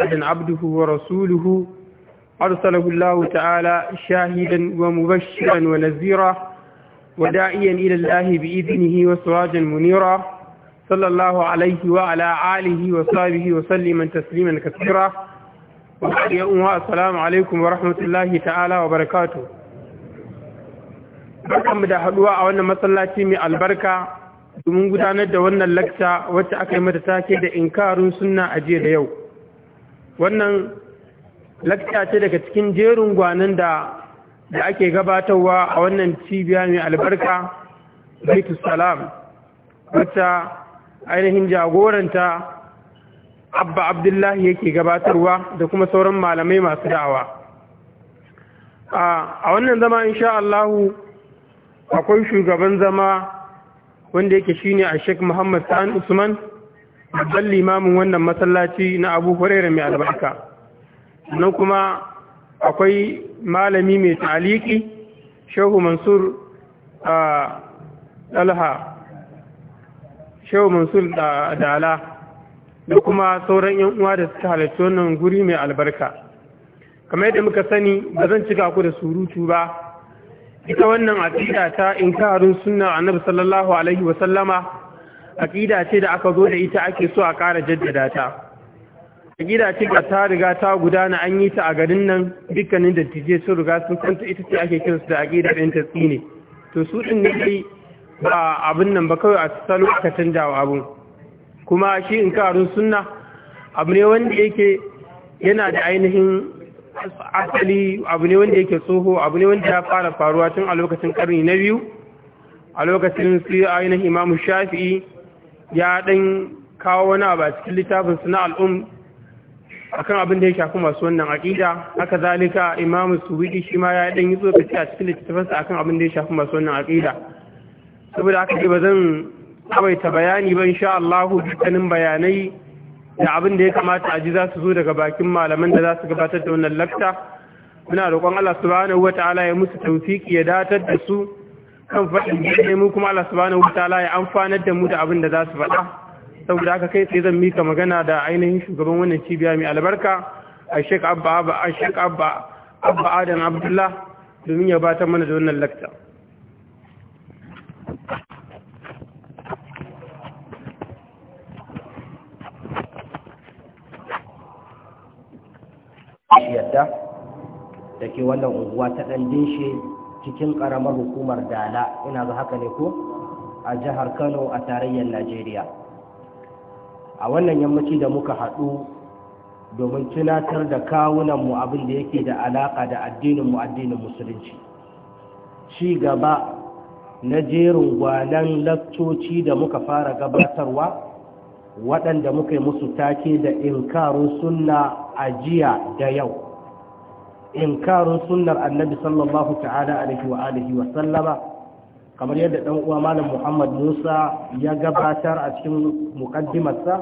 أدن عبده ورسوله أرسله الله تعالى شاهدا ومبشرا ونذيرا وداعيا إلى الله بإذنه وسراجا منيرا صلى الله عليه وعلى آله وصحبه وسلم تسليما كثيرا السلام عليكم ورحمة الله تعالى وبركاته barkanmu da haduwa a wannan masallaci mai albarka domin gudanar da wannan lakta wacce aka yi mata take da inkarin sunna a jiya da yau wannan lakta ce daga cikin jerin gwanin da da ake gabatarwa a wannan cibiya mai albarka baitu salam wata ainihin jagoranta abba abdullahi yake gabatarwa da kuma sauran malamai masu da'awa a wannan zama insha Allahu akwai shugaban zama wanda yake shine a Sheikh Muhammad sa'an Usman babban limamin wannan masallaci na abu hurairar mai albarka nan kuma akwai malami mai taliki shehu mansur a dalha shehu mansur dala da kuma sauran yan uwa da suka halarci wannan guri mai albarka kamar yadda muka sani ba zan cika ku da surutu ba ita wannan aqida ta inkarin sunna annabi sallallahu alaihi wa sallama aƙida ce da aka zo da ita ake so a ƙara jaddada ta aƙida ce ga ta riga ta gudana an yi ta a garin nan dukkanin da tije sun riga sun san ita ce ake kiransu da aƙida ɗin ta tsine to su ɗin ne dai ba abin nan ba kawai a salo aka canja wa abin kuma shi in karin sunna abu ne wanda yake yana da ainihin asali abu ne wanda yake tsoho abu ne wanda ya fara faruwa tun a lokacin karni na biyu a lokacin su ainihin imamu shafi'i ya ɗan kawo wani abu a cikin littafin suna al'um akan abin da ya shafi masu wannan aƙida haka zalika imamu suwiki shi ma ya ɗan yi tsokaci a cikin littafinsa akan abin da ya shafi masu wannan aƙida saboda aka ce ba zan tsawaita bayani ba insha Allah dukkanin bayanai da abin da ya kamata a ji za su zo daga bakin malaman da za su gabatar da wannan lakta muna roƙon Allah subhanahu Ta'ala ya musu tawfiki ya datar da su kan faɗin ne mu kuma Allah subhanahu wataala ya amfanar da mu da abin da za su faɗa saboda haka kai sai zan mika magana da ainihin shugaban wannan cibiya mai albarka a Sheikh Abba Abba a Sheikh Abba Abba Adam Abdullah domin ya bata mana da wannan lakta yadda da wannan unguwa ta ɗan dinshe cikin ƙaramar hukumar dala ina ga haka ne ko a jihar kano a tarayyar najeriya a wannan yammaci da muka haɗu domin tunatar da kawunanmu abin da yake da alaƙa da addinin mu addinin musulunci ci gaba na jerin gwanan lakcoci da muka fara gabatarwa waɗanda muka yi musu take da inkarun sunna a jiya da yau inkarin sunnar annabi sallallahu ta'ala alaihi wa alihi wa sallama kamar yadda dan uwa malam Muhammad Musa ya gabatar a cikin muqaddimarsa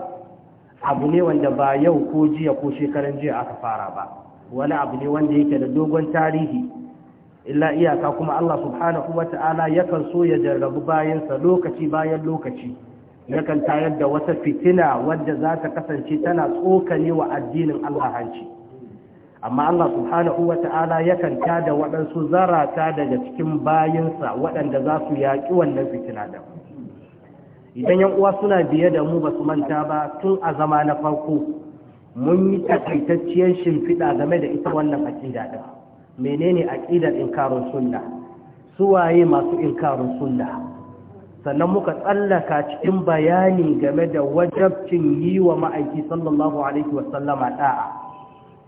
abu ne wanda ba yau ko jiya ko shekaran jiya aka fara ba wani abu ne wanda yake da dogon tarihi illa iyaka kuma Allah subhanahu wa ta'ala yakan so ya jarrabu bayansa lokaci bayan lokaci yakan tayar da wata fitina wadda za ta kasance tana tsokane wa addinin Allah hanci amma Allah subhanahu wa ta'ala yakan tada waɗansu zarata daga cikin bayinsa waɗanda za su yaƙi wannan fitina da idan yan uwa suna biye da mu ba su manta ba tun a zama na farko mun yi takaitacciyar shimfiɗa game da ita wannan aƙida ɗin menene aƙidar inkarun sunna waye masu inkarun sunna sannan muka tsallaka cikin bayani game da wajabcin yi wa ma'aiki sallallahu alaihi wasallama ɗa'a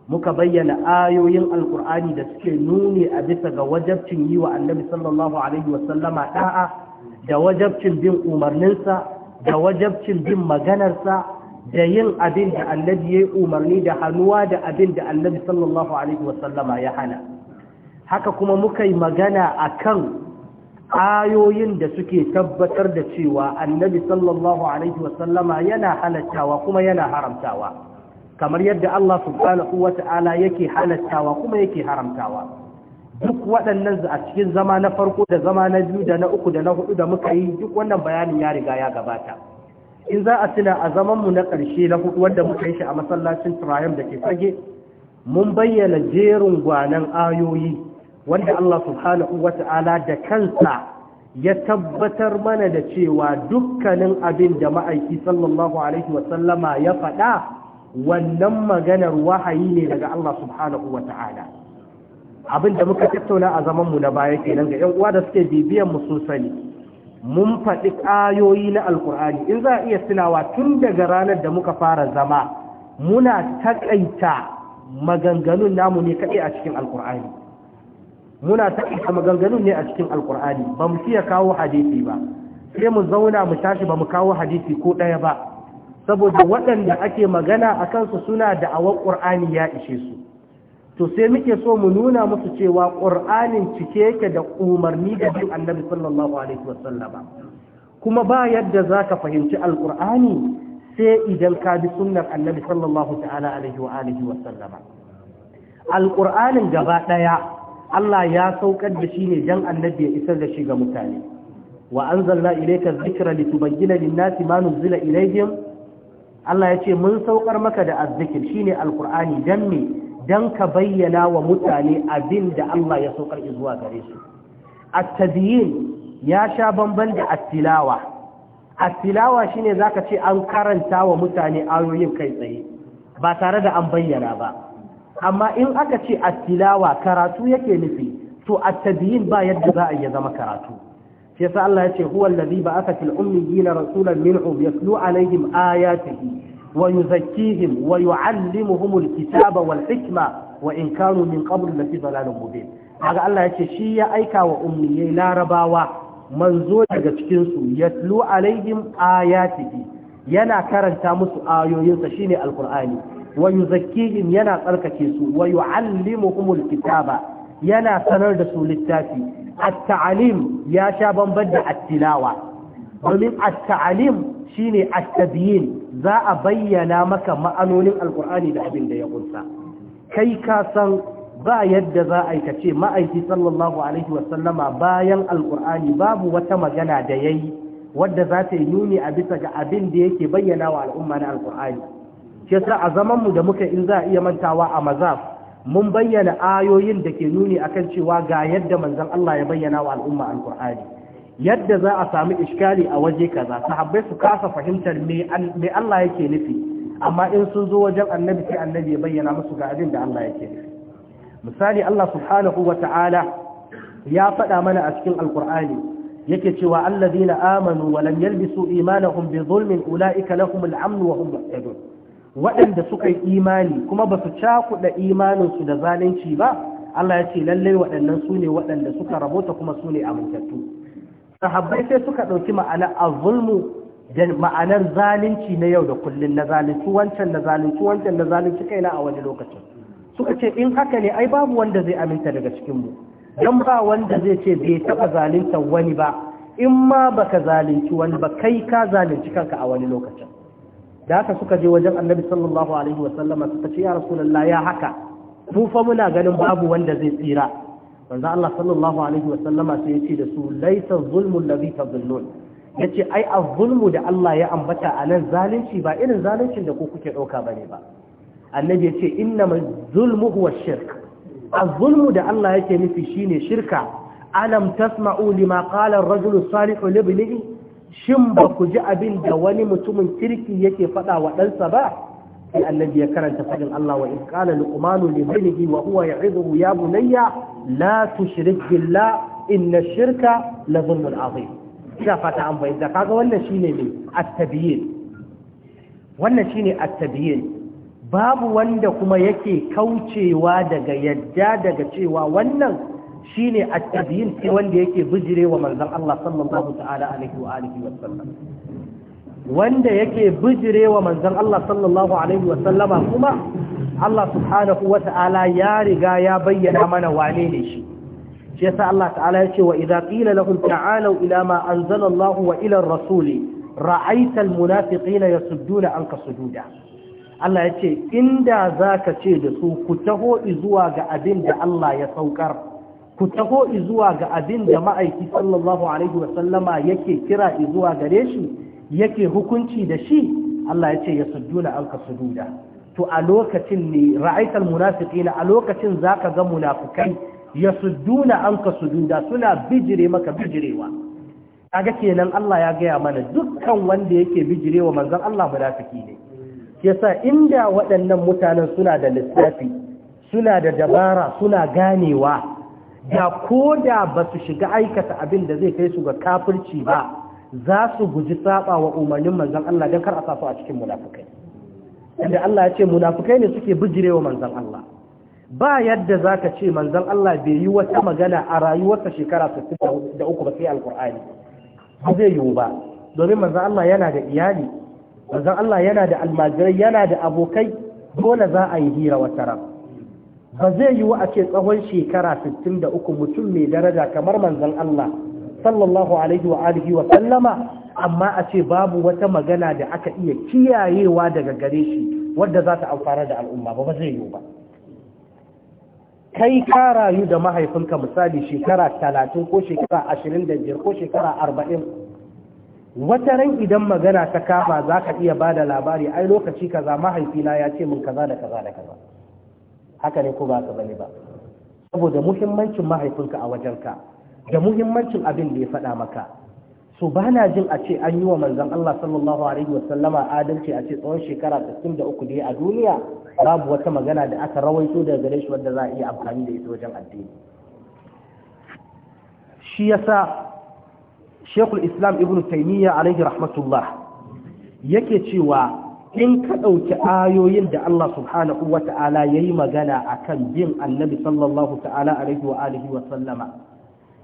muka bayyana ayoyin alkur'ani da suke nuni a bisa ga wajabcin yi wa annabi sallallahu alaihi da'a da wajabcin bin umarninsa da wajabcin bin maganarsa da yin abin da annabi ya yi umarni da hannuwa da abin da annabi sallallahu alaihi ya hana haka kuma muka yi magana a kan ayoyin da suke tabbatar da cewa annabi sallallahu alaihi yana halattawa kuma yana haramtawa kamar yadda Allah subhanahu ta’ala yake halattawa kuma yake haramtawa duk waɗannan a cikin zama na farko da zama na biyu da na uku da na hudu da muka yi duk wannan bayanin ya riga ya gabata in za a tuna a zaman mu na ƙarshe na hudu wanda muka yi shi a masallacin Ibrahim da ke fage mun bayyana jerin gwanan ayoyi wanda Allah subhanahu ta’ala da kansa ya tabbatar mana da cewa dukkanin abin da ma'aiki sallallahu alaihi wasallama ya faɗa wannan maganar wahayi ne daga Allah subhanahu wa ta'ala abin da muka tattauna a zaman mu na baya kenan ga 'yan uwa da suke bibiyan mu sosai mun faɗi ƙayoyi na alkur'ani in za a iya tunawa tun daga ranar da muka fara zama muna taƙaita maganganun namu ne kaɗai a cikin alkur'ani muna taƙaita maganganun ne a cikin alkur'ani ba mu fiye kawo hadisi ba sai mu zauna mu tashi ba mu kawo hadisi ko ɗaya ba saboda waɗanda ake magana a kansu suna da awar ƙur'ani ya ishe su to sai muke so mu nuna musu cewa ƙur'anin cike yake da umarni da bin annabi sallallahu alaihi wasallama kuma ba yadda za ka fahimci alƙur'ani sai idan ka bi sunnar annabi sallallahu ta'ala alaihi wa alihi wasallama alƙur'anin gaba ɗaya Allah ya saukar da shi ne dan annabi ya isar da shi ga mutane wa anzalna ilayka dhikra litubayyana lin-nasi ma nuzila ilayhim Allah ya ce mun saukar maka da azzikir shine alkur'ani dan me dan ka bayyana wa mutane abin da Allah ya saukar zuwa gare su at-tadyin ya sha bamban da at-tilawa at-tilawa shine zaka ce an karanta wa mutane ayoyin kai tsaye ba tare da an bayyana ba amma in aka ce at-tilawa karatu yake nufi to at-tadyin ba yadda za a yi zama karatu shi yasa Allah ya ce huwa allazi ba'atha fil ummiyina rasulan minhum yatlu alaihim ayatihi wa yuzakkihim wa yu'allimuhum kitaba wal hikma wa in kanu min qabl lafi dalalin mubin kaga Allah ya ce shi ya aika wa ummiyai larabawa manzo daga cikin su yatlu alaihim ayatihi yana karanta musu ayoyinsa shine alqur'ani wa yuzakkihim yana tsarkake su wa yu'allimuhum kitaba. yana sanar da su littafi at-ta'alim ya sha bambar da at-tilawa domin at-ta'alim shine at-tabyin za a bayyana maka ma'anonin alqur'ani da abin da ya kunsa kai ka san ba yadda za a aikace ma'aiki sallallahu alaihi wasallama bayan alqur'ani babu wata magana da yayi wadda za ta yi nuni a bisa ga abin da yake bayyana wa al'umma na alqur'ani shi yasa a zaman mu da muka in za a iya mantawa a mazaf mun bayyana ayoyin da ke nuni akan cewa ga yadda manzon Allah ya bayyana wa al'umma alqur'ani yadda za a sami iskali a waje kaza sahabbai su kasa fahimtar me Allah yake nufi amma in sun zo wajen annabi sai annabi ya bayyana musu ga abin da Allah yake nufi misali Allah subhanahu ta'ala ya faɗa mana a cikin alkur'ani yake cewa alladhina amanu wa lam yalbisu imanahum bi zulmin ulaika lahum al wa hum muhtadun waɗanda suka yi imani kuma ba su cakuɗa imaninsu da zalunci ba Allah ya ce lallai waɗannan su ne waɗanda suka rabota kuma su ne amintattu sahabbai sai suka ɗauki ma'anar azulmu da ma'anar zalunci na yau da kullun na zalunci wancan na zalunci wancan na zalunci kaina a wani lokacin suka ce in haka ne ai babu wanda zai aminta daga cikin mu dan ba wanda zai ce bai taɓa zalunta wani ba in ma baka zalunci wani ba kai ka zalunci kanka a wani lokacin da haka suka je wajen annabi sallallahu alaihi wa sallama suka ce ya rasulullah ya haka mu fa muna ganin babu wanda zai tsira manzo Allah sallallahu alaihi wa sallama sai ya ce da su laisa zulmul ladhi tadhunnun yace ai az-zulmu da Allah ya ambata a nan zalunci ba irin zaluncin da ku kuke dauka bane ba annabi yace innamal zulmu huwa shirk az-zulmu da Allah yake nufi shine shirka alam tasma'u lima qala ar-rajulu salihu li ibnihi shin ba ku ji abin da wani mutumin kirki yake faɗa wa ɗansa ba sai annabi ya karanta faɗin Allah wa in luqmanu li wa huwa ya'idhu ya bunayya la tushrik billah inna shirka la dhulmun fata an kaga wannan shine ne at-tabyin wannan shine at-tabyin babu wanda kuma yake kaucewa daga yadda daga cewa wannan shine at-tabyin sai wanda yake bijire wa manzon Allah sallallahu ta'ala alaihi wa alihi wa sallam wanda yake bijire wa manzon Allah sallallahu alaihi wa sallama kuma Allah subhanahu wa ta'ala ya riga ya bayyana mana wane ne shi shi yasa Allah ta'ala ya ce wa idza qila lahum ta'alu ila ma anzala Allah wa ila ar-rasuli ra'aita al-munafiqina yasudduna anka sujuda Allah ya ce inda zaka ce da su ku taho zuwa ga abin da Allah ya saukar ku taho zuwa ga abin da ma'aiki sallallahu alaihi wasallama yake kira zuwa gare shi yake hukunci da shi Allah ya ce ya sujjuna alka sujuda to a lokacin ne ra'aital munafiqina a lokacin zaka ga munafikai ya sujjuna anka sujuda suna bijire maka bijirewa kaga kenan Allah ya gaya mana dukkan wanda yake bijirewa manzon Allah munafiki ne yasa inda waɗannan mutanen suna da lissafi suna da dabara suna ganewa da ko da ba su shiga aikata abin da zai kai su ga kafirci ba za su guji saba wa umarnin manzan Allah don kar a sasu a cikin munafukai inda Allah ya ce munafukai ne suke wa manzan Allah ba yadda za ka ce manzan Allah bai yi wata magana a rayuwarsa shekara 63 ba sai alkur'ani ba zai yiwu ba domin manzan Allah yana da iyali manzan Allah yana da almajirai yana da abokai dole za a yi hira wata ran ba zai yiwu a ce tsawon shekara 63 mutum mai daraja kamar manzan Allah sallallahu alaihi wa alihi wa sallama amma a ce babu wata magana da aka iya kiyayewa daga gare shi wadda za ta amfana da al'umma ba ba zai yi ba kai ka rayu da mahaifinka misali shekara 30 ko shekara 25 ko shekara 40 wata ran idan magana ta kafa za ka iya ba da labari ai lokaci kaza mahaifina ya ce min kaza da kaza da kaza haka ne ko ba ka bane ba saboda muhimmancin mahaifinka a wajenka da muhimmancin abin da ya faɗa maka so ba na jin a ce an yi wa manzon Allah sallallahu alaihi wasallama adalci a ce tsawon shekara 63 da ya a duniya babu wata magana da aka rawaito daga gare shi wanda za a iya amfani da ita wajen addini shi yasa Sheikhul Islam Ibn Taymiyyah alaihi rahmatullah yake cewa in ka ɗauki ayoyin da Allah subhanahu wa ta'ala ya yi magana a kan bin annabi sallallahu ta'ala alaihi wa alihi wa sallama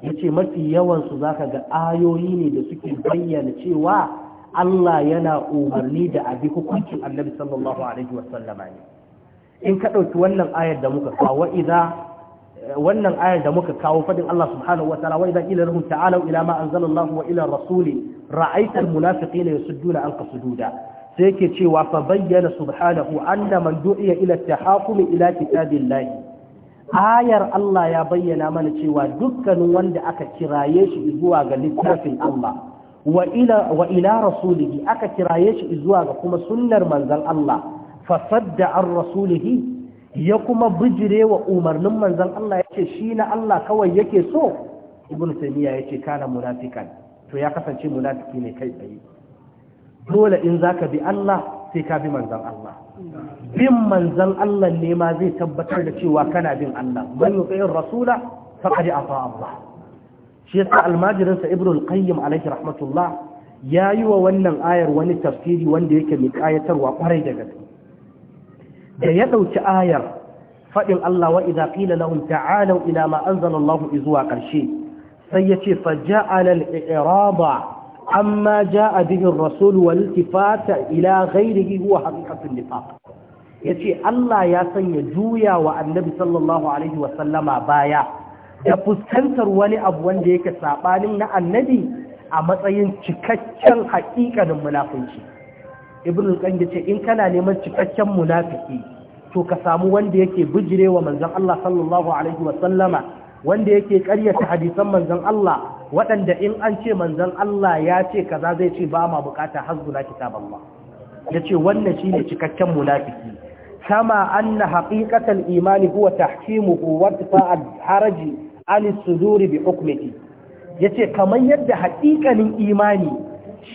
ya ce mafi yawansu za ka ga ayoyi ne da suke bayyana cewa Allah yana umarni da abi hukuncin annabi sallallahu alaihi wa sallama ne in ka ɗauki wannan ayar da muka kawo idza wannan ayar da muka kawo fadin Allah subhanahu wa ta'ala wa idza qila lahum ta'alu ila ma anzala Allah wa ila rasuli ra'aita al-munafiqina yasudduna anka sududa sai yake cewa fa bayyana subhanahu anna man du'iya ila tahakum ila kitabillah ayar Allah ya bayyana mana cewa dukkanin wanda aka kiraye shi zuwa ga littafin Allah wa ila wa ila rasulihi aka kiraye shi zuwa ga kuma sunnar manzon Allah fa sadda an rasulihi ya kuma bijire wa umarnin manzon Allah yace shi na Allah kawai yake so ibnu taymiya yace kana munafikan to ya kasance munafiki ne kai tsaye dole in zaka bi Allah sai ka bi manzan Allah bin manzan Allah ne ma zai tabbatar da cewa kana bin Allah man yuti'ir rasula faqad ata Allah shi yasa almajirin sa ibnu qayyim alaihi rahmatullah yayi wa wannan ayar wani tafsiri wanda yake mai kayatarwa kwarai da gaske da ya dauki ayar fadin Allah wa idza qila lahum ta'alu ila ma anzala Allah izuwa karshe sai yace faja'ala al-i'raba amma ja a ar-rasul wal tifata ila ghayrihi huwa haqiqatun Ya yace Allah ya sanya juya wa annabi sallallahu alaihi wa sallama baya da fuskantar wani abu wanda yake sabanin na annabi a matsayin cikakken hakikanin munafunci ibn al-qayyim yace in kana neman cikakken munafiki to ka samu wanda yake bijirewa manzon Allah sallallahu alaihi wa sallama wanda yake karyata hadisan manzon Allah waɗanda in an ce manzon Allah ya ce kaza zai ce ba ma bukata hazzuna kitaballah yace wannan shine cikakken munafiki kama anna haqiqatal imani huwa tahkimuhu wa tifa'al haraji an suduri bi hukmihi yace kamar yadda haƙiƙanin imani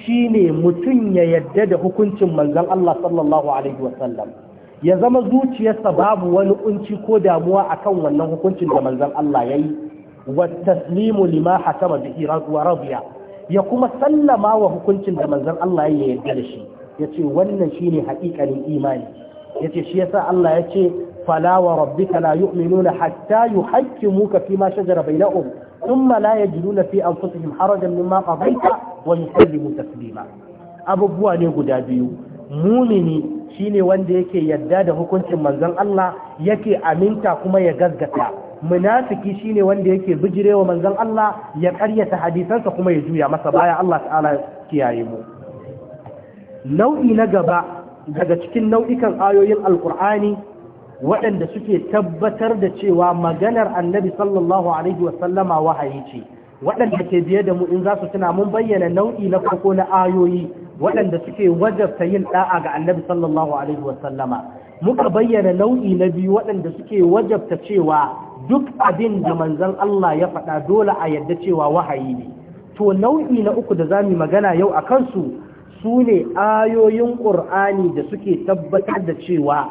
shine mutun ya yadda da hukuncin manzon Allah sallallahu alaihi wasallam ya zama zuciyarsa babu wani unci ko damuwa akan wannan hukuncin da manzan Allah yayi wa taslimu lima hakama bihi wa ya kuma sallama wa hukuncin da manzan Allah ya yarda da shi yace wannan shine haƙiƙanin imani yace shi yasa Allah yace fala wa rabbi la yu'minuna hatta yuhaqqimuka fima shajara bainahum thumma la nuna fi anfusihim harajan mimma qadaita wa yusallimu taslima abubuwa ne guda biyu mumini shine wanda yake yadda da hukuncin manzon Allah yake aminta kuma ya gaggata munafiki shine wanda yake bijirewa manzon Allah ya karyata hadisansa kuma ya juya masa baya Allah ta'ala kiyaye mu nau'i na gaba daga cikin nau'ikan ayoyin alkur'ani waɗanda suke tabbatar da cewa maganar annabi sallallahu alaihi wasallama wahayi ce waɗanda ke biye da mu in za su tuna mun bayyana nau'i na farko na ayoyi waɗanda suke wajabta yin ɗa'a ga annabi sallallahu alaihi wasallama muka bayyana nau'i na biyu waɗanda suke wajabta cewa duk abin da manzon Allah ya faɗa dole a yadda cewa wahayi ne to nau'i na uku da za mu magana yau a kansu su ne ayoyin ƙur'ani da suke tabbatar da cewa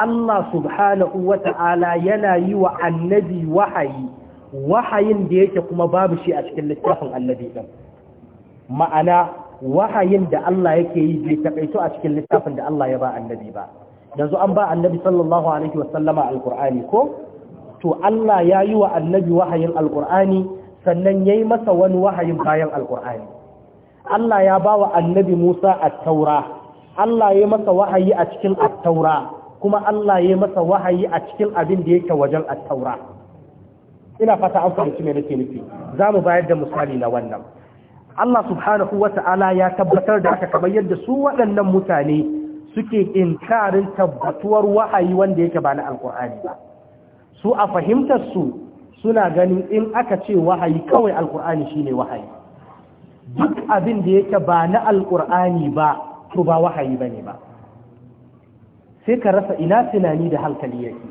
Allah subhanahu wa ta'ala yana yi wa annabi wahayi wahayin da yake kuma babu shi a cikin littafin annabi ɗin ma'ana wahayin da Allah yake yi bai takaito a cikin littafin da Allah ya ba annabi ba yanzu an ba annabi sallallahu alaihi wasallama alqur'ani ko to Allah ya yi wa annabi wahayin alqur'ani sannan yayi masa wani wahayin bayan alqur'ani Allah ya ba wa annabi Musa at-taura Allah ya masa wahayi a cikin at-taura kuma Allah ya masa wahayi a cikin abin da yake wajen at-taura ina fata an fahimci me nake nufi za mu bayar da misali na wannan Allah subhanahu wa ta'ala ya tabbatar da aka kamar yadda su waɗannan mutane suke inkarin tabbatuwar wa'ayi wanda yake ba na alƙur'ani ba su a fahimtar su suna ganin in aka ce wahayi kawai alƙur'ani shine wahayi duk abin da yake ba na alƙur'ani ba to ba wahayi bane ba sai ka rasa ina tunani da hankali yake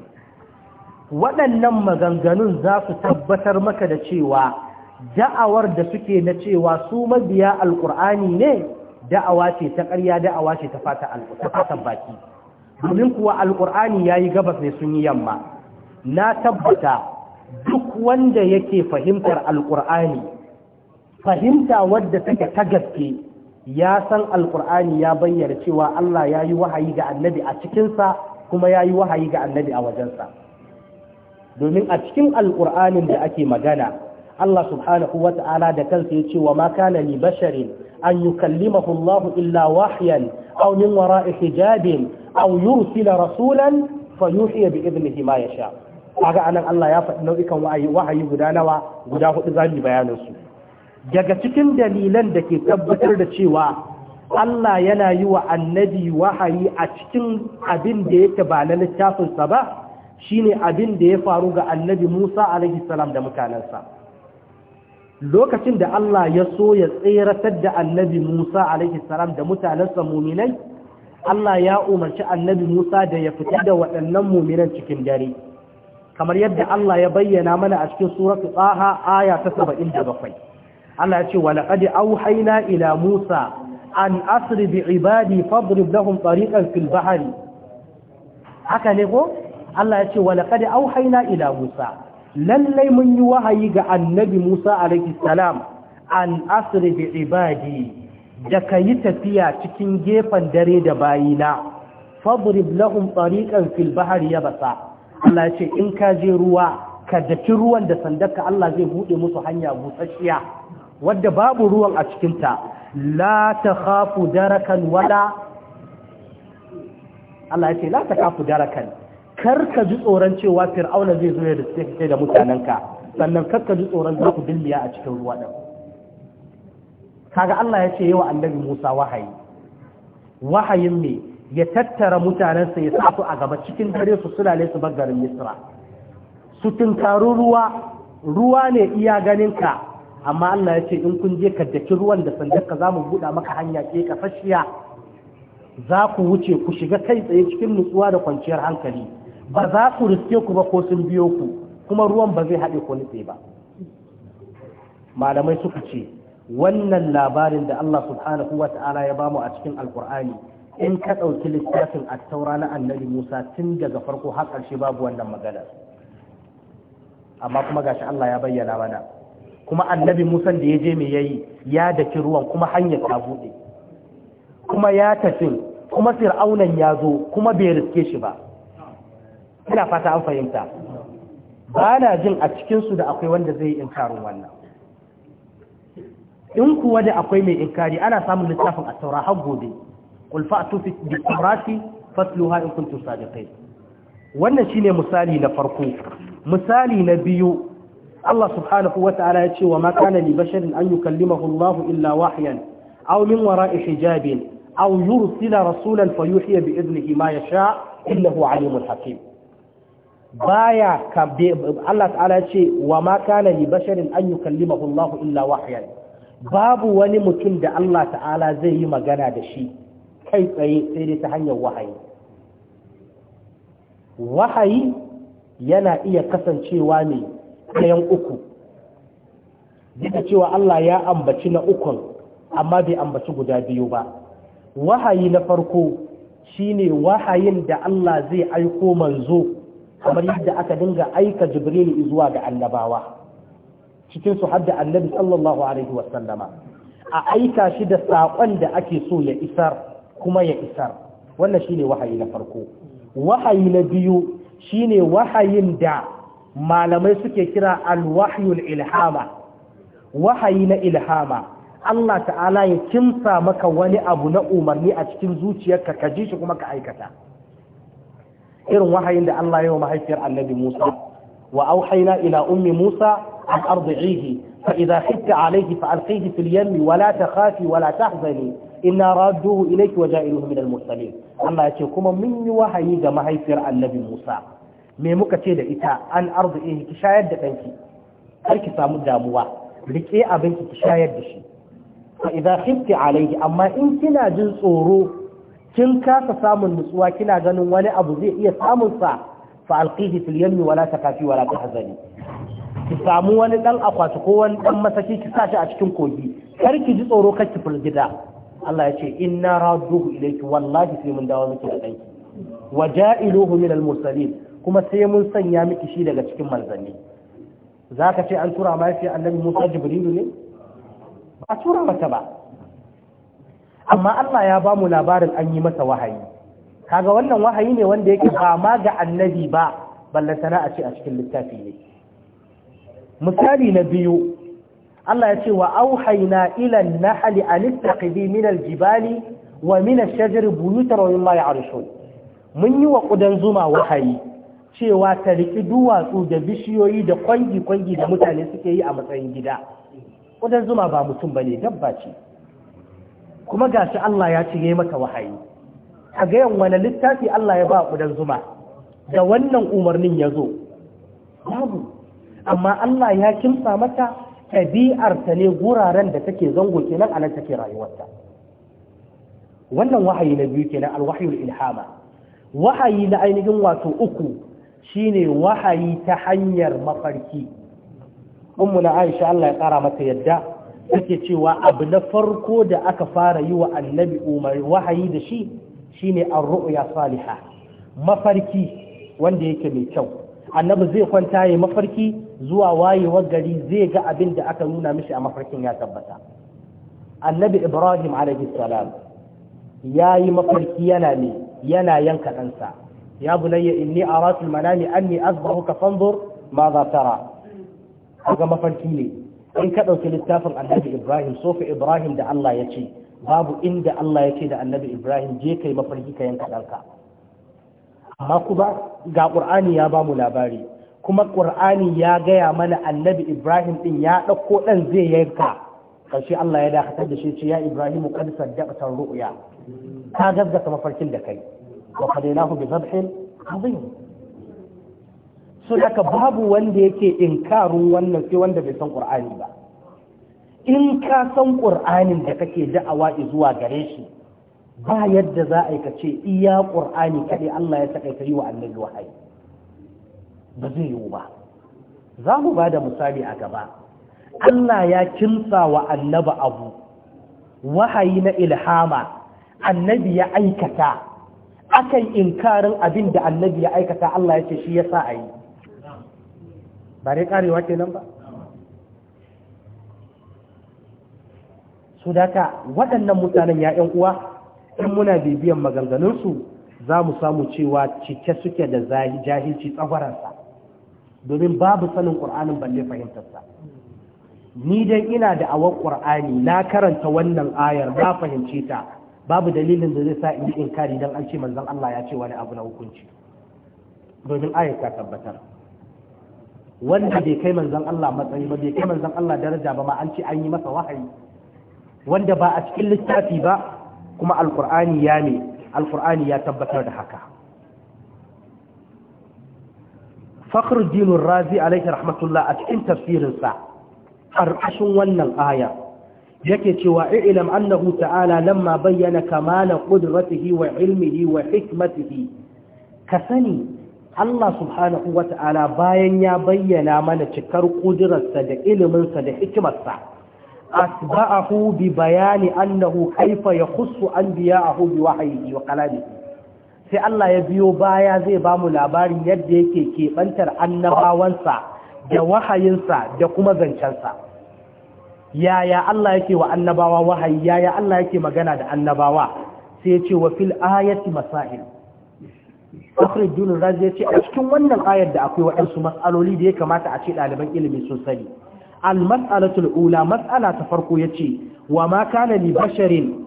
waɗannan maganganun za su tabbatar maka da cewa da'awar da suke na cewa su mabiya alkur'ani ne da'awa ce ta ƙarya da'awa ce ta fata baki domin kuwa alkur'ani ya yi gabas ne sun yi yamma na tabbata duk wanda yake fahimtar alkur'ani fahimta wadda take ta gaske ya san alkur'ani ya bayyana cewa Allah ya yi wahayi ga annabi a cikinsa kuma ya yi wahayi ga annabi a wajensa domin a cikin alkur'anin da ake magana Allah subhanahu wa ta'ala da kansa ya ce wa ma kana li basharin an yukallimahu Allah illa wahyan aw min wara'i hijabin aw yursila rasulan fayuhiya bi idnihi ma yasha kaga anan Allah ya faɗi nau'ikan wahayi guda nawa guda hudu zamu bayanin su daga cikin dalilan da ke tabbatar da cewa Allah yana yi wa annabi wahayi a cikin abin da yake ba na littafinsa ba shine abin da ya faru ga annabi Musa alaihi salam da mutanensa. lokacin da Allah ya so ya tseratar da annabi Musa alaihi da mutanensa muminai Allah ya umarci annabi Musa da ya fita da waɗannan muminan cikin dare kamar yadda Allah ya bayyana mana a cikin suratu tsaha, aya ta bakwai. Allah ya ce wa au haina ila Musa an asri bi ibadi fadrib lahum tariqan fil bahri haka ne ko Allah ya ce wa au haina ila Musa lallai mun yi wahayi ga annabi Musa alaihi salam an asri bi ibadi da kayi tafiya cikin gefen dare da bayina fadrib lahum tariqan fil yabasa Allah ya ce in ka je ruwa ka daki ruwan da sandarka Allah zai buɗe musu hanya busasshiya wadda babu ruwan a cikin ta la darakan wala Allah ya ce la darakan kar ka ji tsoron cewa fir'auna zai zo ya da sai da mutanenka sannan karka ji tsoron za ku dilliya a cikin ruwa ɗin kaga Allah ya ce yawa annabi Musa wahayi wahayin ne ya tattara mutanensa ya sa su a gaba cikin dare su sulale su bar garin Misra su tunkaru ruwa ruwa ne iya ganinka amma Allah ya ce in kun je ka daki ruwan da sandarka za mu buɗa maka hanya ke ka fashiya za ku wuce ku shiga kai tsaye cikin nutsuwa da kwanciyar hankali ba za ku riske ku ba ko sun biyo ku kuma ruwan ba zai haɗe ko nitse ba malamai suka ce wannan labarin da Allah subhanahu wa ta'ala ya bamu a cikin alkur'ani in ka ɗauki littafin taura na annabi musa tun daga farko har ƙarshe babu wannan magana. amma kuma gashi Allah ya bayyana mana kuma annabi musan da ya je mai yayi ya daki ruwan kuma hanyar ta buɗe kuma ya tafi kuma fir'aunan ya zo kuma bai riske shi ba ina fata an fahimta ba na jin a cikinsu da akwai wanda zai yi inkarin wannan in kuwa da akwai mai inkari ana samun littafin a taura har gobe kulfa a tufi da taurasi fatluha in kuntum sadiqai wannan shine misali na farko misali na biyu Allah subhanahu wa ta'ala ya ce wa ma kana li basharin an yukallimahu Allah illa wahyan aw min wara'i hijabin aw yursila rasulan fayuhiya bi idnihi ma yasha innahu alimul hakim baya ka Allah ta'ala ce wa ma kana li basharin an yukallimahu Allah illa wahyan babu wani mutum da Allah ta'ala zai yi magana da shi kai tsaye sai dai ta hanyar wahayi wahayi yana iya kasancewa ne ɗayan uku duk cewa Allah ya ambaci na ukun amma bai ambaci guda biyu ba wahayi na farko shine wahayin da Allah zai aiko manzo kamar yadda aka dinga aika jibril zuwa ga annabawa cikin su hadda annabi sallallahu alaihi wa a aika shi da saƙon da ake so ya isar kuma ya isar wannan shine wahayi na farko wahayi na biyu shine wahayin da malamai suke kira alwahyul ilhama wahayi na ilhama Allah ta'ala ya kimsa maka wani abu na umarni a cikin zuciyarka ka ji shi kuma ka aikata irin wahayin da Allah ya wa mahaifiyar annabi Musa wa auhaina ila ummi Musa an ardi'ihi fa idha khifti alayhi fa alqihi fil yammi wa la takhafi wa la tahzani inna radduhu ilayki wa ja'iluhu min al-mursalin Allah ya ce kuma mun yi wahayi ga mahaifiyar annabi Musa me muka ce da ita an ardi'ihi ki shayar da danki kar ki samu damuwa rike abinki ki shayar da shi fa idha khifti alayhi amma in kina jin tsoro kin kasa samun nutsuwa kina ganin wani abu zai iya samun sa fa alqihi fil yammi wala takafi wala tahzani ki samu wani dan akwati ko wani dan masaki ki sa shi a cikin kogi kar ki ji tsoro kar ki firgida Allah ya ce inna radduhu ilayki wallahi sai mun dawo miki da danki wa ja'iluhu min al mursalin kuma sai mun sanya miki shi daga cikin manzanni zaka ce an tura mafi annabi Musa Jibrilu ne ba tura mata ba amma Allah ya ba mu labarin an yi masa wahayi kaga wannan wahayi ne wanda yake ba ma ga annabi ba ballantana a ce a cikin littafi ne misali na biyu Allah ya ce wa auhayna ila an-nahli an istaqidi min al-jibali wa min ash-shajari buyutan wa mimma ya'rishun mun yi wa ƙudan zuma wahayi cewa ta riki duwatsu da bishiyoyi da kwangi kwangi da mutane suke yi a matsayin gida Ƙudan zuma ba mutum bane dabba ce kuma ga shi Allah ya ce maka wahayi a ga yan wani littafi Allah ya ba ku kudan zuma da wannan umarnin ya zo babu amma Allah ya kimsa mata ɗabi'arta ne guraren da take zango kenan a nan take rayuwarta wannan wahayi na biyu kenan alwahayul ilhama wahayi na ainihin wato uku shine wahayi ta hanyar mafarki ummu na Aisha Allah ya kara mata yadda take cewa abu na farko da aka fara yi wa annabi umar wahayi da shi shine ar-ru'ya salihah mafarki wanda yake mai kyau annabi zai kwanta ya mafarki zuwa wayewar gari zai ga abin da aka nuna mishi a mafarkin ya tabbata annabi ibrahim alaihi salam ya yi mafarki yana ne yana yanka ɗansa ya bunayya inni aratul manami anni azbahuka fanzur ma za tara ga mafarki ne in ka ɗauki littafin annabi ibrahim sofa ibrahim da allah ya ce babu inda allah ya ce da annabi ibrahim je kai mafarki ka yanka ɗanka amma kuma ga ƙur'ani ya bamu labari kuma ƙur'ani ya gaya mana annabi ibrahim ɗin ya ɗauko ɗan zai yanka ƙarshe allah ya dakatar da shi ce ya ibrahim qad saddaqta ru'ya ka gaggata mafarkin da kai wa qadainahu bi zabhin azim so haka babu wanda yake inkarin wannan sai wanda bai san qur'ani ba in ka san qur'anin da kake da'awa zuwa gare shi ba yadda za a yi ka ce iya qur'ani kaɗai Allah ya saka ka yi wa annabi wahayi ba zai yiwu ba za mu ba da misali a gaba Allah ya kimsa wa annabi abu wahayi na ilhama annabi ya aikata akan inkarin abin da annabi ya aikata Allah ya ce shi ya sa a yi ba dai karewa kenan ba su daka waɗannan mutanen yayan uwa in muna bibiyan maganganunsu za mu samu cewa cike suke da jahilci tsagwararsa domin babu sanin ƙur'anin balle fahimtarsa ni dai ina da awon ƙur'ani na karanta wannan ayar ba fahimce ta babu dalilin da zai sa in yi inkari don an ce manzan Allah ya ce wani abu na hukunci domin ayar ta tabbatar wanda bai kai manzon Allah matsayi ba bai kai manzon Allah daraja ba ma an ce an yi masa wahayi wanda ba a cikin littafi ba kuma alkur'ani ya ne ya tabbatar da haka fakhruddin razi alaihi rahmatullah a cikin sa ƙarƙashin wannan aya yake cewa i'lam annahu ta'ala lamma bayyana kamala qudratihi wa ilmihi wa hikmatihi ka sani Allah subhanahu wa ta'ala bayan ya bayyana mana cikar ƙudurarsa da iliminsa da hikimarsa, asba'ahu bi bayani annahu kaifa ya kusu an biya a Hubi wahayi wa Sai Allah ya biyo baya zai ba mu labarin yadda yake keɓantar annabawansa da wahayinsa da kuma zancensa. Yaya Allah yake wa annabawa wahayi, yaya Allah yake magana da annabawa, sai ya ce wa fil ayati masahil. Bakar Dunin Razi ya ce a cikin wannan ayar da akwai waɗansu matsaloli da ya kamata a ce ɗaliban ilimi sun sani. Al-mas'alatul ula mas'ala ta farko ya ce wa ma kana li basharin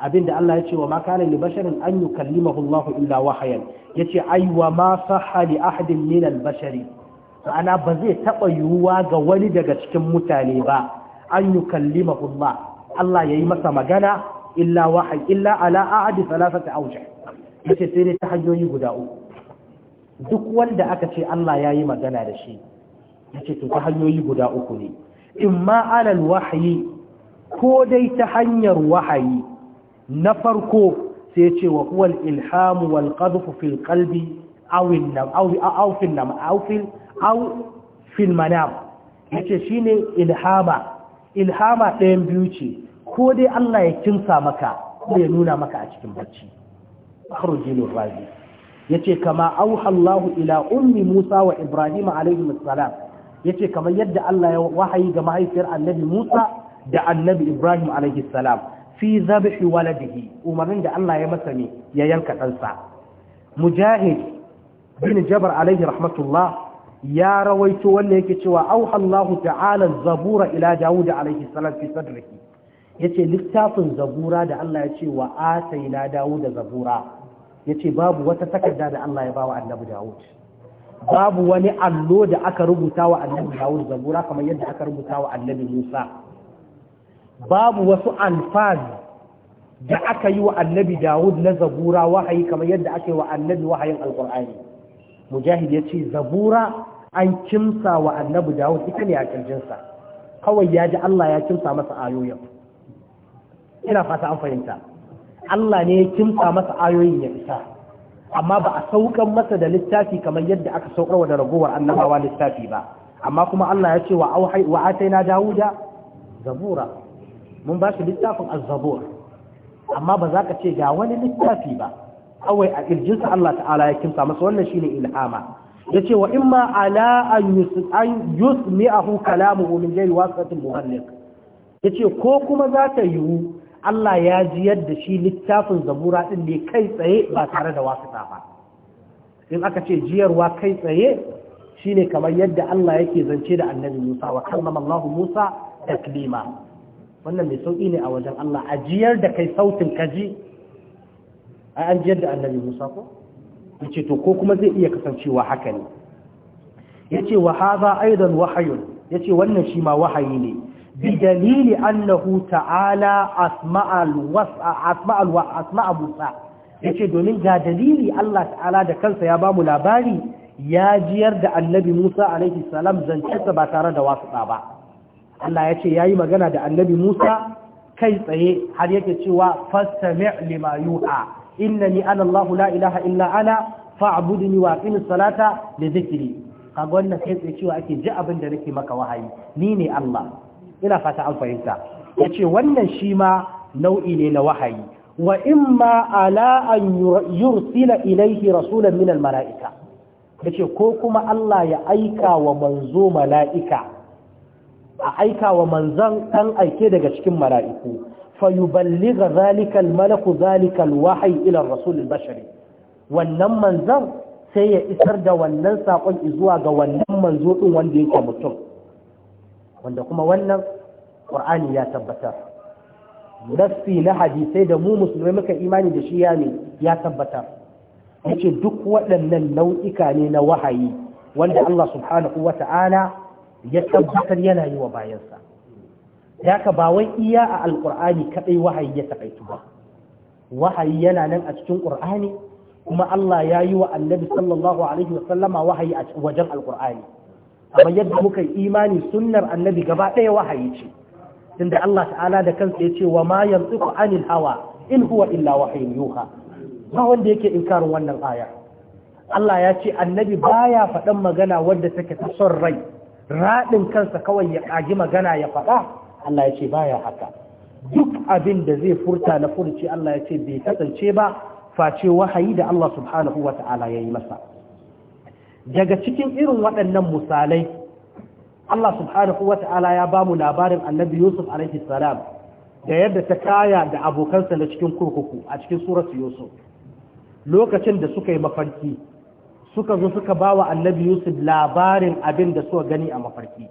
abinda Allah ya ce wa ma kana li basharin an yukallimahu Allah illa wahayan yace ai wa ma saha li ahadin min al-bashari ana ba zai taba yiwuwa ga wani daga cikin mutane ba an yukallimahu Allah Allah yayi masa magana illa wahayi illa ala ahadi thalathati awjah yace sai dai ta hanyoyi guda uku duk wanda aka ce Allah ya yi magana da shi yace to ta hanyoyi guda uku ne imma alal wahyi ko dai ta hanyar wahayi na farko sai ce wa huwa al-ilham wal qadhf fi al-qalbi aw nam aw aw fi nam aw fi aw fi al-manam yace shine ilhama ilhama ɗayan biyu ce ko dai Allah ya kinsa maka ko ya nuna maka a cikin barci. raji yace kama auha Allahu ila ummi Musa wa Ibrahim alaihi salam yace kamar yadda Allah ya wahayi ga mahaifiyar Annabi Musa da Annabi Ibrahim alaihi salam fi zabhi waladihi umarin da Allah ya masa ne ya yanka ɗansa mujahid bin Jabr alaihi rahmatullah ya rawaito wanda yake cewa auha Allahu ta'ala zabura ila Dawud alaihi salam fi sadrihi Ya ce littafin zabura da Allah ya ce wa na dawo da zabura Ya ce babu wata takarda da Allah ya ba wa annabi dawud babu wani allo da aka rubuta wa annabi dawud zabura kamar yadda aka rubuta wa annabi musa babu wasu alfaz da aka yi wa annabi dawud na zabura wahayi kamar yadda aka yi wa annabi wahayin alkur'ani mujahid ya ce zabura an kimsa wa annabi dawud ita ne a kirjinsa kawai ya ji allah ya kimsa masa ayoyin ina fata an fahimta Allah ne ya kimsa masa ayoyin ya isa amma ba a saukan masa da littafi kamar yadda aka saukar da ragowar annabawa littafi ba amma kuma Allah ya ce wa auhai wa ataina dawuda zabura mun ba shi littafin az-zabur amma ba za ka ce ga wani littafi ba kawai a kirjinsa Allah ta'ala ya kimsa masa wannan shine ilhama yace wa imma ala an yusmi'ahu kalamuhu min ghairi wasitatin muhallik yace ko kuma za ta yiwu Allah ya jiyar da shi littafin zabura ɗin ne kai tsaye ba tare da wasu ba in aka ce jiyarwa kai tsaye shine kamar yadda Allah yake zance da annabi Musa wa kallama Allah Musa taklima wannan mai sauƙi ne a wajen Allah a jiyar da kai sautin kaji ai an jiyar da annabi Musa ko yace to ko kuma zai iya kasancewa haka ne yace wa hadha aidan wahayun yace wannan shi ma wahayi ne بدليل أنه تعالى أسمع الوسع أسمع الوسع yace domin ga dalili Allah ta'ala da kansa ya bamu labari ya jiyar da annabi Musa alaihi salam zancensa ba tare da wasuɗa ba Allah yace yayi magana da annabi Musa kai tsaye har yake cewa fastami' lima yuha innani ana Allah la ilaha illa ana fa'budni wa aqim salata li dhikri kaga kai tsaye cewa ake ji abin da nake maka wahayi ni ne Allah ina fata an fahimta ya ce wannan shi ma nau'i ne na wahayi wa ma ala an yursila ilaihi rasulan minal mala'ika ya ce ko kuma Allah ya aika wa manzo mala'ika a aika wa manzan ɗan aike daga cikin mala'iku fayuballiga zalikal malaku zalikal wahayi ilar rasulun bashari wannan manzan sai ya isar da wannan saƙon zuwa ga wannan manzo ɗin wanda yake mutum wanda kuma wannan ƙur'ani ya tabbatar nassi na hadisai da mu musulmai muka imani da shi ya ne ya tabbatar yace duk waɗannan nau'ika ne na wahayi wanda Allah subhanahu wata'ala ya tabbatar yana yi wa bayansa ka ba wai iya a alƙur'ani kaɗai wahayi ya taƙaitu ba wahayi yana nan a cikin ƙur'ani kuma Allah ya yi wa annabi sallallahu alaihi sallama wahayi a wajen alƙur'ani amma yadda muka yi imani sunnar annabi gaba ɗaya wahayi ce tunda Allah ta'ala da kansa ya ce wa ma yantiqu anil hawa in huwa illa wahyun yuha ba wanda yake inkarin wannan aya Allah ya ce annabi baya faɗan magana wadda take ta son rai raɗin kansa kawai ya ƙagi magana ya faɗa Allah ya ce baya haka duk abin da zai furta na furci Allah ya ce bai kasance ba face wahayi da Allah subhanahu wa ta'ala ya yi masa daga cikin irin waɗannan misalai Allah subhanahu wa ta'ala ya bamu labarin annabi Yusuf alaihi salam da yadda ta kaya da abokansa na cikin kurkuku a cikin suratu Yusuf lokacin da suka yi mafarki suka zo suka bawa annabi Yusuf labarin abin da suka gani a mafarki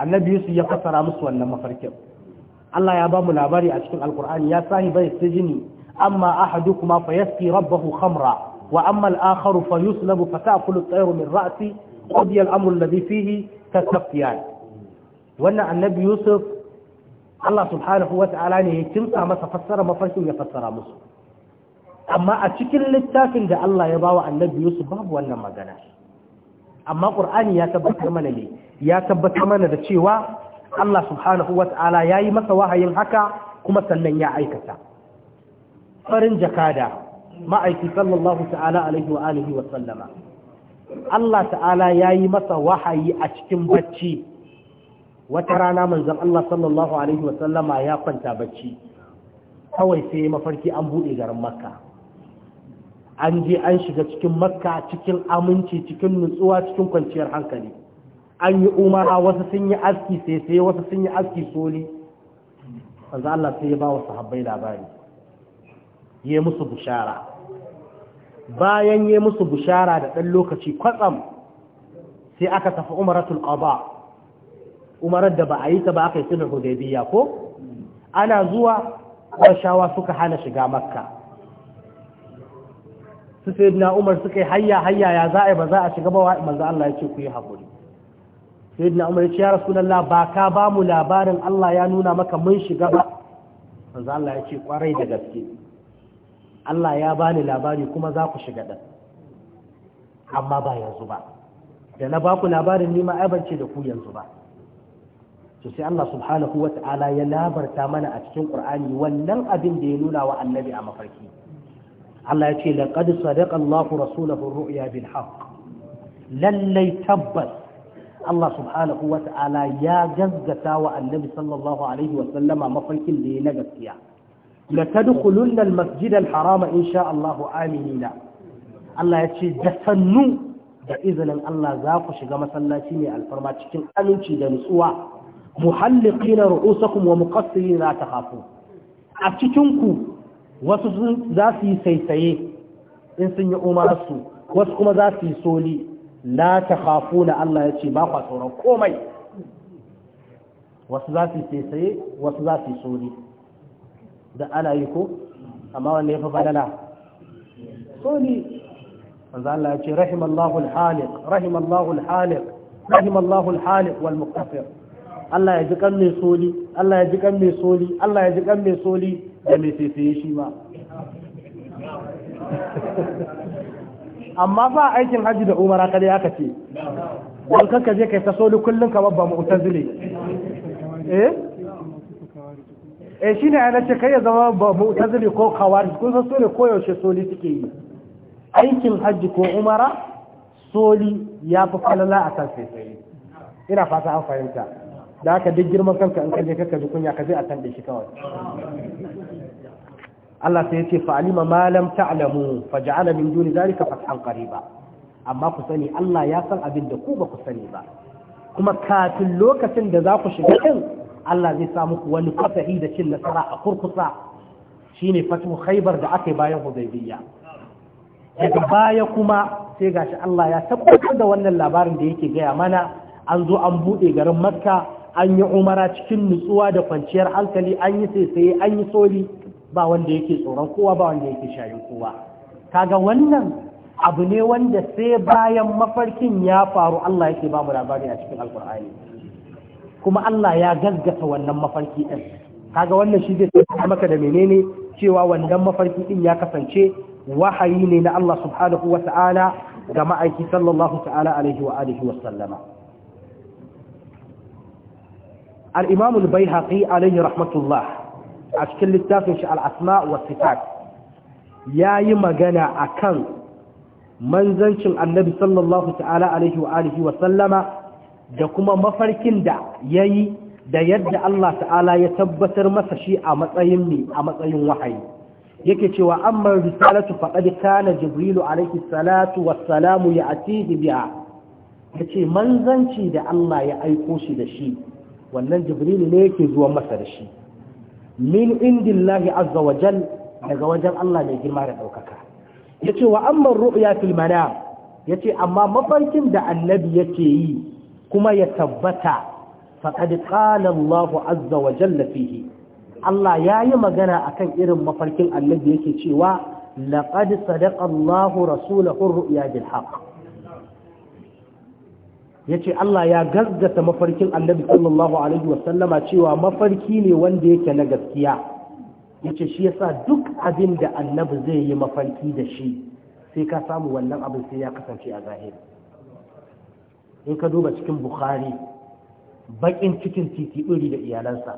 annabi Yusuf ya fassara musu wannan mafarkin Allah ya bamu mu labari a cikin alkur'ani ya sahi bai sijini amma ahadukum fa yasqi rabbahu khamra وأما الآخر فيسلب فتأكل الطير من رأسي قضي الأمر الذي فيه كالتفيان وأن النبي يوسف Allah subhanahu wata'ala ne ya kimsa masa fassara mafarkin ya fassara musu amma a cikin littafin da Allah ya bawa annabi Yusuf babu wannan magana amma Qur'ani ya tabbatar mana ne ya tabbatar mana da cewa Allah subhanahu wata'ala yayi masa wahayin haka kuma sannan ya aikata farin jakada ma'aiki sallallahu ta'ala alaihi wa alihi wa sallama Allah ta'ala ya yi masa wahayi a cikin bacci wata rana manzon Allah sallallahu alaihi wa sallama ya kwanta bacci kawai sai mafarki an buɗe garin makka an je an shiga cikin makka cikin aminci cikin nutsuwa cikin kwanciyar hankali an yi umara wasu sun yi aski sai sai wasu sun yi aski soli manzo Allah sai ya ba wa sahabbai labari ya musu bushara bayan ya musu bushara da ɗan lokaci kwatsam sai aka tafi umaratul ƙaba umarar da ba a yi ta ba aka yi sulhu hudaybiya ko ana zuwa ƙarshawa suka hana shiga makka su sai na umar suka yi hayya hayya ya za a ba za a shiga ba manzo Allah ya ce ku yi haƙuri sai na umar ya ce ya rasulallah ba ka ba mu labarin Allah ya nuna maka mun shiga ba manzo Allah ya ce kwarai da gaske Allah ya bani labari kuma za ku shiga ɗan amma ba yanzu ba da na baku labarin nima aibance da ku yanzu ba to sai Allah subhanahu wa ta'ala ya labarta mana a cikin Qur'ani wannan abin da ya nuna wa annabi a mafarki Allah ya ce laqad sadaqa Allahu rasulahu ru'ya bil haqq lallai tabbas Allah subhanahu wa ta'ala ya gaggata wa annabi sallallahu alaihi wa sallama mafarkin da ya na gaskiya la tadkhulunna al-masjid al-haram insha Allah aminina Allah ya ce da sannu da izinin Allah za ku shiga masallaci mai alfarma cikin aminci da nutsuwa muhalliqina ru'usakum wa muqassirin la takhafu a cikin ku wasu za su yi saisaye in sun yi umarsu wasu kuma za su yi soli la takhafuna Allah ya ce ba ku tsoron komai wasu za su yi saisaye wasu za su yi soli da ana yi ko amma wanda ya fi falala so ne manzo Allah ya ce rahimallahu al-haliq rahimallahu al-haliq rahimallahu al-haliq wal muqtaffir Allah ya ji kan mai soli Allah ya ji kan mai soli Allah ya ji kan mai soli da mai sesiye shi ma amma ba aikin hajji da umara kada ya kace don kanka je kai ta soli kullum kamar ba mu'tazili eh eh shine ana ce kai ya zama ba mu'tazili ko kawar kun san sole ko yaushe soli suke yi aikin hajji ko umara soli ya fi falala a kan sai ina fata an fahimta da aka duk girman kanka in kaje kaka ji kunya ka a kan da kawai Allah sai yace fa alima ma lam ta'lamu faj'ala min duni zalika fathan qariba amma ku sani Allah ya san abin da ku ba ku sani ba kuma kafin lokacin da za ku shiga din Allah zai samu muku wani fasahi da cin nasara a kurkusa shine fatu khaybar da aka yi bayan hudaybiyya daga baya kuma sai gashi Allah ya tabbatar da wannan labarin da yake gaya mana an zo an buɗe garin makka an yi umara cikin nutsuwa da kwanciyar hankali an yi saisaye an yi soli ba wanda yake tsoron kowa ba wanda yake shayin kowa kaga wannan abu ne wanda sai bayan mafarkin ya faru Allah yake ba mu labari a cikin alkur'ani kuma Allah ya gaggata wannan mafarki ɗin kaga wannan shi zai tafi maka da menene cewa wannan mafarki ɗin ya kasance wahayi ne na Allah subhanahu wa ta'ala ga ma'aiki sallallahu ta'ala alaihi wa alihi wa sallama al-imam al-baihaqi alaihi rahmatullah a cikin littafin shi al-asma wa sifat yi magana a kan manzancin annabi sallallahu ta'ala alaihi wa alihi wa sallama da kuma mafarkin da ya yi da yadda Allah ta'ala ya tabbatar masa shi a matsayin ne a matsayin wahayi yake cewa amma risalatu faqad kana jibrilu alayhi salatu wassalamu ya'tihi biha yace manzanci da Allah ya aiko shi da shi wannan jibrilu ne yake zuwa masa da shi min indillahi azza wa jal daga wajen Allah mai girma da daukaka yace wa amma ru'ya fil manam yace amma mafarkin da annabi yake yi kuma ya tabbata faƙad ƙala Allahu azza wa jalla Allah ya yi magana akan irin mafarkin annabi yake cewa laqad sadaqa Allahu rasulahu ru'ya bil Ya yace Allah ya gaggata mafarkin annabi sallallahu alaihi wa sallama cewa mafarki ne wanda yake na gaskiya yace shi yasa duk abin da annabi zai yi mafarki da shi sai ka samu wannan abin sai ya kasance a zahiri in ka duba cikin bukhari bakin cikin titi iri da iyalansa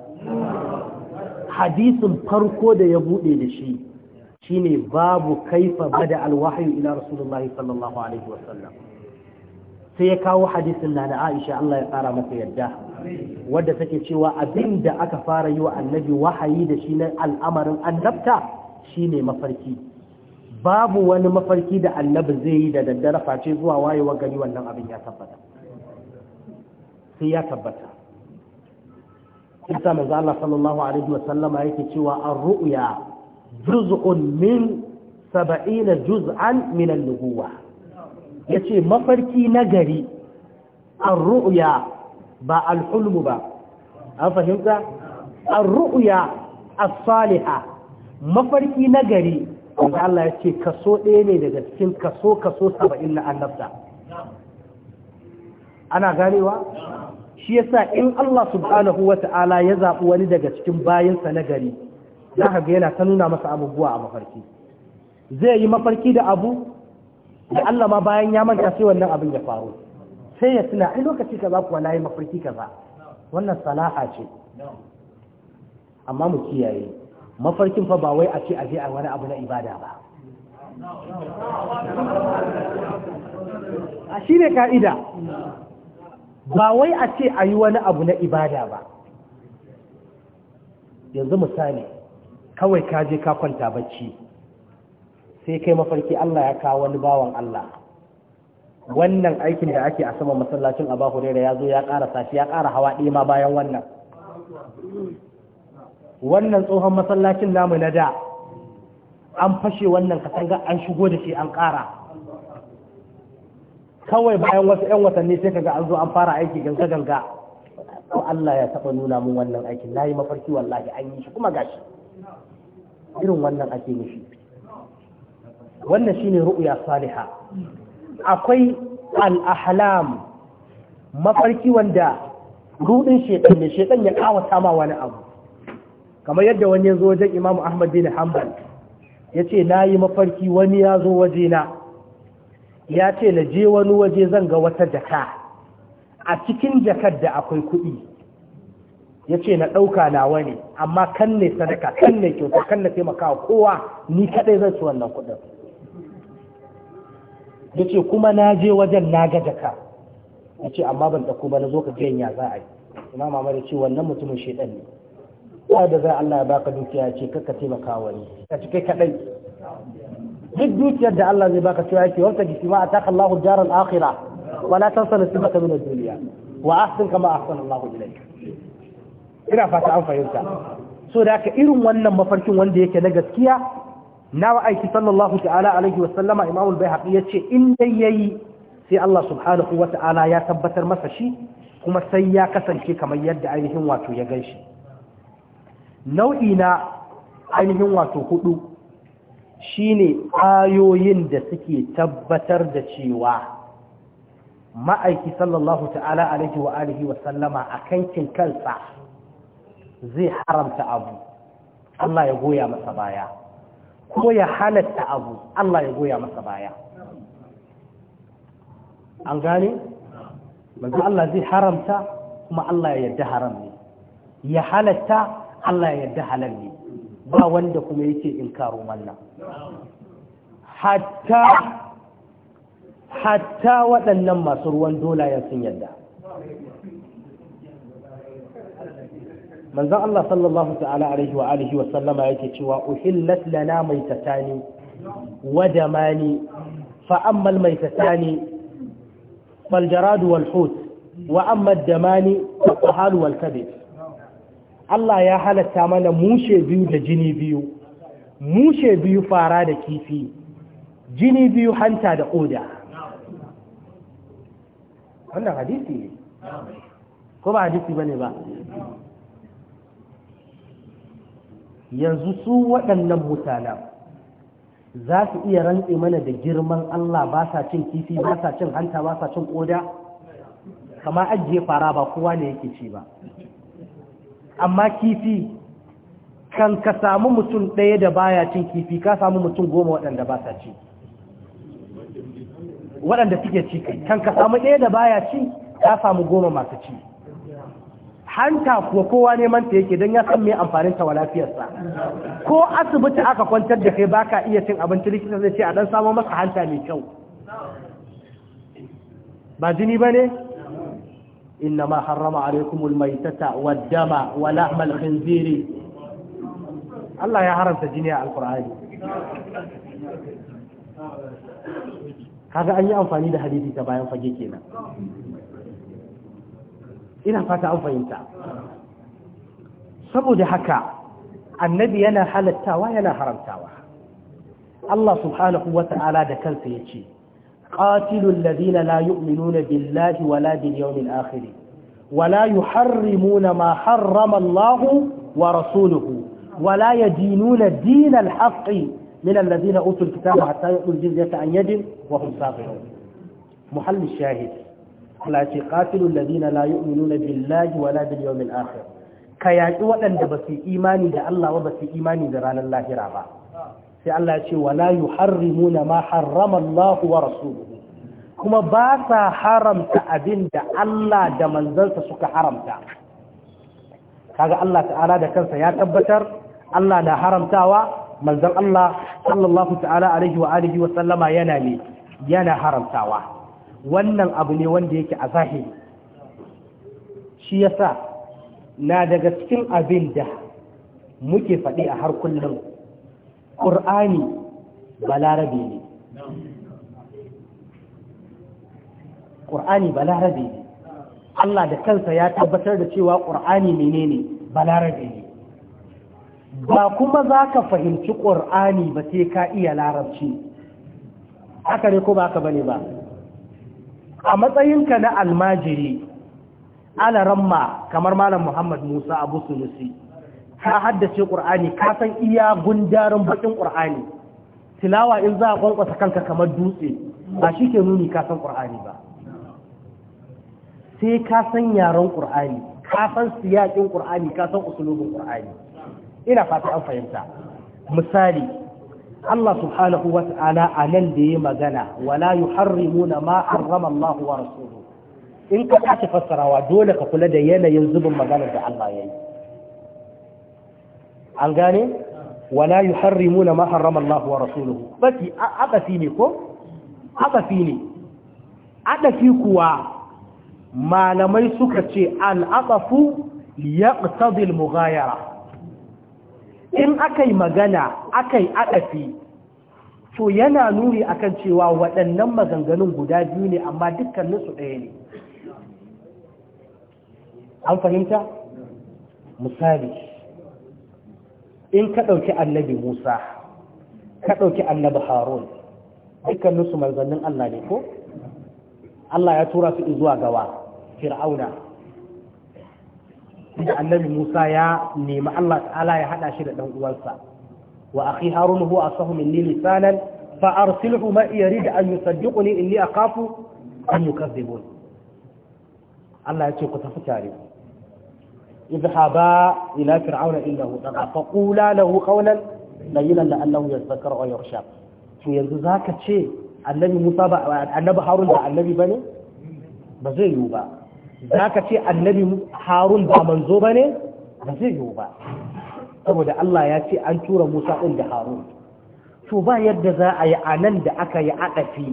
hadisin farko da ya buɗe da shi shine babu kaifa bada alwahyu ila rasulullah sallallahu alaihi wasallam sai ya kawo hadisin na na Aisha Allah ya tsara masa yadda wadda take cewa abin da aka fara yi wa annabi wahayi da shi na al'amarin annabta shine mafarki babu wani mafarki da annabi zai yi da daddare face zuwa wayewa gari wannan abin ya tabbata sai ya tabbata isa manzo Allah sallallahu alaihi wa sallama yake cewa ar-ru'ya juz'un min 70 juz'an min an-nubuwa yace mafarki nagari ar-ru'ya ba al-hulm ba an fahimta ar-ru'ya as-saliha mafarki nagari manzo Allah yace kaso ɗaya ne daga cikin kaso kaso 70 na annabta ana ganewa shi yasa in Allah subhanahu wata'ala ya zaɓi wani daga cikin bayansa na gari za ka ga yana ta nuna masa abubuwa a mafarki zai yi mafarki da abu da Allah ma bayan ya manta sai wannan abin ya faru sai ya tuna ai lokaci kaza kuwa na yi mafarki kaza wannan salaha ce amma mu kiyaye mafarkin fa ba wai a ce a aje a wani abu na ibada ba a shi ne ka'ida ba wai a ce a yi wani abu na ibada ba yanzu misali kawai ka je ka kwanta bacci sai kai mafarki Allah ya kawo wani bawan Allah wannan aikin da ake a saman masallacin Abu Hurairah ya zo ya ƙara sashi ya ƙara hawa ɗaya ma bayan wannan wannan tsohon masallacin namu na da an fashe wannan katanga an shigo da shi an ƙara kawai bayan wasu 'yan watanni sai ga an zo an fara aiki ganga ganga to Allah ya taɓa nuna mun wannan aikin na yi mafarki wallahi an yi shi kuma gashi irin wannan ake nufi wannan shine ru'ya saliha akwai al mafarki wanda rudin shedan ne shedan ya kawata ma wani abu kamar yadda wani ya zo wajen Imam Ahmad bin Hanbal na yi mafarki wani ya zo wajena ya ce na je wani waje zan ga wata jaka a cikin jakar da akwai kuɗi ya ce na ɗauka nawa ne amma kan ne sadaka kan ne kyauta kan na taimaka kowa ni kaɗai zan ci wannan kuɗin ya ce kuma na je wajen na ga jaka ya ce amma ban ɗauko ba na zo ka jiyan ya za a yi imam amma ya ce wannan mutumin shaidan ne ba da za Allah ya baka dukiya ya ce kakka taimaka wani ka ci kai kaɗai duk dukiyar da Allah zai baka cewa yake wata gishi ma ataka Allahu jaral akhirah wala tansa nasibaka min ad-dunya wa ahsin kama ahsana Allahu ilayk ina fata an fahimta so da haka irin wannan mafarkin wanda yake na gaskiya na wa'aiki sallallahu ta'ala alaihi wa sallama imamul bayhaqi yace in dai yayi sai Allah subhanahu wa ta'ala ya tabbatar masa shi kuma sai ya kasance kamar yadda ainihin wato ya ganshi nau'i na ainihin wato hudu shine ayoyin da suke tabbatar da cewa ma'aiki sallallahu ta'ala alaihi wa alihi wa sallama a kankin kansa zai haramta abu Allah ya goya masa baya ko ya halatta abu Allah ya goya masa baya an gane manzo Allah zai haramta kuma Allah ya yarda haram ne ya halatta Allah ya yarda halal ne ba wanda kuma yake inkarin wannan hatta hatta waɗannan masu ruwan dolayen sun yadda Manzan Allah sallallahu ta'ala alaihi wa alihi wa sallama yake cewa uhillat lana maitatani wa damani fa amma almaitatani fal jarad wal hut wa amma ad-damani fa wal kabid Allah ya halatta mana mushe biyu da jini biyu mushe biyu fara da kifi jini biyu hanta da oda wannan hadisi ne ko ba hadisi bane ba yanzu su waɗannan mutanen za su iya rantse mana da girman Allah ba sa cin kifi ba sa cin hanta ba sa cin oda kama ajiye fara ba kowa ne yake ci ba amma kifi kan ka samu mutum ɗaya da baya cin kifi ka samu mutum goma waɗanda ba sa ci waɗanda suke ci kai kan ka samu ɗaya da baya ci ka samu goma masu ci hanta kuwa kowa neman ta yake don ya san me amfanin ta wa lafiyarsa ko asibiti aka kwantar da kai baka iya cin abinci likita zai ce a dan samu masa hanta mai kyau ba jini ba ne إنما حرم عليكم الميتة والدم ولحم الخنزير الله يا حرم تجنيع القرآن هذا أن يأنفاني ده حديثي تباين فجيكينا ina fata an fahimta saboda haka annabi yana halattawa yana haramtawa Allah subhanahu wa ta'ala da kansa ya ce qatilul ladina la yu'minuna billahi wala bil yawmil akhir wala yuharrimuna ma harrama Allah wa rasuluhu wala yadinuna dinal haqqi min alladhina utul kitaba hatta yu'tul jizyata an yadin wa hum saghirun muhallu shahid Allah ce qatilul ladina la yu'minuna billahi wala bil yawmil ka yaƙi waɗanda ba su imani da Allah ba su imani da ranar lahira ba sai Allah ya ce wala yuharrimuna ma harrama wa rasuluhu kuma ba sa haramta abin da Allah da manzansa suka haramta kaga Allah ta'ala da kansa ya tabbatar Allah na haramtawa manzan Allah sallallahu ta'ala alaihi wa alihi wa sallama yana ne yana haramtawa wannan abu ne wanda yake a zahiri shi yasa na daga cikin abin da muke faɗi a har kullum ƙur'ani balarabe ne ƙur'ani balarabe ne Allah da kansa ya tabbatar da cewa ƙur'ani menene balarabe ne ba kuma za ka fahimci ƙur'ani ba sai ka iya larabci haka ne ko ba ka bane ba a matsayinka na almajiri alaramma kamar malam muhammad musa abu sunusi ka haddace ƙur'ani ka san iya gundarin bakin ƙur'ani tilawa in za a kwankwasa kanka kamar dutse ba shi ke nuni ka san ƙur'ani ba sai ka san yaron ƙur'ani ka san siyaƙin ƙur'ani ka san usulubin ƙur'ani ina fata an fahimta misali Allah subhanahu wa ta'ala a nan da ya magana wala yuharrimuna ma harrama Allah wa rasuluhu in ka tashi fassarawa dole ka kula da yanayin zubin maganar da Allah ya yi an gane wala yuharrimu ma harrama Allah wa rasuluhu baki ne ko ne adafi kuwa malamai suka ce al'aqafu yaqtadi al-mughayara in akai magana akai adafi to yana nuni akan cewa waɗannan maganganun guda biyu ne amma dukkanin su ɗaya ne an fahimta misali in ka ɗauki annabi musa ka ɗauki annabi harun nusu marzannin allah ne ko allah ya tura su zuwa gawa fir'auna da annabi musa ya nemi allah ta'ala ya haɗa shi da ɗan uwansa wa akhi harun huwa asahu nili sanan fa arsilhu ma yarid an yusaddiquni inni akhafu an yukazzibun Allah ya ce ku tafi tare اذهبا إلى فرعون إنه طغى فقولا له قولا لينا لأنه يذكر أو يخشى to yanzu za ce annabi musa ba annabi harun ba annabi ba ba zai yiwu ba za ce annabi harun manzo ba zai yiwu ba saboda allah ya ce an tura musa ɗin da harun to ba yadda za a yi a nan da aka yi aɗafi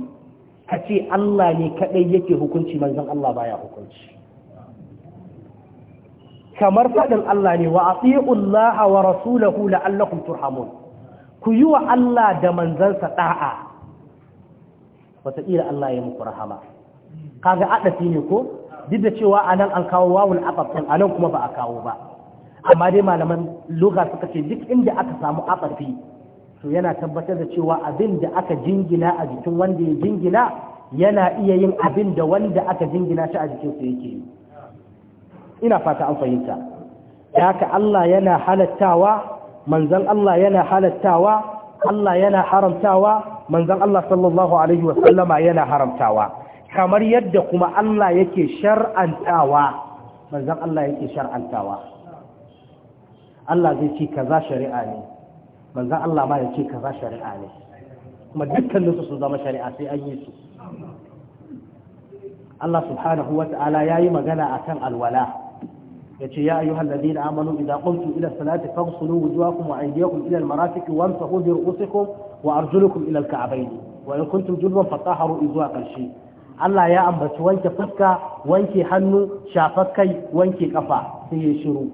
ka ce allah ne kaɗai yake hukunci manzon allah baya hukunci kamar faɗin Allah ne wa atiullaha wa rasulahu la'allakum turhamun ku yi wa Allah da manzansa da'a wataƙila Allah ya muku rahama kaga adafi ne ko duk da cewa anan an kawo wawul a anan kuma ba a kawo ba amma dai malaman lugha suka ce duk inda aka samu aqafi to yana tabbatar da cewa abin da aka jingina a jikin wanda ya jingina yana iya yin abin da wanda aka jingina shi a jikinsa yake yi ina fata an fahimta haka Allah yana halattawa manzon Allah yana halattawa Allah yana haramtawa manzon Allah sallallahu alaihi wasallama yana haramtawa kamar yadda kuma Allah yake shar'antawa manzon Allah yake shar'antawa Allah zai ce kaza shari'a ne manzon Allah ma yake kaza shari'a ne kuma dukkaninsu su zama shari'a sai an yi su Allah subhanahu wa ta'ala ya yi magana a kan alwala yace ya ayyuhal ladina amanu idza qumtum ila salati faghsulu wujuhakum wa aydiyakum ila al-marafiq wamsahu bi ru'usikum wa arjulukum ila al wa in kuntum junuban fatahharu izuwa karshe Allah ya ambaci wanke fuska wanke hannu shafar kai wanke kafa sai ya shiru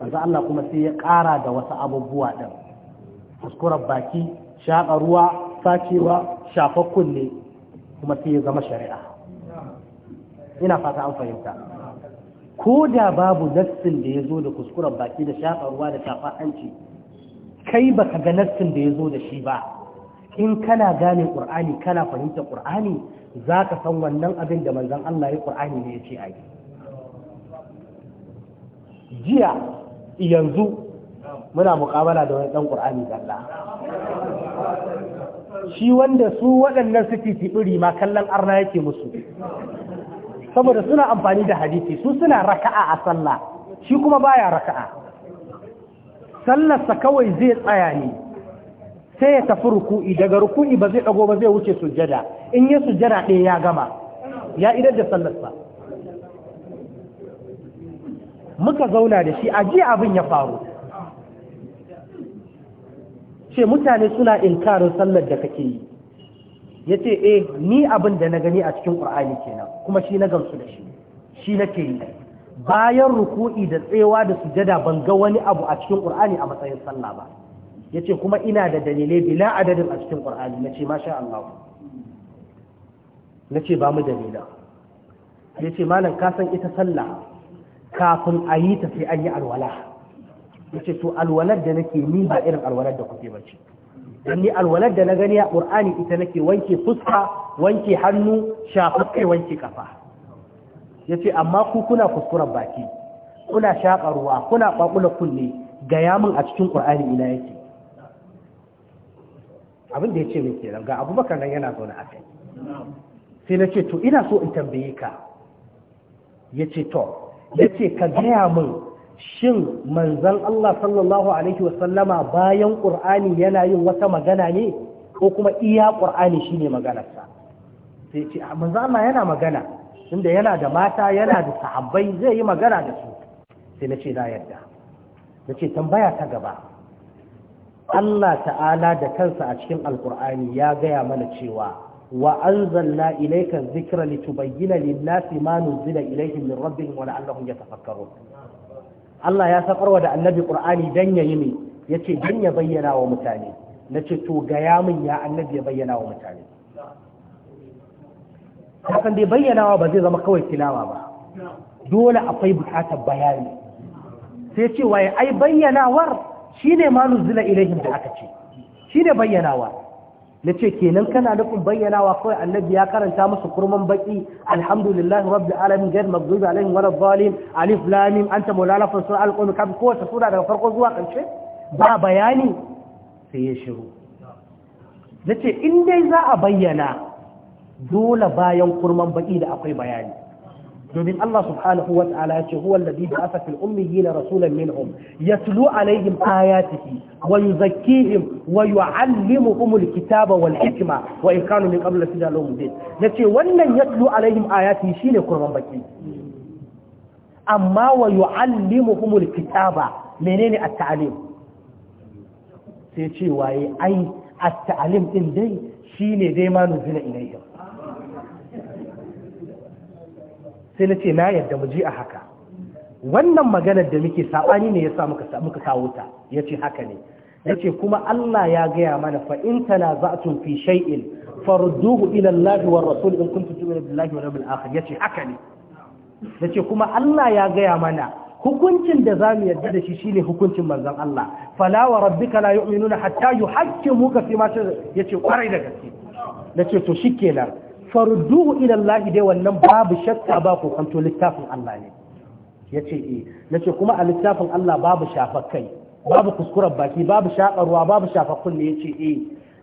manzo Allah kuma sai ya kara da wasu abubuwa din kuskurar baki shaƙa ruwa sacewa shafar kunne kuma sai ya zama shari'a ina fata an fahimta ko da babu nassin da ya zo da kuskuren baki da shafa ruwa da shafa hanci kai baka ga nassin da ya zo da shi ba in kana gane ƙur'ani kana fahimta ƙur'ani za ka san wannan abin da manzan Allah ya ƙur'ani ne ya ce a jiya yanzu muna muƙamala da wani ɗan ƙur'ani da Allah. shi wanda su waɗannan su titi iri ma kallon arna yake musu saboda suna amfani da hadisi su suna raka'a a sallah shi kuma baya raka'a sallarsa kawai zai tsaya ne sai ya tafi ruku'i daga ruku'i ba zai dago ba zai wuce sujada. in ya sujjada ɗaya ya gama ya idar da sallarsa muka zauna da shi a jiya abin ya faru ce mutane suna inkarin sallar da kake yi ya ce eh ni abin da na gani a cikin ƙur'ani kenan kuma shi na gamsu da shi shi na ke yi bayan ruku'i da tsewa da sujada ban ga wani abu a cikin ƙur'ani a matsayin sallah ba ya ce kuma ina da dalilai bila adadin a cikin ƙur'ani na ce masha Allah na ce ba mu dalila ya ce malam kasan ita sallah kafin a yi ta sai an yi alwala ya ce to alwalar da nake ni ba irin alwalar da kuke ba ce dan alwalar da na gani a qur'ani ita nake wanke fuska wanke hannu shafafai wanke kafa Ya ce amma ku kuna kuskuren baki kuna shaƙa ruwa kuna kwakula kunne ga yamin a cikin ƙur'ani ina yake abin da yace min kenan ga abubakar nan yana zaune a kai sai na ce to ina so in tambaye ka Ya ce to ya ce ka gaya min shin manzan Allah sallallahu alaihi wasallama bayan ƙur'ani yana yin wata magana ne ko kuma iya ƙur'ani shine maganarsa sai ce ah, manzan Allah yana magana inda yana da mata yana da sahabbai zai yi magana da su sai na ce na yarda na ce tambaya ta gaba Allah ta'ala da kansa a cikin Alƙur'ani ya gaya mana cewa wa anzalna ilayka dhikra litubayyana lin-nasi ma nuzila ilayhim min rabbihim wa la'allahum yatafakkarun Allah ya wa da annabi Qur'ani dan yayi ne ce dan ya bayyana wa mutane ce to gaya min ya annabi ya bayyana wa mutane hakan dai bayyanawa ba zai zama kawai tilawa ba dole akwai bukatar bayani sai ce waye ai bayyanawar shine ma nuzila ilaihim da aka ce shine bayyanawa na ce kenan kana nufin bayyanawa kawai annabi ya karanta masa kurman baki alhamdulillah rabbil alamin gair maghdubi alaihim wala dhalim alif lam anta maulana fa sura alqur'an kafin kowace sura daga farko zuwa karshe ba bayani sai ya shiru nace in dai za a bayyana dole bayan kurman baki da akwai bayani domin Allah subhanahu wa ta'ala ya ce huwa alladhi ba'atha fil ummiyina rasulan minhum yatlu alaihim ayatihi wa yuzakkihim wa yu'allimuhum alkitaba wal hikma wa in kanu min qabl tidalum bid yace wannan yatlu alaihim ayatihi shine kurban baki amma wa yu'allimuhum alkitaba menene at-ta'lim sai ce waye ai at-ta'lim din dai shine dai ma nuzila ilaihim sai na ce na yadda mu ji a haka wannan maganar da muke saɓani ne ya sa muka kawo ta ya ce haka ne ya ce kuma Allah ya gaya mana fa in tanaza'tum fi shay'in farduhu ila Allah wa rasul in kuntum tu'minu billahi wal yawmil akhir ya ce haka ne ya ce kuma Allah ya gaya mana hukuncin da zamu yarda da shi shine hukuncin manzon Allah fala wa rabbika la yu'minuna hatta yuhaqqimuka fi ma ya ce kwarai da gaske ya ce to shikenan farduhu ila Allah dai wannan babu shakka ba ko kanto littafin Allah ne yace eh nace kuma a littafin Allah babu shafar kai babu kuskuren baki babu shakarwa babu shafar kunne yace eh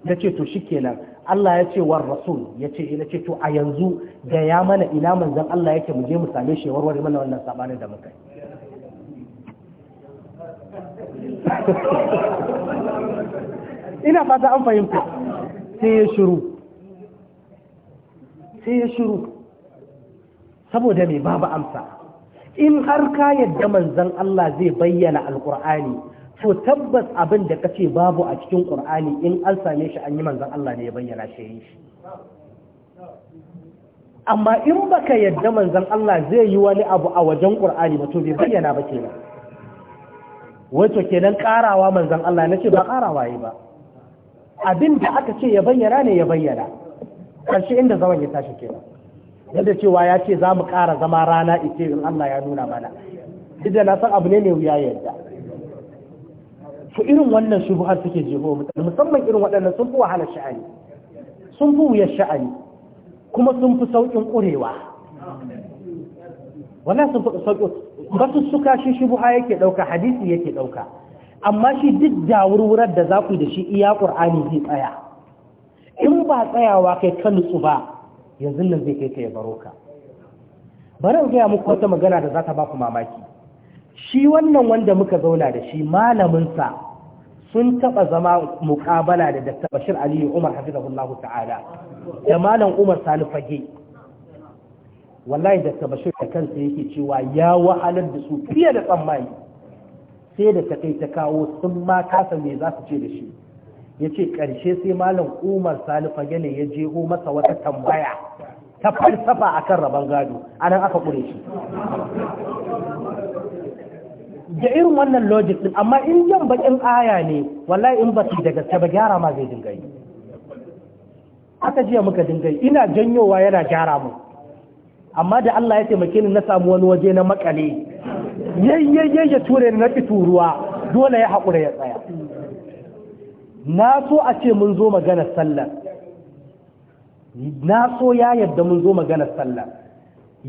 nace to shikenan Allah ya ce war rasul ya ce ina eh. ce to a yanzu ga ya mana ina manzon Allah yake mu je mu same shi warware mana wannan sabanin da muka ina fata an fahimta sai ya shiru sai ya shiru saboda mai babu amsa in har ka yadda manzan Allah zai bayyana alkur'ani to tabbas abin da kace babu a cikin ƙur'ani in an same shi an yi manzan Allah ne ya bayyana shi yi shi amma in baka yadda manzan Allah zai yi wani abu a wajen ƙur'ani ba to bai bayyana ba kenan wato kenan karawa manzan Allah na ce ba karawa yi ba abin da aka ce ya bayyana ne ya bayyana ƙarshe inda zaman ya tashi kenan yadda cewa ya ce za mu ƙara zama rana ita in Allah ya nuna mana idan na san abu ne ne wuya yadda to irin wannan shubuhar suke jeho mutane musamman irin waɗannan sun fi wahala sha'ani sun fi wuyar sha'ani kuma sun fi sauƙin ƙurewa wannan sun fi sauƙin basu suka shi shubuha yake ɗauka hadisi yake ɗauka amma shi duk da wurwurar da za ku da shi iya ƙur'ani zai tsaya in ba tsayawa kai ka nutsu ba yanzu nan zai kai ka ya baro ka bari in gaya muku wata magana da za ta ba ku mamaki shi wannan wanda muka zauna da shi malaminsa sun taɓa zama muƙabala da Dr. Bashir Aliyu Umar hafizahullahu ta'ala da malam Umar Sani Fage wallahi Dr. Bashir da kansa yake cewa ya wahalar da su fiye da tsammani sai da ta kai ta kawo sun ma kasa me za su ce da shi ya ce ƙarshe sai malam umar salifa gane ya jeho masa wata tambaya ta falsafa a kan rabon gado a nan aka ƙure shi da irin wannan logic din amma in yan bakin aya ne wallahi in ba su da gaske ba gyara ma zai dinga yi aka jiya muka dinga yi ina janyowa yana gyara mu amma da Allah ya taimake ni na samu wani waje na makale yayyaye ya ture ni na fituruwa dole ya haƙura ya tsaya na so a ce mun zo maganar sallah na so ya yadda mun zo maganar sallah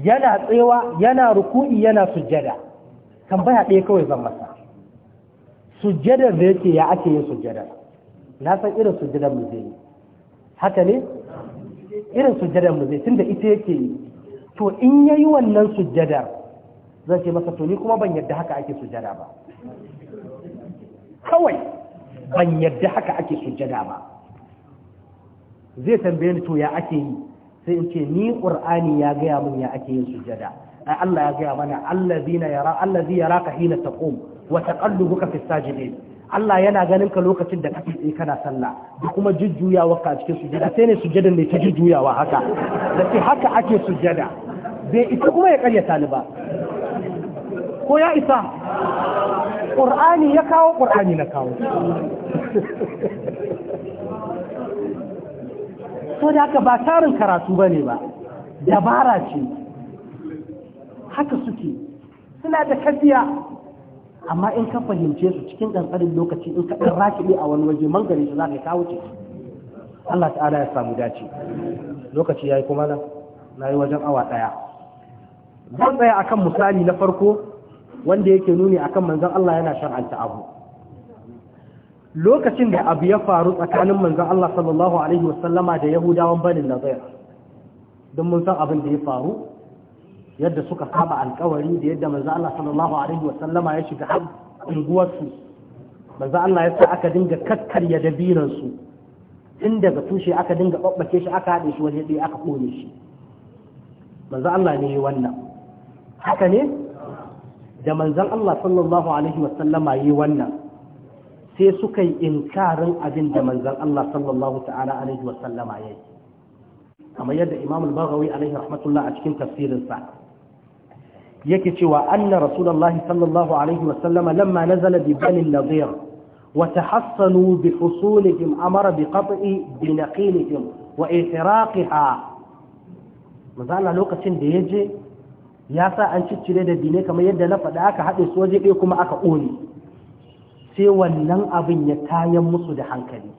yana tsewa yana ruku'i yana sujjada tambaya ɗaya kawai zan masa sujjadar da yake ya ake yin sujjadar na san irin sujjadar mu zai haka ne irin sujjadar mu zai tunda ita yake yi to in yayi wannan sujjadar zan ce masa to ni kuma ban yadda haka ake sujjada ba kawai ban yadda haka ake sujjada ba zai tambaye ni to ya ake yi sai in ce ni qur'ani ya gaya min ya ake yin sujjada ai Allah ya gaya mana allazina yara allazi yaraka hina taqum wa taqallubuka fis sajidin Allah yana ganin ka lokacin da kake tsaye kana sallah da kuma jujjuyawa ka cikin sujjada sai ne sujjadan ne ta jujjuyawa haka da sai haka ake sujjada bai isa kuma ya karya taliba ko ya isa ƙur'ani ya kawo ƙur'ani na kawo so da haka ba tarin karatu ba ne ba dabara ce haka suke suna da kafiya amma in ka fahimce su cikin ƙanƙarin lokaci in ka ɗan rakiɗe a wani waje mangare su za ka kawo ce Allah ta'ala ya samu dace lokaci ya yi kuma na yi wajen awa ɗaya zan tsaya akan misali na farko wanda yake nuni akan manzan Allah yana shar'anta abu lokacin da abu ya faru tsakanin manzan Allah sallallahu alaihi wasallama da yahudawan bani nazir don mun san abin da ya faru yadda suka saba alkawari da yadda manzan Allah sallallahu alaihi wasallama ya shiga har unguwarsu manzon Allah ya sa aka dinga kakkarya dabiran su tun daga tushe aka dinga babbace shi aka haɗe shi waje ɗaya aka kone shi manzan Allah ne wannan haka ne da manzan Allah sallallahu alaihi wasallama yi wannan sai suka yi inkarin abin da manzan Allah sallallahu ta'ala alaihi wasallama ya yi kamar yadda Imam al-Baghawi alaihi rahmatullah a cikin tafsirinsa yake cewa anna rasulullahi sallallahu alaihi wasallama lamma nazala bi bani nadir wa tahassanu bi husulihim amara bi qat'i bi naqilihim wa ihraqiha manzan Allah lokacin da ya je ya sa an ciccire da dine kamar yadda na faɗa aka haɗe su waje ɗaya kuma aka ƙone sai wannan abin ya tayan musu da hankali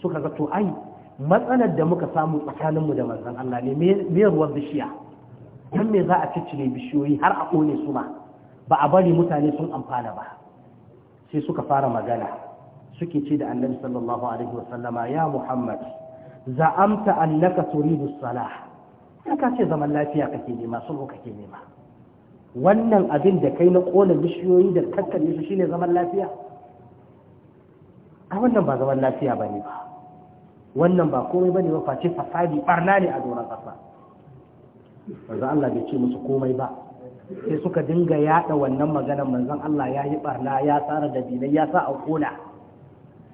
suka ga to ai matsalar da muka samu tsakaninmu da manzon Allah ne me ruwan bishiya don me za a ciccire bishiyoyi har a ƙone su ma ba a bari mutane sun amfana ba sai suka fara magana suke ce da annabi sallallahu alaihi wasallama ya muhammad za'amta annaka turidu salah in ka ce zaman lafiya kake nema sulhu kake nema wannan abin da kai na kona bishiyoyi da tattale su shine zaman lafiya a wannan ba zaman lafiya ba ne ba wannan ba komai ba ne ba face fasadi barna ne a doron ƙasa manzan Allah bai ce musu komai ba sai suka dinga yaɗa wannan maganar manzan Allah ya yi barna ya tsara da dinai ya sa a kona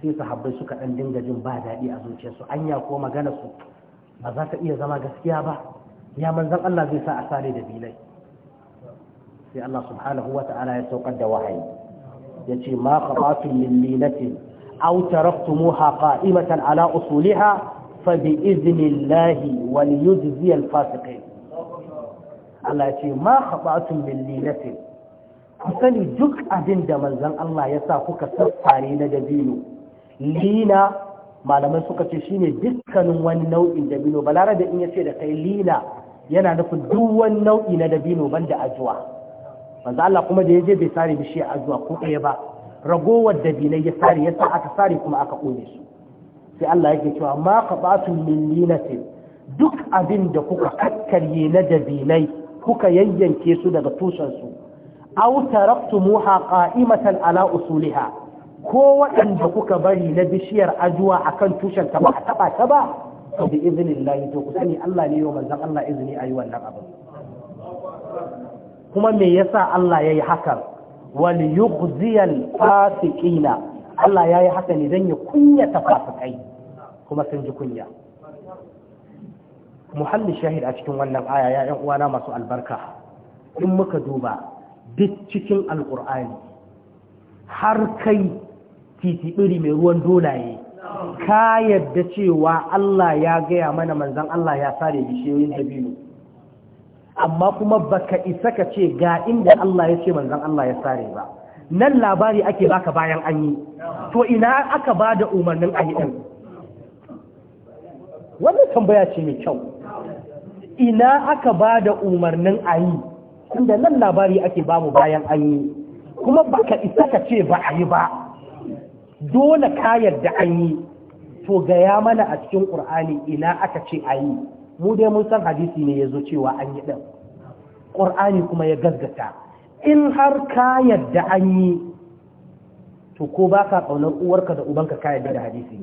sai sahabbai suka ɗan dinga jin ba daɗi a zuciyarsu anya ko maganar su ba za ta iya zama gaskiya ba ya manzan Allah zai sa a sare da bilai sai Allah subhanahu wa ta'ala ya saukar da wahayi ya ce ma qabatun min linatin aw taraktumuha qa'imatan ala usuliha fa bi idnillahi wal yujzi al fasiqin Allah ya ce ma qabatun min ku sani duk abin da manzan Allah ya sa kuka sassare na dabino lina malamai suka ce shine dukkanin wani nau'in dabino balarabe in ya ce da kai lina yana nufin duk wani nau'i na dabino banda ajuwa manzo Allah kuma da yaje bai sare bishi ajuwa ko ɗaya ba ragowar dabinai ya sare yasa aka sare kuma aka kone su sai Allah yake cewa ma qabatu min linatin duk abin da kuka kakkarye na dabinai kuka yayyanke su daga tushen su aw taraktumuha qa'imatan ala usuliha ko waɗanda kuka bari na bishiyar ajuwa akan tushen ta ba a taba ta ba to bi lahi to ku sani Allah ne yau manzan Allah izini ayi wannan abin kuma me yasa Allah ya yayi haka wal yughziyal fasikina Allah yayi haka ne dan ya ta fasikai kuma sun ji kunya muhalli shahid a cikin wannan aya ya ‘yan uwana masu albarka in muka duba duk cikin alƙur'ani har kai titi titiɓiri mai ruwan dolaye ka yadda cewa Allah ya gaya mana manzan Allah ya sare bishiyoyin dabino amma kuma baka isa ka ce ga inda Allah ya ce manzan Allah ya sare ba nan labari ake baka bayan an yi to ina aka ba da umarnin a ɗin wannan tambaya ce mai kyau ina aka ba da umarnin a yi inda nan labari ake mu bayan an yi kuma baka isa ka ce ba a yi ba dole ka yarda an yi to gaya mana a cikin ƙur'ani ina aka ce a yi mu dai mun san hadisi ne ya zo cewa an yi ɗin ƙur'ani kuma ya gaggata in har ka yarda an yi to ko ba ka ƙaunar uwarka da ubanka ka yarda da hadisi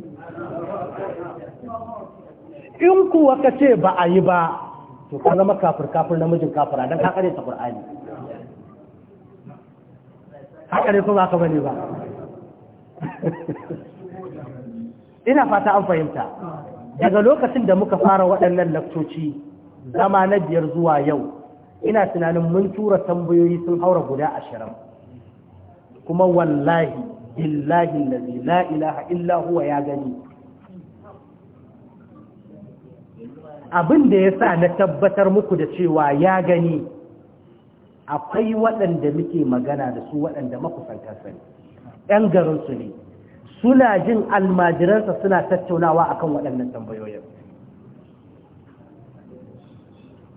in kuwa ka ce ba a yi ba to ka zama kafir kafir namijin kafira don ka ƙare ta ƙur'ani haka ne kuma ka bane ba ina fata an fahimta daga lokacin da muka fara waɗannan lakcoci zama na biyar zuwa yau ina tunanin mun tura tambayoyi sun haura guda ashirin kuma wallahi billahi lazi la ilaha illa huwa ya gani abin da ya sa na tabbatar muku da cewa ya gani akwai waɗanda muke magana da su waɗanda makusantar sani 'yan garinsu ne suna jin almajiransa suna tattaunawa akan waɗannan tambayoyin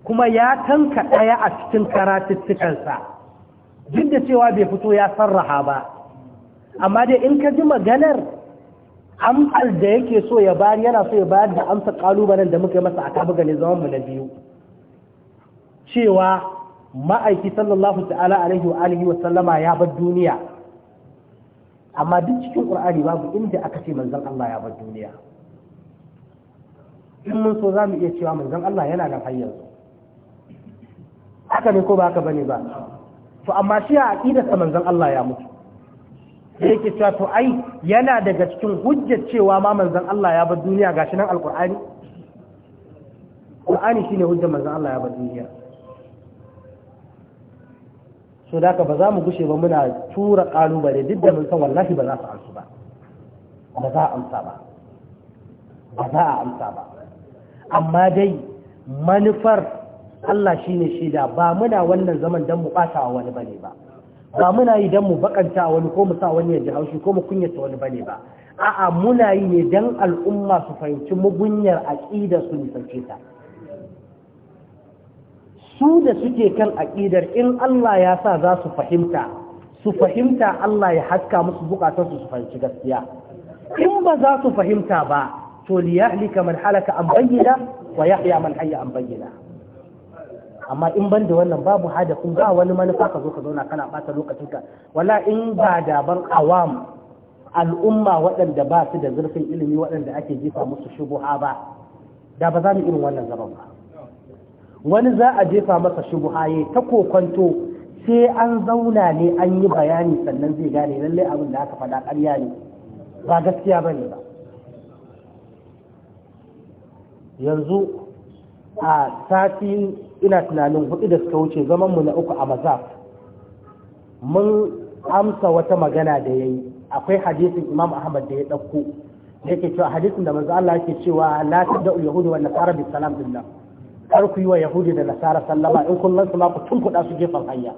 kuma ya tanka ɗaya a cikin karatuttukansa duk da cewa bai fito ya sarraha ba amma dai in ka ji maganar amsar da yake so ya bayar yana so ya bayar da amsar ƙalubalen da muka yi masa a kabuga ne zaman na biyu cewa ma'aiki sallallahu ta'ala alaihi wa wa sallama ya bar duniya amma duk cikin qur'ani babu inda aka ce manzon Allah ya bar duniya in mun so za mu iya cewa manzon Allah yana da hayyar haka ne ko ba haka bane ba to amma shi a aqidar sa manzon Allah ya mutu yake cewa to ai yana daga cikin hujjar cewa ma manzon Allah ya bar duniya gashi nan alqur'ani qur'ani shine hujjar manzon Allah ya bar duniya so da ba za mu gushe ba muna tura ƙalubale duk da mun san wallahi ba za su amsu ba ba za a amsa ba ba za a amsa ba amma dai manufar Allah shine shida ba muna wannan zaman dan mu ɓata wa wani bane ba ba muna yi dan mu bakanta wani ko mu sa wani ya ji haushi ko mu kunyata wani bane ba a'a muna yi ne dan al'umma su fahimci mugunyar aqida su nisance ta su da suke kan aƙidar in Allah ya sa za su fahimta su fahimta Allah ya haska musu bukatarsu su fahimci gaskiya in ba za su fahimta ba to liyahlika man halaka an bayyana wa yahya man hayya an bayyana amma in ban da wannan babu hadafin ba wani manufa ka zo ka zauna kana bata lokacin ka wala in ba da ban awam al'umma waɗanda ba su da zurfin ilimi waɗanda ake jefa musu shubuha ba da ba za mu irin wannan zaman ba wani za a jefa masa shi buhaye ta kokonto sai an zauna ne an yi bayani sannan zai gane lallai abin da aka faɗa ƙarya ne ba gaskiya ba ne ba yanzu a sati ina tunanin hudu da suka wuce zaman mu na uku a mazaf mun amsa wata magana da ya yi akwai hadisin imam ahmad da ya ɗauko da yake cewa hadisin da manzo Allah yake cewa la tabda yahudu wa nasara bi salam billah kar ku yi wa yahudi da nasara sallama in kun lansu ma ku tunkuɗa su gefen hanya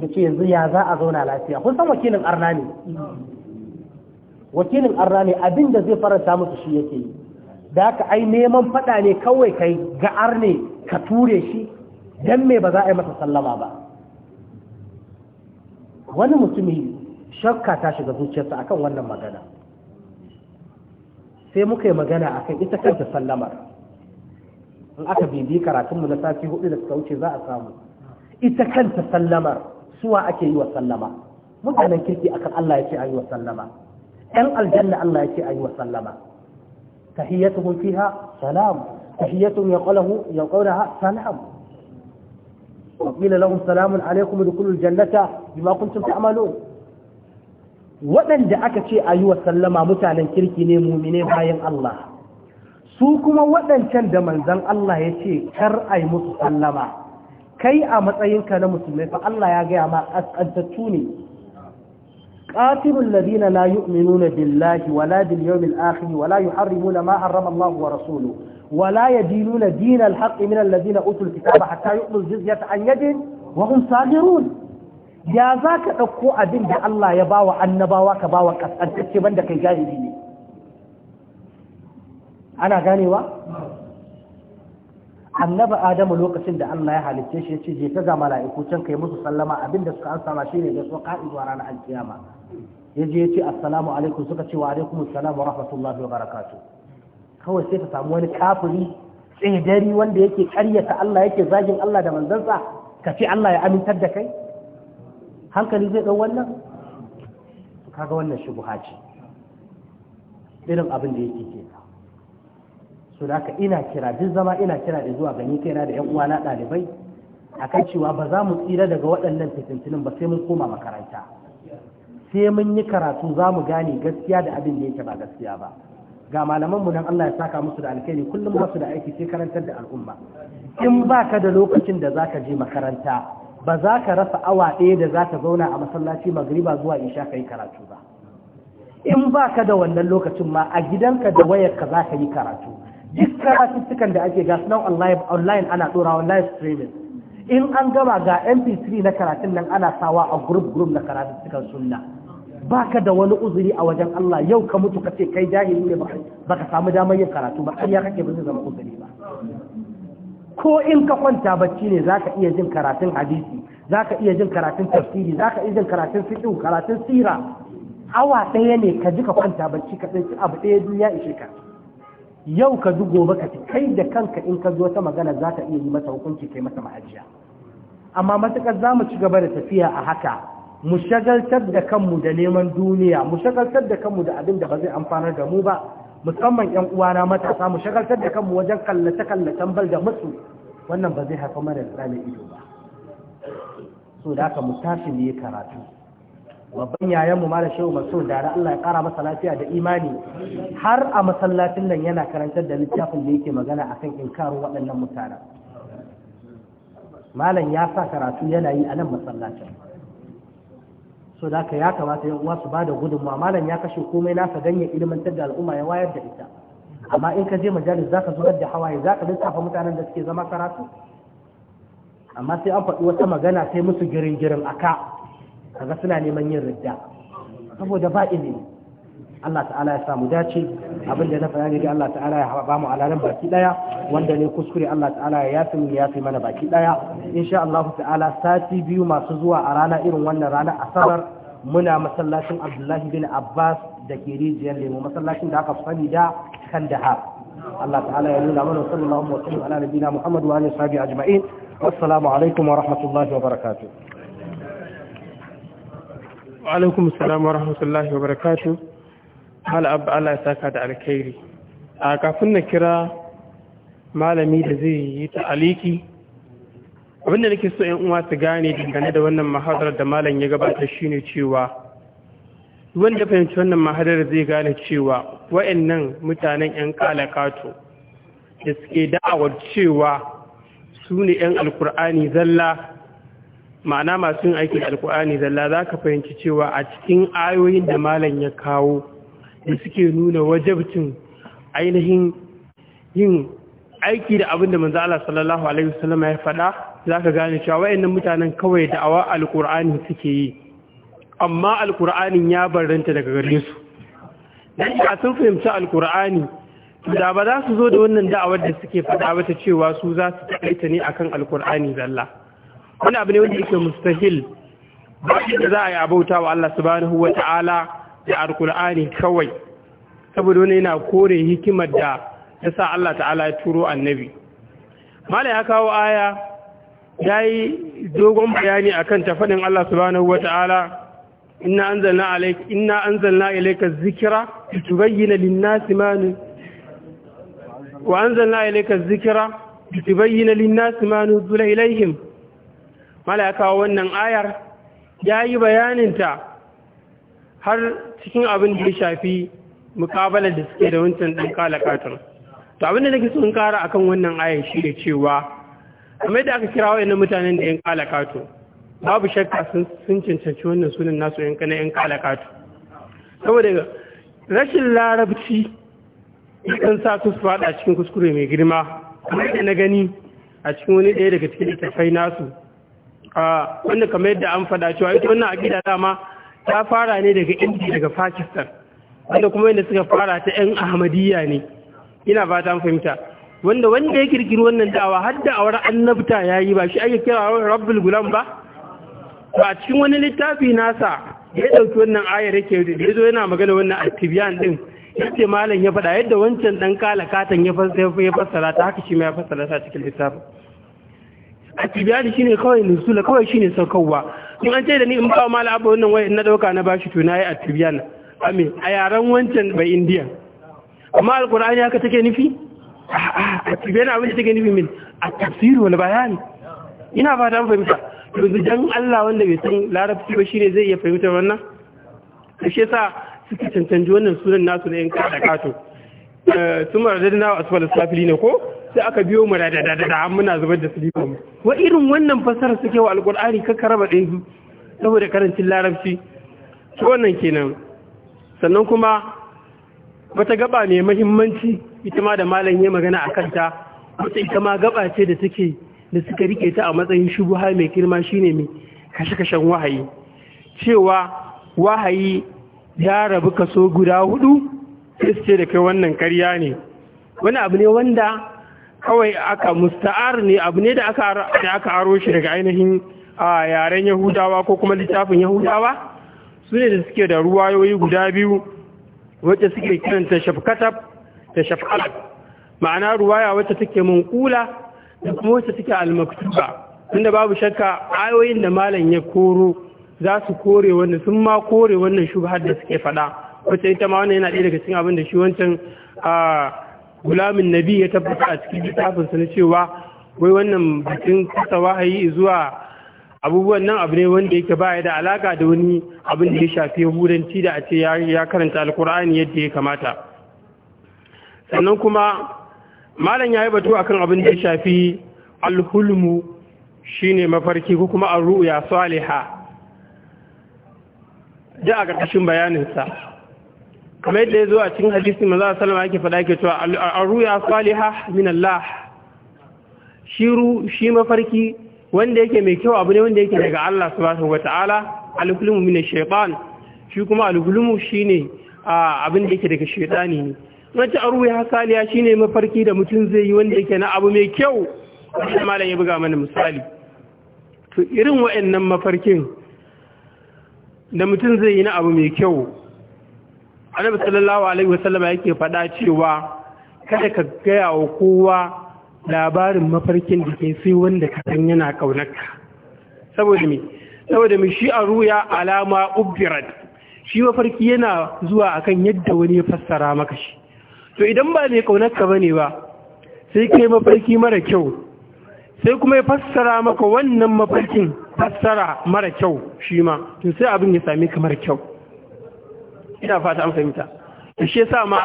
da ce yanzu ya za a zauna lafiya kun san wakilin arna ne wakilin arna ne abin da zai faranta musu shi yake yi da haka ai neman faɗa ne kawai kai ga arne ka ture shi dan me ba za a yi masa sallama ba wani mutumi shakka ta shiga zuciyarsa akan wannan magana sai muka yi magana akan ita kanta sallamar in aka bibi karatunmu na sati hudu da suka wuce za a samu ita kanta sallamar suwa ake yi wa sallama mutanen kirki akan Allah ya ce ayi wa sallama ɗan aljanna Allah ya ce ayi wa sallama tahiyyatuhum fiha salam tahiyyatuhum yaqaluhu yaqulaha salam wa qila lahum salamun alaykum udkhulul jannata bima kuntum ta'malun waɗanda aka ce ayi wa sallama mutanen kirki ne mu'mine bayan Allah su kuma waɗancan da manzan Allah ya ce kar a yi musu sallama kai a matsayinka na musulmai fa Allah ya gaya ma ƙasƙantattu ne qatilul ladina la yu'minuna billahi wala bil yawmil akhir wala yuharrimuna ma harrama Allah wa rasuluhu wala yadinuna dinal haqqi min alladhina utul kitaba hatta yu'tul jizyata an yadin wa hum saghirun ya zaka ɗauko abin da Allah ya bawa annabawa ka bawa ƙasƙantacce banda kai jahili ne ana ganewa annaba adamu lokacin da Allah ya halicce shi yace je ta ga mala'iku can kai musu sallama abinda suka ansa sama shine da su ka'i zuwa ranar alkiyama yaje yace assalamu alaikum suka ce wa alaikum assalam wa rahmatullahi wa barakatuh kawai sai ka samu wani kafiri tsedari wanda yake karyata Allah yake zagin Allah da manzansa ka ce Allah ya amintar da kai hankali zai dau wannan kaga wannan shubuha ce irin abin da yake kenan so da aka ina kira duk zama ina kira da zuwa gani kaina da yan uwana ɗalibai akan cewa ba za mu tsira daga waɗannan fitintunin ba sai mun koma makaranta sai mun yi karatu za mu gane gaskiya da abin da yake ba gaskiya ba ga malaman mu nan Allah ya saka musu da alkhairi kullum ba su da aiki sai karantar da al'umma in ba ka da lokacin da zaka je makaranta ba za ka rasa awa ɗaya da za ka zauna a masallaci magriba zuwa isha ka yi karatu ba in ba ka da wannan lokacin ma a gidanka da wayarka za ka yi karatu duk cikin da ake gas nan online ana ɗora live streaming in an gama ga mp3 na karatun nan ana sawa a group group na karatuttukan sunna baka da wani uzuri a wajen Allah yau ka mutu kace kai jahili ne baka samu damar yin karatu ba ya kake ba zai zama uzuri ba ko in ka kwanta bacci ne zaka iya jin karatun hadisi zaka iya jin karatun tafsiri zaka iya jin karatun fiqh karatun sira awa ɗaya ne ka ji ka kwanta bacci ka tsinci abu ɗaya duniya ishe ka yau ka ji gobe ka ci kai da kanka in ka zo wata magana za ta iya yi masa hukunci kai masa ma'ajiya amma matuƙar za mu ci gaba da tafiya a haka mu shagaltar da kanmu da neman duniya mu shagaltar da kanmu da abin da ba zai amfanar da mu ba musamman yan uwana matasa mu shagaltar da kanmu wajen kallace kallacen bal da musu wannan ba zai haifa mana da ido ba so da haka mu tashi ne karatu babban yayan mu mara shehu maso da Allah ya kara masa lafiya da imani har a masallacin nan yana karantar da littafin da yake magana akan inkarin waɗannan mutanen malam ya sa karatu yana yi a nan masallacin so da ya kamata yan uwa su bada gudunmawa malam ya kashe komai nasa ganye ilimantar da al'umma ya wayar da ita amma in ka je majalis zaka zubar da hawaye zaka lissafa mutanen da suke zama karatu amma sai an faɗi wata magana sai musu girin girin ka. kaga suna neman yin ridda saboda ba ilimi Allah ta'ala ya samu dace abinda na ya ne Allah ta'ala ya ba mu alalan baki daya wanda ne kuskure Allah ta'ala ya yafi mu yafi mana baki daya insha Allah ta'ala sati biyu masu zuwa a rana irin wannan rana asabar muna masallacin Abdullahi bin Abbas da ke rijiyar lemo masallacin da aka sani da kan da har Allah ta'ala ya nuna mana sallallahu alaihi wa sallam ala nabiyina Muhammad wa alihi wa ajma'in wassalamu alaikum wa rahmatullahi wa barakatuh alaikum salam wa rahmatullahi wa barakatu hala abu ala ya saka da alkhairi a kafin na kira malami da zai yi ta'aliki abinda nake so yan uwa su gane dangane da wannan mahadar da malam ya gabata shine cewa wanda fahimci wannan mahadar zai gane cewa wayannan mutanen yan kalakato da suke da'awar cewa su ne yan alkur'ani zalla ma'ana masu yin aikin alkur'ani zalla za ka fahimci cewa a cikin ayoyin da malam ya kawo da suke nuna wajabcin ainihin yin aiki da abin da manzo Allah sallallahu alaihi wasallam ya faɗa zaka gane cewa wayannan mutanen kawai da awa alkur'ani suke yi amma alkur'anin ya barranta daga gare su dan sun fahimci alkur'ani da ba za su zo da wannan da'awar da suke faɗa ba ta cewa su za su taƙaita ne akan alkur'ani zalla wani abu ne wanda yake mustahil ba shi da za a yi abauta wa Allah subhanahu wa ta'ala da alkur'ani kawai saboda wani yana kore hikimar da ya sa Allah ta'ala ya turo annabi mala ya kawo aya ya yi dogon bayani a kan tafaɗin Allah subhanahu wa ta'ala inna anzalna ilaika zikira tubayyana linnasi manu wa anzalna ilaika zikira tubayyana linnasi manu zula ilaihim malaka wannan ayar ya yi bayaninta har cikin abin da ya shafi mukabalar da suke da wancan ɗan kalakatun to abin da nake sun kara akan wannan ayar shi da cewa kamar da aka kira wa'annan mutanen da yan kalakatu babu shakka sun cancanci wannan sunan nasu yan ƴan yan kalakatu saboda rashin larabci kan sa su faɗa cikin kuskure mai girma kamar da na gani a cikin wani ɗaya daga cikin littattafai nasu wanda kamar yadda an faɗa cewa ita wannan aƙida dama ta fara ne daga indiya daga pakistan wanda kuma yadda suka fara ta 'yan ahmadiyya ne ina ba ta fahimta wanda wanda ya kirkiri wannan dawa har da awar annabta yayi ba shi ake kira rabbul gulam ba ba cikin wani littafi nasa ya ɗauki wannan ayar yake da ya zo yana magana wannan attibiyan din yace malam ya fada yadda wancan ɗan kala katan ya fassara ta haka shi ma ya fassara ta cikin littafin a tibiyani shine kawai nusula kawai shine saukowa in an ce da ni in ba mala abu wannan wai na dauka na bashi to nayi a tibiyana ame a yaran wancan bai indiya amma alqur'ani haka take nufi a tibiyana abin da take nufi min a tafsir wal bayan ina ba ta fahimta yanzu dan Allah wanda bai san larabci ba shine zai iya fahimtar wannan shi yasa suka cancanci wannan sunan nasu na yan kada kato eh, sumar da wa asfal safili ne ko sai aka biyo mu da da da muna zubar da silifan mu wa irin wannan fasar suke wa alkur'ani kaka raba ɗaya saboda karancin larabci to wannan kenan sannan kuma wata gaba mai mahimmanci ita ma da malam ya magana a kanta wata ita ma gaba ce da take da suka rike ta a matsayin shubuha mai girma shine mai kashe-kashen wahayi cewa wahayi ya rabu kaso guda hudu sai da kai wannan karya ne wani abu ne wanda kawai aka musta'ar ne abu ne da aka aro shi daga ainihin a yaren yahudawa ko kuma littafin yahudawa su ne da suke da ruwayoyi guda biyu wacce suke kiranta shafkatab da shaf'alab ma'ana ruwaya wacce take munkula da kuma wacce take almaktuba tunda babu shakka ayoyin da malam ya koro za su kore wannan sun ma kore wannan shubhar da suke faɗa wacce ita ma wannan yana ɗaya daga cikin abin da shi wancan a gulamin nabi ya tabbata a cikin littafinsa na cewa wai wannan bikin kasa wahayi zuwa abubuwan nan abu ne wanda yake baya da alaka da wani abin da ya shafi yahudanci da a ce ya karanta alkur'ani yadda ya kamata sannan kuma malam ya yi batu kan abin da ya shafi alhulmu shine mafarki ko kuma ya saliha da a ƙarƙashin bayaninsa kamar yadda ya zo a cikin hadisi maza salama ake faɗa yake cewa arruya salihah min Allah shiru shi mafarki wanda yake mai kyau abu ne wanda yake daga Allah subhanahu Ta'ala alghulumu min ash-shaytan shi kuma alghulumu shine abin da yake daga shaytani ne wace arruya shi shine mafarki da mutum zai yi wanda yake na abu mai kyau wanda malam ya buga mana misali to irin waɗannan mafarkin da mutum zai yi na abu mai kyau annabi sallallahu alaihi wasallam yake faɗa cewa kada ka gaya wa kowa labarin mafarkin da ke sai wanda ka san yana kaunarka saboda me saboda me shi aruya alama ubirat shi mafarki yana zuwa akan yadda wani ya fassara maka shi to idan ba mai kaunarka bane ba sai kai mafarki mara kyau sai kuma ya fassara maka wannan mafarkin fassara mara kyau shi ma to sai abin ya same ka mara kyau ina fata an fahimta shi yasa ma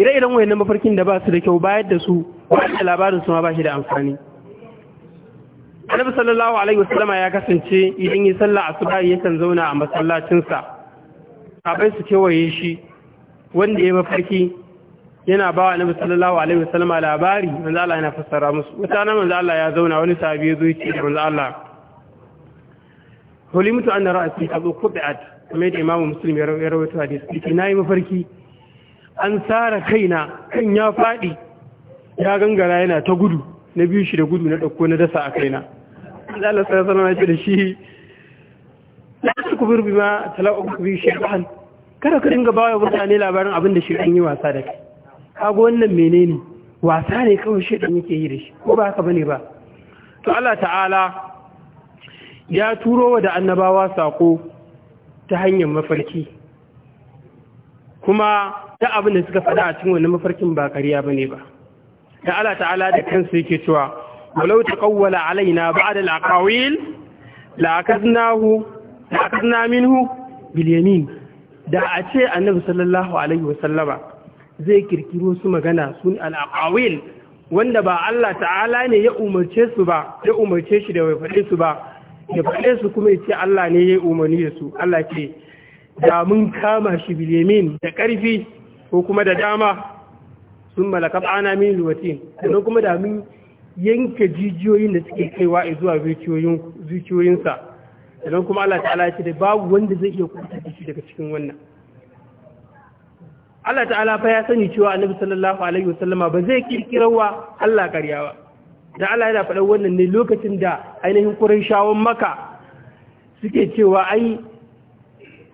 ire-iren wayannan mafarkin da ba su da kyau bayar da su bayar da labarin su ma ba shi da amfani Annabi sallallahu alaihi wasallam ya kasance idan yi sallah asuba yakan zauna a masallacin sa sabai su kewaye shi wanda ya mafarki yana ba wa Annabi sallallahu alaihi wasallam labari manzo Allah yana fassara musu wata nan manzo Allah ya zauna wani sahabi ya zo ya ce manzo Allah hulimtu anna ra'si abu qut'at kamar yadda imamu muslim ya rawaito hadis yake na yi mafarki an tsara kaina kan ya faɗi ya gangara yana ta gudu na biyu shi da gudu na ɗauko na dasa a kaina Allah sai sanar da shi la tukbir bima talaqu bi shaytan kada ka dinga bawa mutane labarin abin da an yi wasa da kai kago wannan menene wasa ne kawai shaytan yake yi da shi ko ba haka bane ba to Allah ta'ala ya turo wa da annabawa sako ta hanyar mafarki kuma ta abin da suka faɗa a cikin wani mafarkin ba kariya ba ne ba da Allah ta'ala da kansu yake cewa walau ƙawwala alaina ba da la'akawil, la'akadnahu minhu bil da a ce annabi sallallahu alaihi wasallama zai kirkiro su magana sun al wanda ba Allah ta'ala ne ya umarce su ba ya umarce shi da wai faɗe su ba ya faɗe su kuma ya ce Allah ne ya umarni da su Allah ce da mun kama shi bilimin da ƙarfi ko kuma da dama sun malaka ana min luwatin sannan kuma da mun yanke jijiyoyin da suke kaiwa zuwa zuciyoyinsa sannan kuma Allah ta'ala ce da babu wanda zai iya kuta shi daga cikin wannan Allah ta'ala fa ya sani cewa Annabi sallallahu alaihi wasallama ba zai kirkirawa Allah karyawa da Allah yana faɗa wannan ne lokacin da ainihin kurin shawon maka suke cewa ai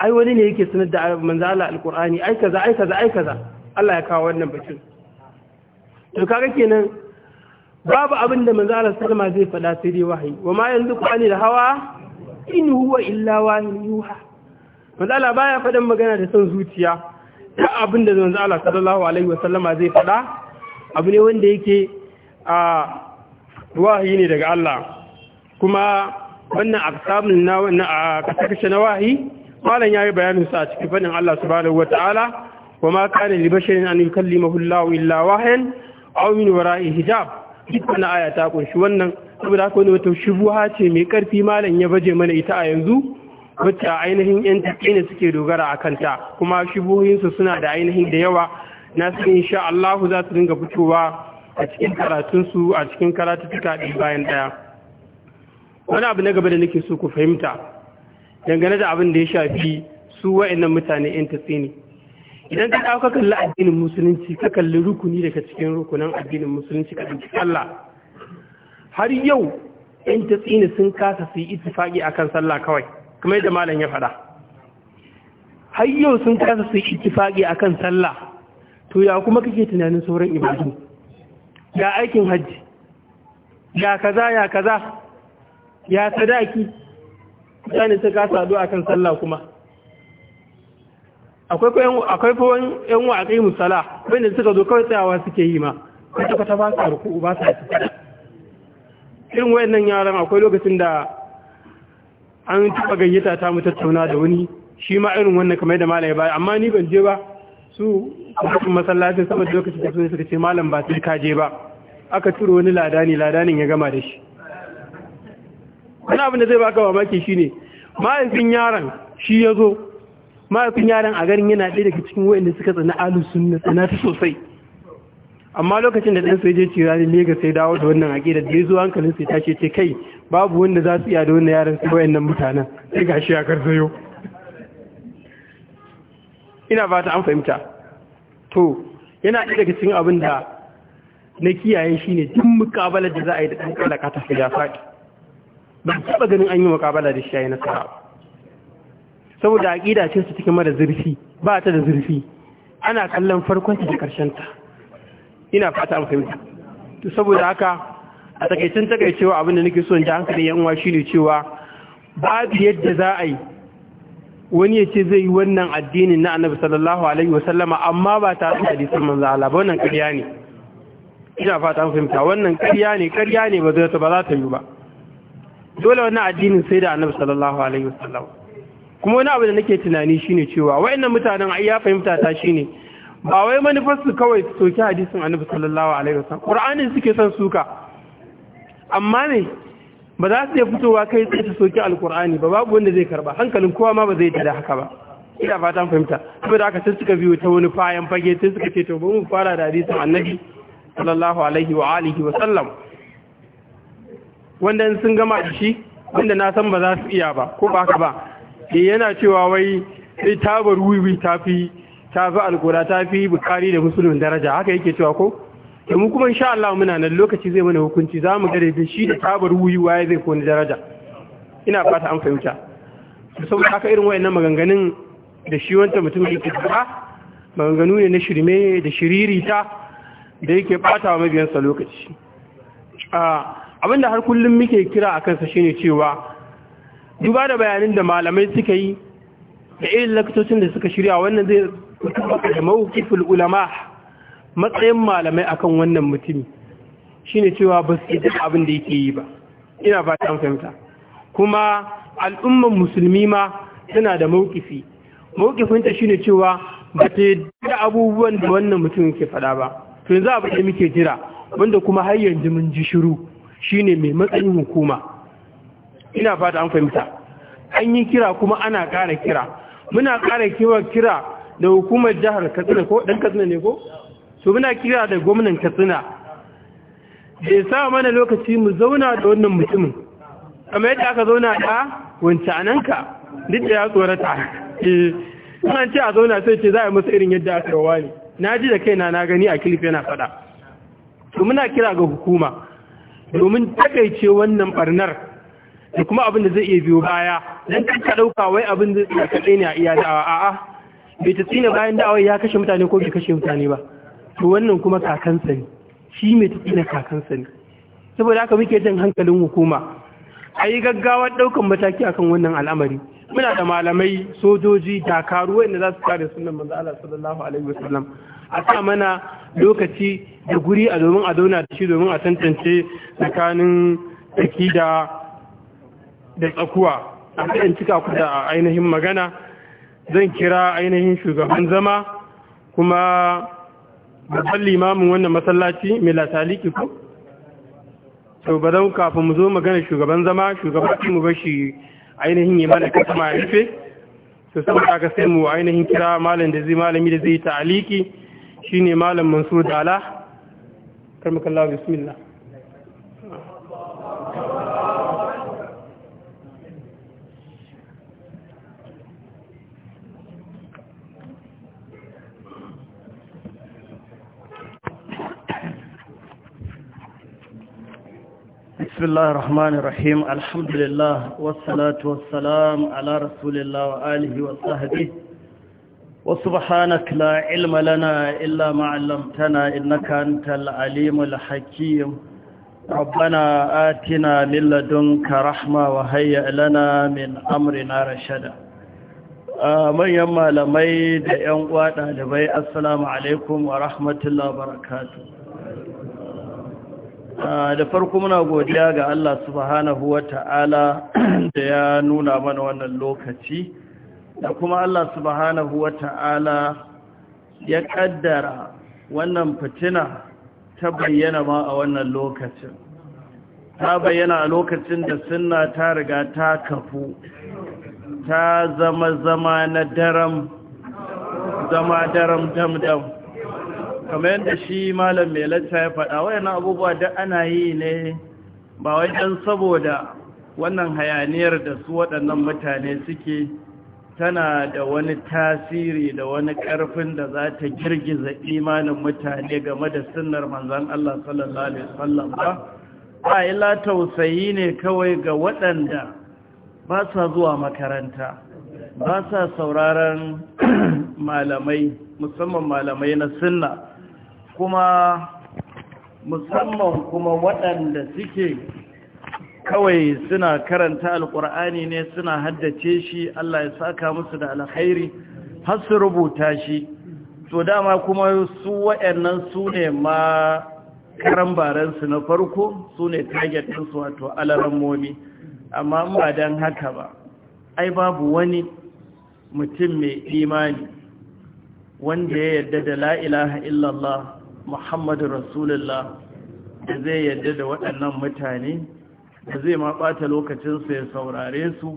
ai wani ne yake sanar da manzo Allah Alƙur'ani. ai kaza ai kaza ai kaza Allah ya kawo wannan bacin to kaga kenan babu abin da manzo Allah sallama zai faɗa sai dai wahayi wa ma yanzu qani da hawa in huwa illa wahyu yuha manzo Allah baya faɗan magana da son zuciya da abin da manzo Allah sallallahu alaihi wasallama zai faɗa abu ne wanda yake a wahayi ne daga Allah kuma wannan aqsamul na wannan a kasarce na wahayi malam yayi bayanin sa a cikin fadin Allah subhanahu wataala wama kana li basharin an yukallimahu Allah illa wahyan aw min wara'i hijab cikin aya ta kunshi wannan saboda haka wani wata shubuha ce mai karfi malam ya baje mana ita a yanzu wacce ainihin yan ne suke dogara a kanta kuma su suna da ainihin da yawa na san insha Allah za su dinga fitowa a cikin karatunsu a cikin karatuttuka ɗin bayan ɗaya wani abu na gaba da nake so ku fahimta dangane da abin da ya shafi su wa'annan mutane 'yan tatsi ne idan ka ɗauka kalli addinin musulunci ka kalli rukuni daga cikin rukunan addinin musulunci ka ɗauki sallah har yau 'yan tatsi ne sun kasa su yi ittifaƙi akan sallah kawai kamar yadda malam ya faɗa har yau sun kasa su yi ittifaƙi akan sallah to ya kuma kake tunanin sauran ibadu ga aikin hajji ya kaza ya kaza ya sadaki mutane ta kasa sadu kan sallah kuma akwai ko akwai ko yan wa aqimu salah wanda suka zo kawai tsayawa suke yi ma kwata kwata ba su ruku ba su irin wayannan yaran akwai lokacin da an taba gayyata ta mu tattauna da wani shi ma irin wannan kamar da malai ba amma ni ban je ba su kafin masallacin saboda lokacin da suka ce malam ba sai je ba aka turo wani ladani ladanin ya gama da shi wani abin da zai baka mamaki shine mahaifin yaron shi ya zo mahaifin yaron a garin yana ɗaya daga cikin wayanda suka tsana alu sunna tsana ta sosai amma lokacin da ɗansa ya je cira ne Legas sai dawo da wannan aƙidar da ya zo hankalin sai tashi ce kai babu wanda za su iya da wannan su sai wayannan mutanen sai gashi ya karzayo ina ba ta an fahimta to yana ɗaya daga cikin abin da na kiyaye shi ne duk mukabalar da za a yi da ɗan ƙalaƙa ta fi faɗi ba taɓa ganin an yi mukabala da shi ya yi nasara ba saboda aƙida ce su cikin mara zurfi ba ta da zurfi ana kallon farkon da ƙarshen ta ina fata an fahimta to saboda haka a takaicin takaicewa abin da nake so in ji hankali yan uwa shine cewa babu yadda za a yi wani ya ce zai yi wannan addinin na annabi sallallahu alaihi wasallama amma ba ta da hadisin manzo Allah ba wannan ƙarya ne ina fata an fahimta wannan ƙarya ne ƙarya ne ba zai ba za ta yi ba dole wannan addinin sai da annabi sallallahu alaihi wasallam kuma wani abu da nake tunani shine cewa wayannan mutanen ai ya fahimta ta shine ba wai manufar su kawai su soki hadisin annabi sallallahu alaihi wasallam qur'anin suke son suka amma ne ba za su iya fitowa kai tsaye ta soki alkur'ani ba babu wanda zai karba hankalin kowa ma ba zai tada haka ba ina fatan fahimta saboda aka sai suka biyo ta wani fayan fage sai suka ce to ba mu fara da hadisin annabi sallallahu alaihi wa alihi wa sallam wanda sun gama da shi wanda na san ba za su iya ba ko ba haka ba eh yana cewa wai sai tabar wiwi tafi tafi alkura tafi bukari da musulun daraja haka yake cewa ko da mu kuma insha Allah muna nan lokaci zai mana hukunci za mu gare da shi da tabar wuyi waye zai kone daraja ina fata an fahimta saboda haka irin wayannan maganganun da shi wanda mutum ya yake tsara maganganu ne na shirme da shiririta da yake bata wa mabiyansa lokaci abinda har kullum muke kira a kansa shine cewa duba da bayanin da malamai suka yi da irin lakcocin da suka shirya wannan zai da mawqiful ulama matsayin malamai akan wannan mutumi shine cewa ba su yi abin da yake yi ba ina ba ta fahimta kuma al'umman musulmi ma suna da mawkifi shi shine cewa ba ta yi abubuwan da wannan mutum ke faɗa ba to yanzu abin da muke jira wanda kuma har yanzu mun ji shiru shine mai matsayin hukuma ina ba ta fahimta an yi kira kuma ana ƙara kira muna ƙara kira da hukumar jihar katsina ko ɗan katsina ne ko to muna kira da gwamnan katsina da ya sa mana lokaci mu zauna da wannan mutumin kamar yadda aka zauna da wancananka duk da ya tsorata eh, an ce a zauna sai ce za a yi masa irin yadda aka rawa ne na ji da kaina na gani a kilif yana faɗa to muna kira ga hukuma domin takaice wannan barnar da kuma abin da zai iya biyo baya don ka ɗauka wai abin da kaɗai ne a iya da a'a bai ta tsina bayan da'awai ya kashe mutane ko bai kashe mutane ba to wannan kuma kakansa ne shi mai tafi na kakansa ne saboda haka muke jan hankalin hukuma a yi gaggawar ɗaukan mataki akan wannan al'amari muna da malamai sojoji dakaru wanda za su kare sunan manzo Allah sallallahu alaihi wasallam a sa mana lokaci da guri a domin a zauna da shi domin a tantance tsakanin tsaki da da tsakuwa a kan cika ku da ainihin magana zan kira ainihin shugaban zama kuma babban limamin wannan masallaci mai lataliki ko to ba zan kafin mu zo magana shugaban zama shugaban mu bashi ainihin yi mana kasa ma rufe to saboda ka sai mu ainihin kira malam da zai malami da zai ta aliki shine malam mansur dala karmakallahu bismillah bismillah ar-rahman ar-rahim alhamdulillah wassalatu wassalam ala rasulillah wa alihi wa sahbihi wa subhanak la ilma lana illa ma 'allamtana innaka antal alimul hakim rabbana atina min ladunka rahma wa hayyi lana min amrina rashada amman malamai da yan kwada da bai assalamu wa rahmatullahi wa barakatuh Ah, da farko muna godiya ga Allah subhanahu wa ta'ala da ya nuna mana wannan lokaci da kuma Allah subhanahu wa ta'ala ya kaddara wannan fitina ta bayyana ma a wannan lokacin ta bayyana a lokacin da sunna ta riga ta kafu ta zama zama na daram zama daram dam dam kamar yadda shi malam mai lacca ya faɗa yana abubuwa da ana yi ne ba wai saboda wannan hayaniyar da su waɗannan mutane suke tana da wani tasiri da wani ƙarfin da za ta girgiza imanin mutane game da sunar manzan Allah sallallahu Alaihi wasallam ba a ila tausayi ne kawai ga waɗanda ba sa zuwa makaranta ba sa sauraron malamai musamman malamai na sunna kuma musamman kuma waɗanda suke kawai suna karanta Alƙur'ani ne suna haddace shi Allah ya saka musu da alkhairi har su rubuta shi to dama kuma su waɗannan su ne ma baransu na farko su ne targetinsu wato alarammomi amma ba don haka ba ai babu wani mutum mai imani wanda ya yarda da la'ilaha illallah muhammadu rasulullah da zai yadda da waɗannan mutane da zai ma ɓata lokacinsa ya saurare su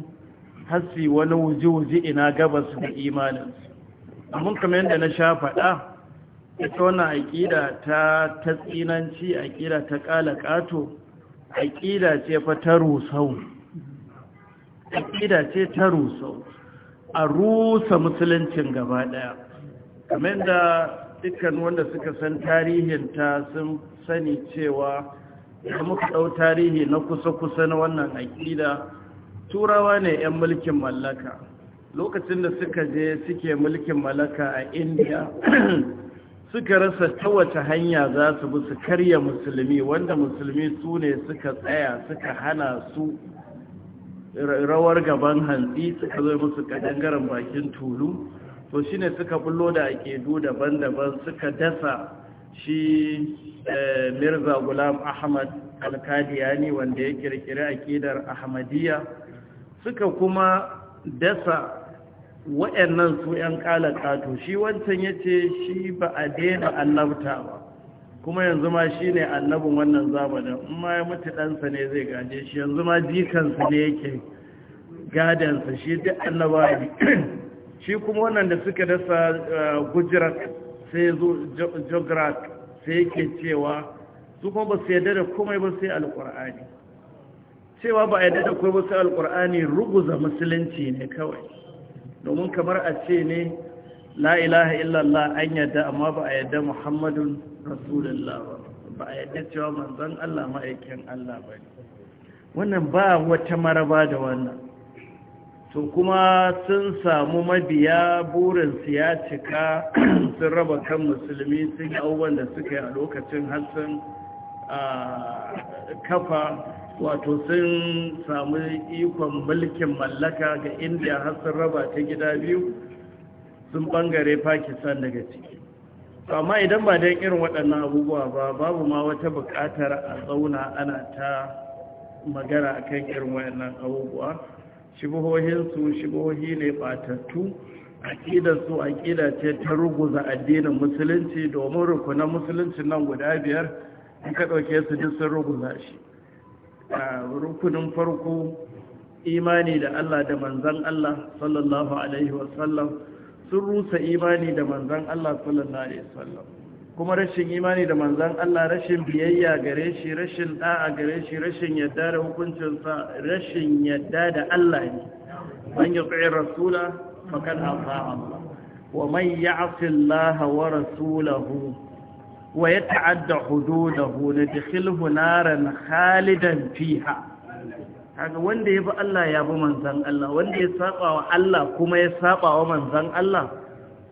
hasi wani wuji-wuji ina gabas da imaninsu Amin kamar yadda na sha faɗa ita wannan aƙida ta tatsinanci aƙida ta ƙala ƙato aƙida ce fa ta rusau aƙida ce ta rusau a rusa musuluncin gaba ɗaya kamar da dukkan wanda suka san tarihin ta sun sani cewa da muka ɗau tarihi na kusa-kusa na wannan aƙida turawa ne 'yan mulkin mallaka lokacin da suka je suke mulkin mallaka a indiya suka rasa ta wace hanya za su bi su karya musulmi wanda musulmi su ne suka tsaya suka hana su rawar gaban hantsi suka zo musu kadangaren bakin tulu to shine suka bullo da du daban-daban suka dasa shi eh, mirza gulam ahmad alkadiyani wanda ya kirkiri akidar ahmadiyya suka kuma dasa waɗannan su 'yan to shi wancan ya ce shi ba a daina annabta ba kuma yanzu ma shi ne wannan zamanin in ma ya mutu ɗansa ne zai gaje shi yanzu ma jikansa ne yake gadansa shi duk annabawa shi kuma wannan da suka dasa eh, gujirat sai zo jograt sai yake cewa su kuma ba su yadda da komai ba sai Alƙur'ani. cewa ba a yadda da komai ba sai alkur'ani ruguza musulunci ne kawai domin kamar a ce ne la ilaha illallah an yadda amma ba a yadda muhammadun rasulullah ba a yadda cewa manzon allah ma'aikin allah ba wannan ba wata maraba da wannan to kuma sun samu mabiya burinsu ya cika sun raba kan musulmi sun yi abubuwan da suka yi a lokacin hassan kafa wato sun samu ikon mulkin mallaka ga indiya har raba ta gida biyu sun bangare pakistan daga ciki amma idan ba don irin waɗannan abubuwa ba babu ma wata buƙatar a zauna ana ta magana akan irin waɗannan abubuwa shibohohinsu shibohohi ne batattu aƙidarsu aƙida ce ta ruguza addinin musulunci domin rukunan musulunci nan guda biyar in ka ɗauke su duk sun ruguza shi rukunin farko imani da Allah da manzan Allah sallallahu alaihi wasallam sun rusa imani da manzan Allah sallallahu alaihi wasallam kuma rashin imani da manzan Allah rashin biyayya gare shi rashin da'a gare shi rashin yadda da hukuncinsa rashin yadda da Allah ne man yuti'i rasula faqad ata Allah wa man ya'si Allah wa rasulahu wa yata'adda hududahu nadkhilhu naran khalidan fiha kaga wanda ya fi Allah ya bi manzan Allah wanda ya saba wa Allah kuma ya saba wa manzan Allah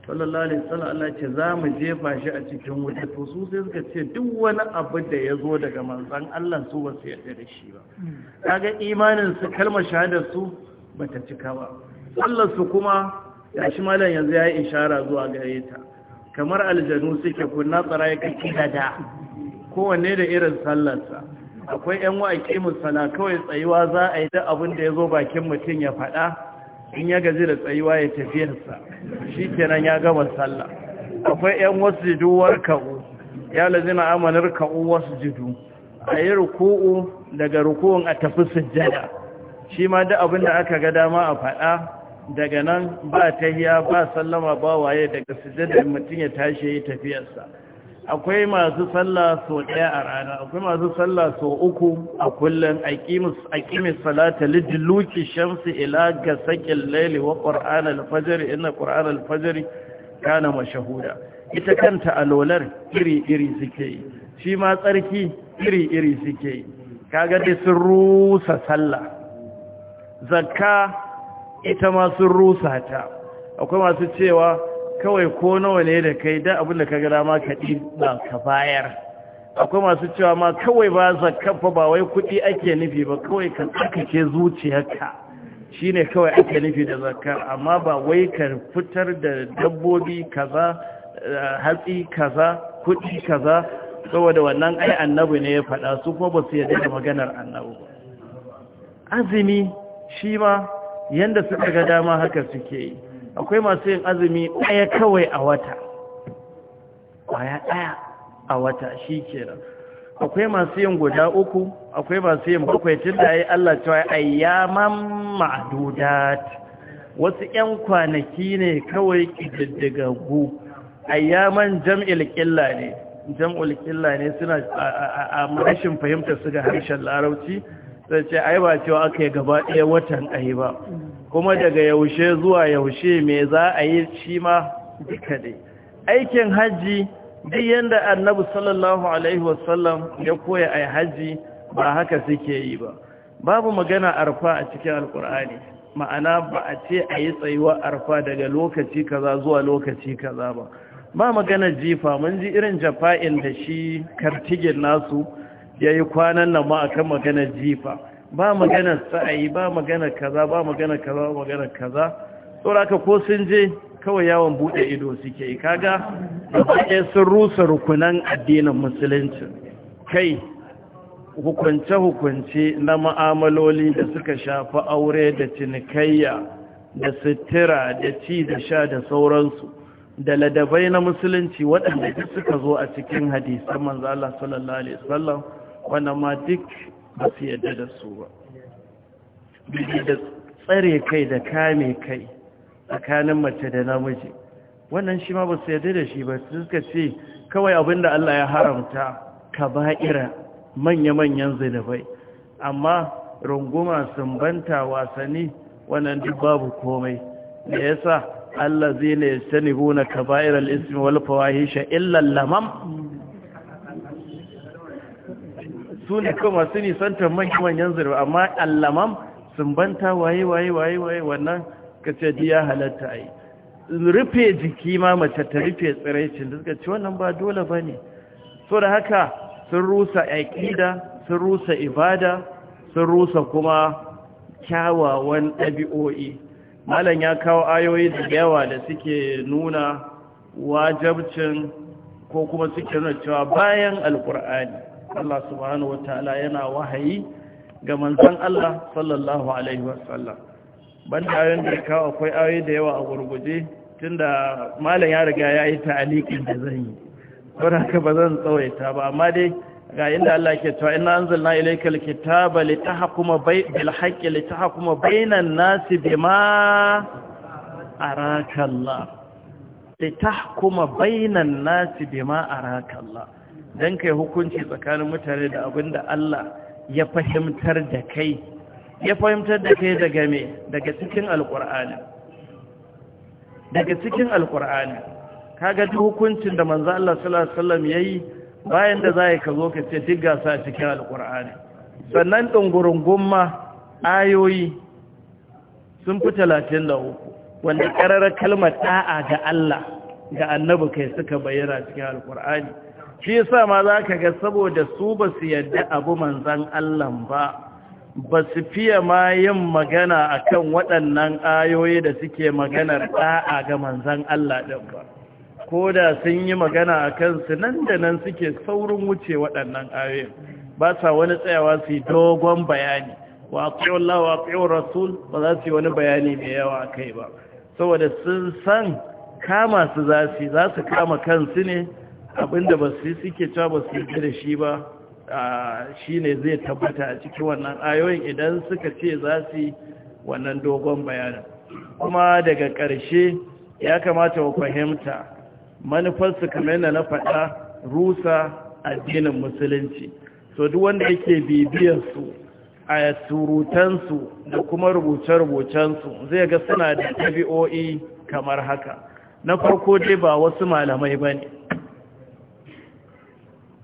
sallallahu alaihi wasallam Allah ce za mu jefa shi a cikin wuta to su sai suka ce duk wani abu da ya zo daga manzon Allah su ba su yarda da shi ba kaga imanin su kalmar shahadar su bata cika ba sallar su kuma shi malam yanzu ya yi ishara zuwa gare ta kamar aljanu suke kunna tsara ya kake da kowanne da irin sallarsa akwai yan wa'aki musalla kawai tsayuwa za a yi duk abin da ya zo bakin mutum ya faɗa in ya gaji da tsayuwa ya tafiyarsa shi kenan ya gama sallah akwai ‘yan wasu jiduwar ka'u ya lazina amanar ka'u wasu jidu a yi ruku'u daga ruku'un a tafi sujjada shi ma da abin da aka ga dama a faɗa daga nan ba tahiya ba sallama ba waye daga sujjada mutum ya tashi ya yi tafiyarsa akwai masu sallah so ɗaya a rana akwai masu sallah so uku a kullum a aqimis salata lidluki shamsi ila sakin laili wa qur'an alfajari ina inna alfajari kana mashahuda ita kanta alolar iri iri suke yi shi ma tsarki iri iri suke yi kaga dai sun rusa sallah zakka ita ma sun rusa ta akwai masu cewa kawai ko nawa ne da kai da abin da ka gada ma ka ba ka bayar akwai masu cewa ma kawai ba zakkafa ba wai kuɗi ake nufi ba kawai ka tsakake zuciyarka shi ne kawai ake nufi da zakka amma ba wai ka fitar da dabbobi kaza eh, hatsi kaza kuɗi kaza saboda wannan ai annabi ne ya faɗa su ko ba su yarda da maganar annabi ba azumi shi ma yanda suka ga dama haka suke yi akwai masu yin azumi ɗaya kawai a wata ƙwaya ɗaya a wata shi kenan akwai masu yin guda uku akwai masu yin bakwai tun da ya Allah cewa ayyaman ma'adudat wasu ƴan kwanaki ne kawai ƙididdigaggu ayyaman jam'il ƙilla ne jam'ul ƙilla ne suna a rashin fahimtar su ga harshen larauci sai ce ai ba cewa aka yi gaba ɗaya watan ayi ba kuma daga yaushe zuwa yaushe me za a yi shi ma duka dai aikin hajji duk yanda annabi sallallahu alaihi wasallam ya koya ai hajji ba haka suke yi ba babu magana arfa a cikin alkur'ani ma'ana ba a ce a yi tsayuwa arfa daga lokaci kaza zuwa lokaci kaza ba ba magana jifa mun ji irin jafa'in da shi kartigin nasu ya yi kwanan nan ma akan magana jifa ba magana sa'ayi ba magana kaza ba magana kaza ba magana kaza saboda ko sun je kawai yawon bude ido suke kaga ya sun rusa rukunan addinin musulunci kai hukunce-hukunce na ma'amaloli da suka shafi aure da cinikayya da sutura da ci da sha da sauransu da ladabai na musulunci waɗanda suka zo a cikin hadisan manzo sallallahu alaihi wasallam wannan ma duk ba su yadda da su ba bidi da tsare kai da kame kai tsakanin mace da namiji wannan shi ma ba su yadda da shi ba su suka ce kawai abin da Allah ya haramta ka ba'ira manya-manyan zinubai amma runguma sumbanta wasanni wannan duk babu komai da yasa Allah zai ne ya sani gona ka ismi wal fawahisha illan lamam su ne kuma masu nisantar manyan zirwa amma allaman sun banta waye waye waye waye wannan kace ya halatta a yi rufe jiki ma mace ta rufe tsiraicin da suka ci wannan ba dole ba ne so da haka sun rusa aƙida sun rusa ibada sun rusa kuma kyawawan ɗabi'o'i malam ya kawo ayoyi da yawa da suke nuna wajabcin ko kuma suke nuna cewa bayan alkur'ani Allah subhanahu wataala yana wahayi ga manzon Allah sallallahu alaihi wasallam ban ayoyin da kawo akwai ayoyi da yawa a gurguje tunda malam ya riga ya yi ta'aliqin da zan yi don haka ba zan tsawaita ba amma dai ga inda Allah ke cewa inna anzalna ilaykal kitaba tahkuma bil haqqi tahkuma bainan nasi bima araka Allah tahkuma bainan nasi bima araka Allah don kai hukunci tsakanin mutane da abin da Allah ya fahimtar da kai ya fahimtar da kai daga me daga cikin alkur'ani daga cikin alkur'ani kaga duk hukuncin da manzo Allah sallallahu alaihi wasallam yayi bayan da zai ka zo ka ce duk gasa cikin alkur'ani sannan dungurun gumma, ayoyi sun fi 33 wanda kararar kalmar da'a ga Allah ga annabi kai suka bayyana cikin alkur'ani shi yasa ma za ka ga saboda su ba su yadda abu manzan Allah ba ba su fiye ma yin magana a kan waɗannan ayoyi da suke maganar ɗa'a ga manzan Allah ɗin ba ko da sun yi magana a kansu nan da nan suke saurin wuce waɗannan ayoyi ba sa wani tsayawa su yi dogon bayani wa Allah wa rasul ba za su yi wani bayani mai yawa kai ba saboda sun san kama su za su za su kama kansu ne abinda ba su suke cewa ba su yi da shi ba shi ne zai tabbata a cikin wannan ayoyin idan suka ce za su yi wannan dogon bayanin kuma daga ƙarshe ya kamata wa fahimta manufarsu kamar yadda na faɗa rusa addinin musulunci so duk wanda yake bibiyarsu a surutansu da kuma rubuce-rubucensu zai ga suna da ɗabi'o'i kamar haka na farko dai ba wasu malamai ba ne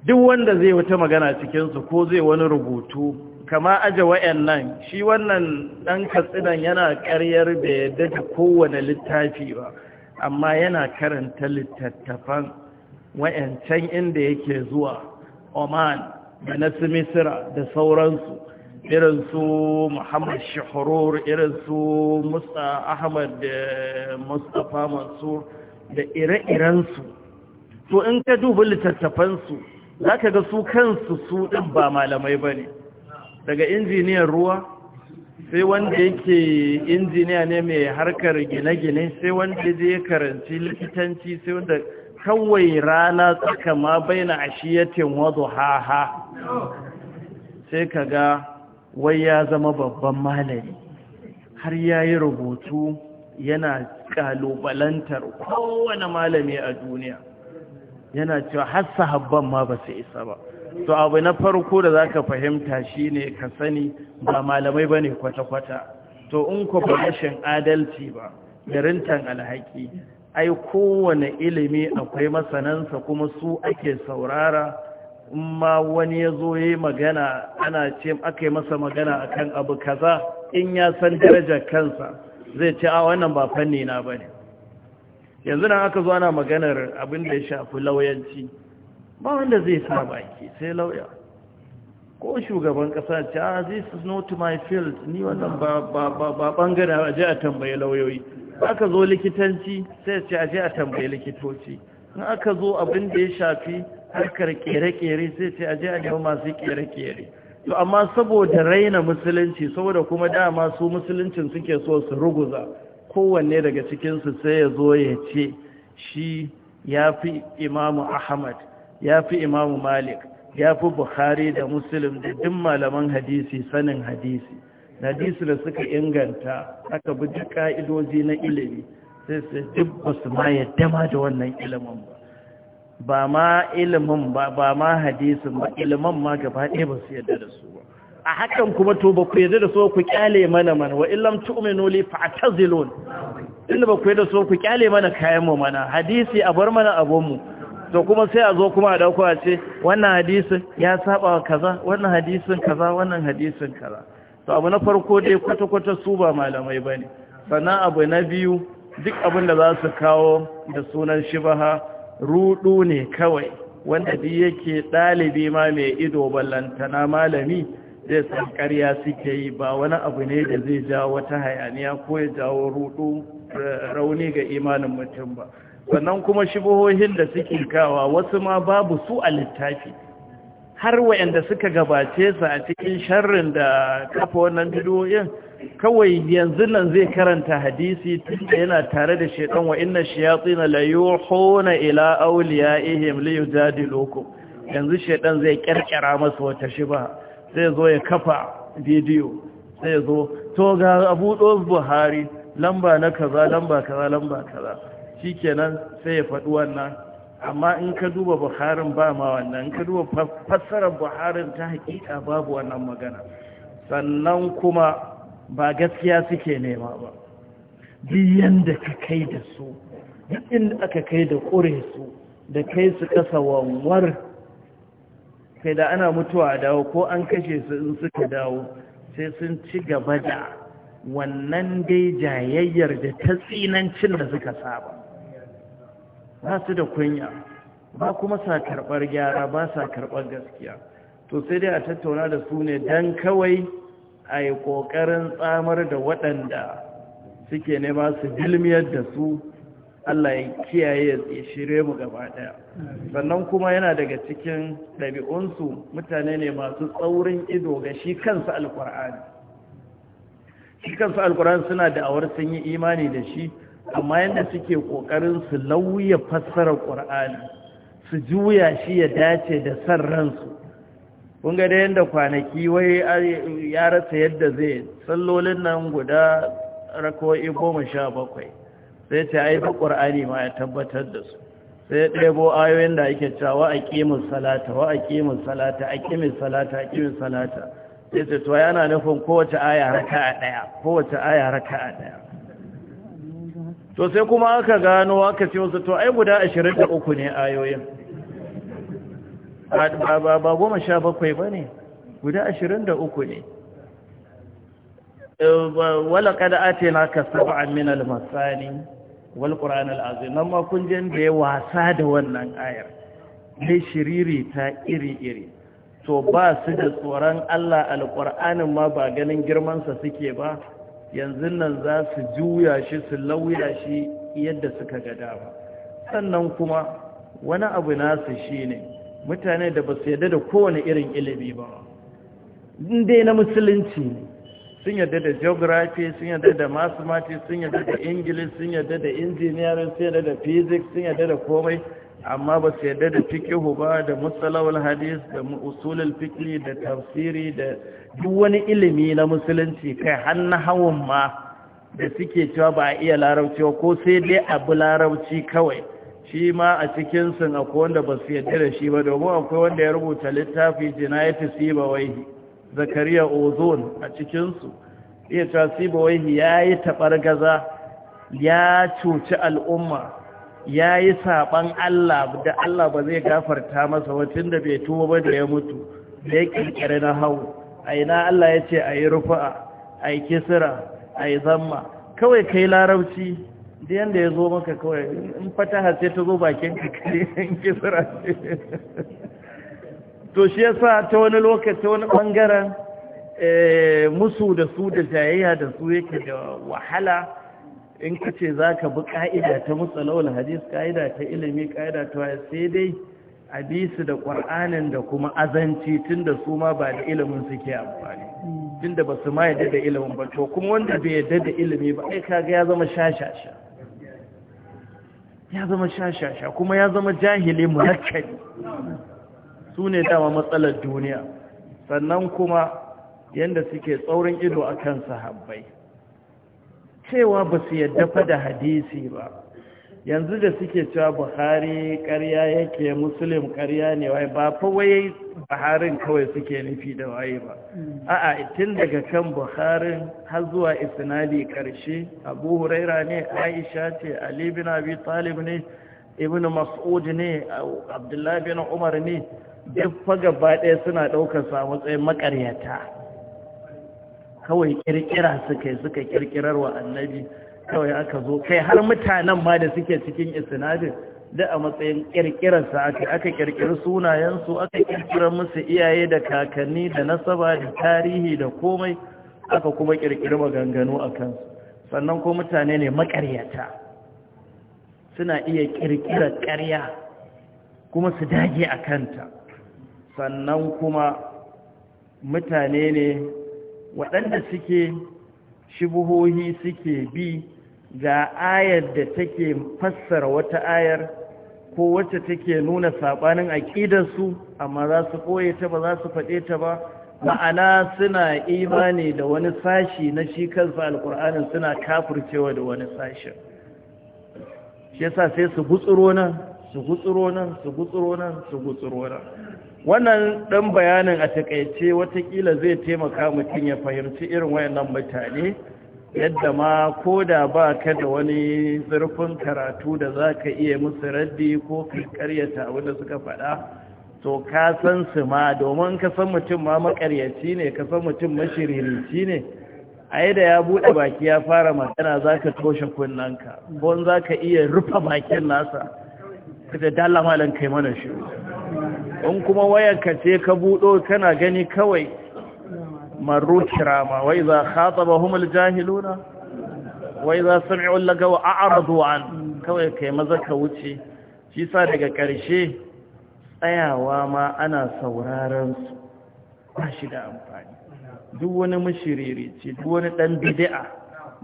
duk wanda zai wata magana cikinsu ko zai wani rubutu kama aje wayannan shi wannan ɗan katsinan yana ƙaryar da ya da kowane littafi ba amma yana karanta littattafan wayancan inda yake zuwa oman da na da sauransu irin su muhammad shahurur irin su musa ahmad da mustapha mansur da ire-irensu to in ka duba littattafansu za ka ga su kansu su ɗin ba malamai ba ne daga injiniyan ruwa sai wanda yake injiniya ne mai harkar gine-gine sai wanda ya karanci likitanci sai wanda kawai rana tsaka ma baina ashiyatin wazo ha sai ka ga wai ya zama babban malami har ya yi rubutu yana kalubalantar kowane malami a duniya yana cewa har sahabban ma ba su isa ba to abu na farko da zaka fahimta shine ka sani ba malamai bane kwata-kwata to in ku ba rashin adalci ba garintan alhaki ai kowane ilimi akwai masanansa kuma su ake saurara in wani yazo zo yi magana ana ce aka masa magana akan abu kaza in ya san darajar kansa zai ce a wannan ba fanni na bane yanzu nan aka zo ana maganar abin da ya shafi lauyanci ba wanda zai sa baki sai lauya ko shugaban kasa ce ah this is not my field ni wannan ba ba bangare a je a tambaye lauyoyi aka zo likitanci sai ce a je tambaye likitoci in aka zo abin da ya shafi harkar kere-kere sai ce a je a masu kere-kere to amma saboda raina musulunci saboda kuma dama su musuluncin suke so su ruguza kowanne daga cikinsu sai ya zo ya ce shi ya fi imamu ahmad ya fi imamu malik ya fi buhari da musulun da duk malaman hadisi sanin hadisi hadisi da suka inganta aka bi duk ka'idoji na ilimi sai sai duk ba su ma yadda ma da wannan ilimin ba ba ma ilimin ba ba ma hadisin ba ilimin ma gaba ɗaya ba su yadda da su ba a hakan kuma to ba ku da so ku kyale mana mana wa illam tu'minu li fa'tazilun inda ba ku yarda so ku kyale mana kayan mu mana hadisi a bar mana abun mu to kuma sai a zo kuma a dauko a ce wannan hadisin ya saba kaza wannan hadisin kaza wannan hadisin kaza to abu na farko dai kwata kwata su ba malamai bane sannan abu na biyu duk abin da za su kawo da sunan shibaha rudu ne kawai wanda duk yake ɗalibi ma mai ido ballantana malami zai san ƙarya suke yi ba wani abu ne da zai ja wata hayaniya ko ya jawo rudu eh, rauni ga imanin mutum ba sannan kuma shibohohin da suke kawa wasu ma babu su a littafi har wayanda suka gabace su a cikin sharrin da kafa wannan bidiyoyin kawai yanzu nan zai karanta hadisi tunda yana tare da shekan wa inna shayatin la yuhuna ila liyu jadi loko? yanzu shekan zai kyarkyara masa wata shi ba. sai zo ya kafa bidiyo sai zo to ga abu ɗos buhari lamba na kaza lamba kaza lamba kaza shi kenan sai ya faɗi wannan amma in ka duba buharin ba ma wannan in ka duba fassarar buharin ta hakika babu wannan magana sannan kuma ba gaskiya suke nema ba biyan da ka kai da su duk inda aka kai da ƙure su da kai su kasa wanwar sai da ana mutuwa a dawo ko an kashe su in suka dawo sai sun ci gaba da wannan dai jayayyar da ta tsinancin da suka saba ba su da kunya ba kuma sa karɓar gyara ba sa karɓar gaskiya to sai dai a tattauna da su ne don kawai a yi ƙoƙarin tsamar da waɗanda suke nema su gilmiyar da su Allah ya kiyaye ya shirye mu gaba daya sannan kuma yana daga cikin ɗabi'unsu mutane ne masu tsaurin ido ga shi kansa alkur'ani shi kansa alkur'ani suna da'awar sun yi imani da shi amma yadda suke ƙoƙarin su lauya fassara ƙur'ani su juya shi ya dace da san ransu kun ga da yadda kwanaki wai ya rasa yadda zai sallolin nan guda rako'i goma sha bakwai sai ce ai ba qur'ani ma ya tabbatar da su sai ɗebo ayoyin da ake cewa wa aqimus salata wa aqimus salata aqimus salata aqimus salata sai ce to yana nufin kowace aya a daya kowace aya a daya to sai kuma aka gano aka ce wasu to ai guda 23 ne ayoyin ba goma sha bakwai ba ne guda ashirin da uku ne eh, wala kada ate na ka saba min al-masani wal qur'an al nan ma kun je da ya wasa da wannan ayar dai shiriri ta iri iri to ba su da tsoron Allah alqur'anin ma ba ganin girmansa suke ba yanzu nan za su juya shi su lauya shi yadda suka ga ba. sannan kuma wani abu nasu shine mutane da ba su yarda da kowane irin ilimi ba in dai na musulunci ne sun yadda da geography sun yadda da mathematics sun yadda da english sun yadda da engineering sun yadda da physics sun yadda da komai amma ba su yadda da fikihu ba da musalawul hadis da usulul fiqh da tafsiri da duk wani ilimi na musulunci kai har na hawan ma da suke cewa ba a iya larabci ko sai dai abu larabci kawai shi ma a cikin sun akwai wanda ba su yadda da shi ba domin akwai wanda ya rubuta littafi jinayatu wai. zakariya ozon a cikinsu iya tasiba wai ya yi gaza, ya cuci al'umma ya yi saɓan Allah da Allah ba zai gafarta masa wacin da bai tuwa ba da ya mutu da ya ƙirƙiri na hau a ina Allah ya ce a yi rufa'a a yi kisira a yi zamma kawai ka yi larabci da yadda ya zo maka kawai in fata hace ta zo bakin kakari kisira ce to shi yasa ta wani lokaci wani bangaren eh, musu da su da jayayya da su yake da wahala in ka ce za ka bi ƙa'ida ta musalawar hadis ƙa'ida ta ilimi ƙa'ida ta waya. sai dai a bi su da ƙwar'anin da kuma azanci tun da su ma ba da ilimin suke amfani tun da ba su ma yadda da ilimin ba to kuma wanda bai yadda da ilimi ba ai kaga ya zama shashasha ya zama shashasha kuma ya zama jahili munakkali su ne dama matsalar duniya sannan kuma yadda suke tsaurin ido a kan sahabbai cewa ba su yadda fa da hadisi ba yanzu da suke cewa buhari karya yake musulun karya ne wai ba fa buharin kawai suke nufi da waye ba a'a tun daga kan buharin har zuwa isnadi ƙarshe abu huraira ne aisha ce ali bin abi talib ne ibn mas'ud ne abdullahi bin umar ne duk fa gaba ɗaya suna ɗaukar a matsayin makaryata kawai kirkira suka yi suka kirkirar wa annabi kawai aka zo kai har mutanen ma da suke cikin isnadin da a matsayin kirkirarsa aka aka kirkiri sunayensu aka kirkirar musu iyaye da kakanni da nasaba da tarihi da komai aka kuma kirkiri maganganu a kansu sannan ko mutane ne makaryata suna iya kirkirar ƙarya kuma su dage a kanta sannan kuma mutane ne waɗanda suke shibuhohi suke bi ga ayar da take fassara wata ayar ko wacce take nuna saɓanin aƙidarsu amma za su ɓoye ta ba za su faɗe ta ba ma'ana suna imani da wani sashi na shi kansu alƙur'anin suna kafircewa da wani sashi shi yasa sai su gutsuro nan su gutsuro nan su gutsuro nan su gutsuro nan wannan ɗan bayanin a takaice watakila zai taimaka mutum ya fahimci irin wayannan mutane yadda ma ko da ba ka da wani zurfin karatu da za ka iya musu raddi ko karyata wanda suka faɗa to ka san su ma domin ka san mutum ma makaryaci ne ka san mutum mashiririci ne a da ya buɗe baki ya fara magana za ka toshe kunnanka ko za ka iya rufe bakin nasa ka da dala kai mana shi in kuma wayarka ce ka budo tana gani kawai marru kirama wai za khatabahum aljahiluna wai za sami'u laka wa a'radu an kawai kai maza ka wuce shi sa daga ƙarshe tsayawa ma ana sauraron su ba shi da amfani duk wani ce duk wani dan bid'a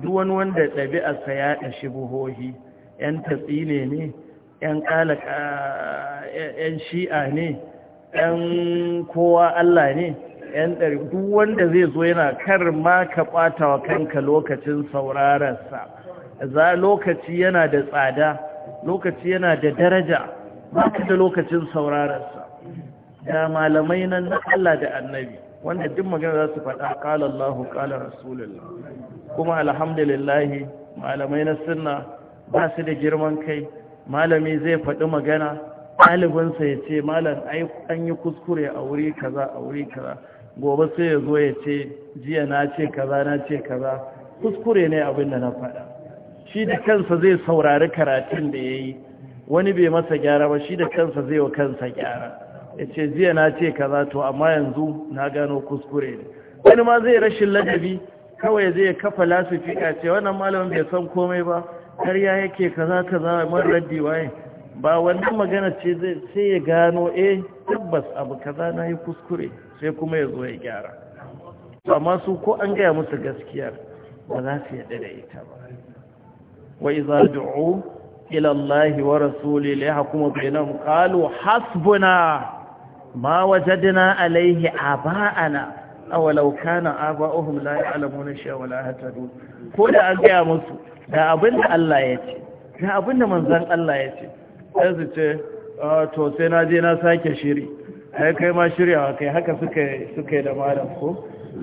duk wani wanda sa ya ɗashi buhohi 'yan tatsine ne ‘yan ƙalaka eh, ‘yan shi'a ne ɗan kowa Allah ne ‘yan ɗari duk wanda zai zo yana kar ma ka ɓata wa kanka lokacin saurararsa za lokaci yana da tsada lokaci yana da daraja ba ka da lokacin saurararsa da malamai nan na Allah da annabi wanda duk magana za su faɗa ƙala Allahu ƙala Rasulullah kuma alhamdulillahi malamai na sunna ba su da girman kai malami zai faɗi magana ɗalibinsa ya ce malam an yi kuskure a wuri kaza a wuri kaza gobe sai ya zo ya ce jiya na ce kaza na ce kaza kuskure ne abin da na faɗa shi da kansa zai saurari karatun da ya yi wani bai masa gyara ba shi da kansa zai wa kansa gyara ya ce jiya na ce kaza to amma yanzu na gano kuskure ne wani ma zai rashin ladabi kawai zai kafa lasifika ce wannan malamin bai san komai ba kariya ya yake kaza kaza man raddi waye ba wannan magana ce sai ya gano eh tabbas abu kaza na yi kuskure sai kuma ya zo ya gyara amma su ko an gaya musu gaskiyar ba za su yadda da ita ba wa iza du'u ila Allah wa rasuli la hakuma bainahum qalu hasbuna ma wajadna alayhi aba'ana law kana aba'uhum la ya'lamuna shay'a wa la yahtadun ko da an gaya musu da abinda Allah ya ce da abinda manzon Allah ya ce sai su ce ah, to sai na je na sake shiri ai kai ma shiryawa kai haka suka suka da malam ko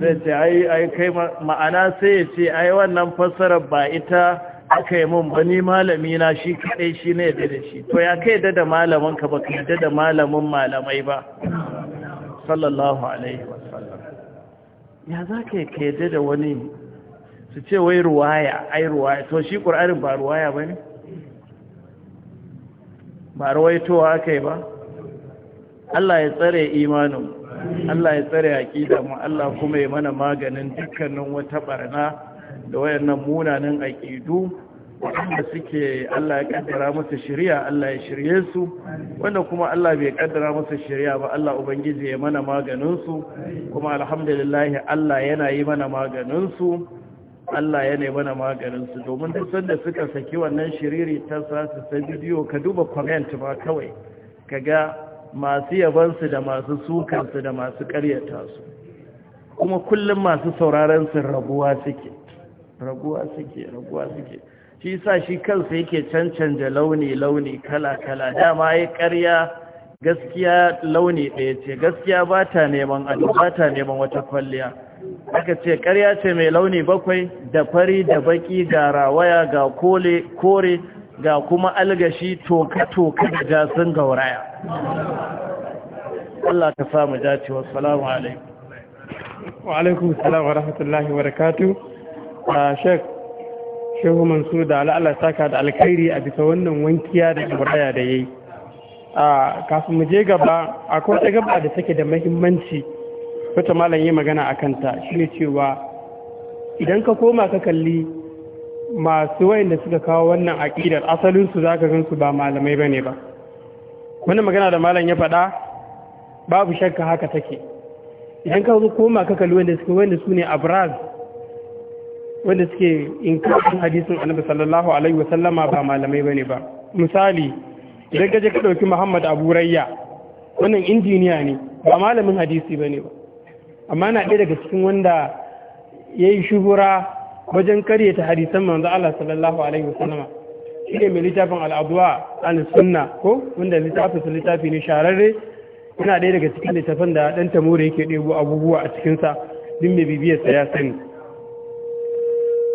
zai ce ai kai ma'ana sai ya ce ai wannan fassarar ba ita aka yi mun ba ni malami na shi kaɗai shi ne da da shi to ya kai da da malamin ka ba kai da da malamin malamai ba sallallahu alaihi wasallam ya za ka kai da da wani su ce wai ruwaya ai ruwaya to shi ƙur'anin ba ruwaya ba ne ba rawaitowa aka ba Allah ya tsare imanin Allah ya tsare aƙida mu Allah kuma ya mana maganin dukkanin wata barna da wayannan munanan aƙidu wanda suke Allah ya kaddara musu shari'a Allah ya shirye su wanda kuma Allah bai kaddara musu shari'a ba Allah ubangiji ya mana maganin su kuma alhamdulillah Allah yana yi mana maganin su Allah ya nema na su. domin duk sanda suka saki wannan shiriri ta sasu ta bidiyo ka duba comment ba kawai kaga masu yabansu da masu sukansu da masu karyata su kuma kullum masu sauraron su raguwa suke raguwa suke raguwa suke shi sa shi kansa yake cancanta launi launi kala kala dama ya karya gaskiya launi ɗaya ce gaskiya ba ta neman ba ta neman wata kwalliya aka ce ƙarya ce mai launi bakwai da fari da baki ga rawaya ga kole kore ga kuma algashi toka-toka da jasin gauraya Allah ka samu dace wa salamu alaikum wa alaikum salam wa rahmatullahi wa rikatu. a shek shehu mansur da al'ala saka da alkhairi a bisa wannan wankiya da gauraya da ya yi kafin mu je gaba akwai wata gaba da take da mahimmanci wata malam yi magana a kanta shi ne cewa idan ka koma ka kalli masu wayanda suka kawo wannan aƙidar asalinsu za ka gansu ba malamai ba ne ba wannan magana da malam ya faɗa babu shakka haka take idan ka koma ka kalli wanda suke wanda su ne abraz wanda suke inkarin hadisin annabi sallallahu alaihi wasallama ba malamai ba ne ba misali idan ka je ka dauki Muhammad Abu Rayya wannan injiniya ne ba malamin hadisi ba ne ba amma na ɗaya daga cikin wanda ya yi shubura wajen karye ta hadisan manzo Allah sallallahu alaihi wasallama shi ne mai littafin al'adwa an sunna ko wanda littafin su littafi ne shararre yana ɗaya daga cikin littafin da ɗan tamura yake ɗebo abubuwa a cikinsa din mai bibiyarsa ya sani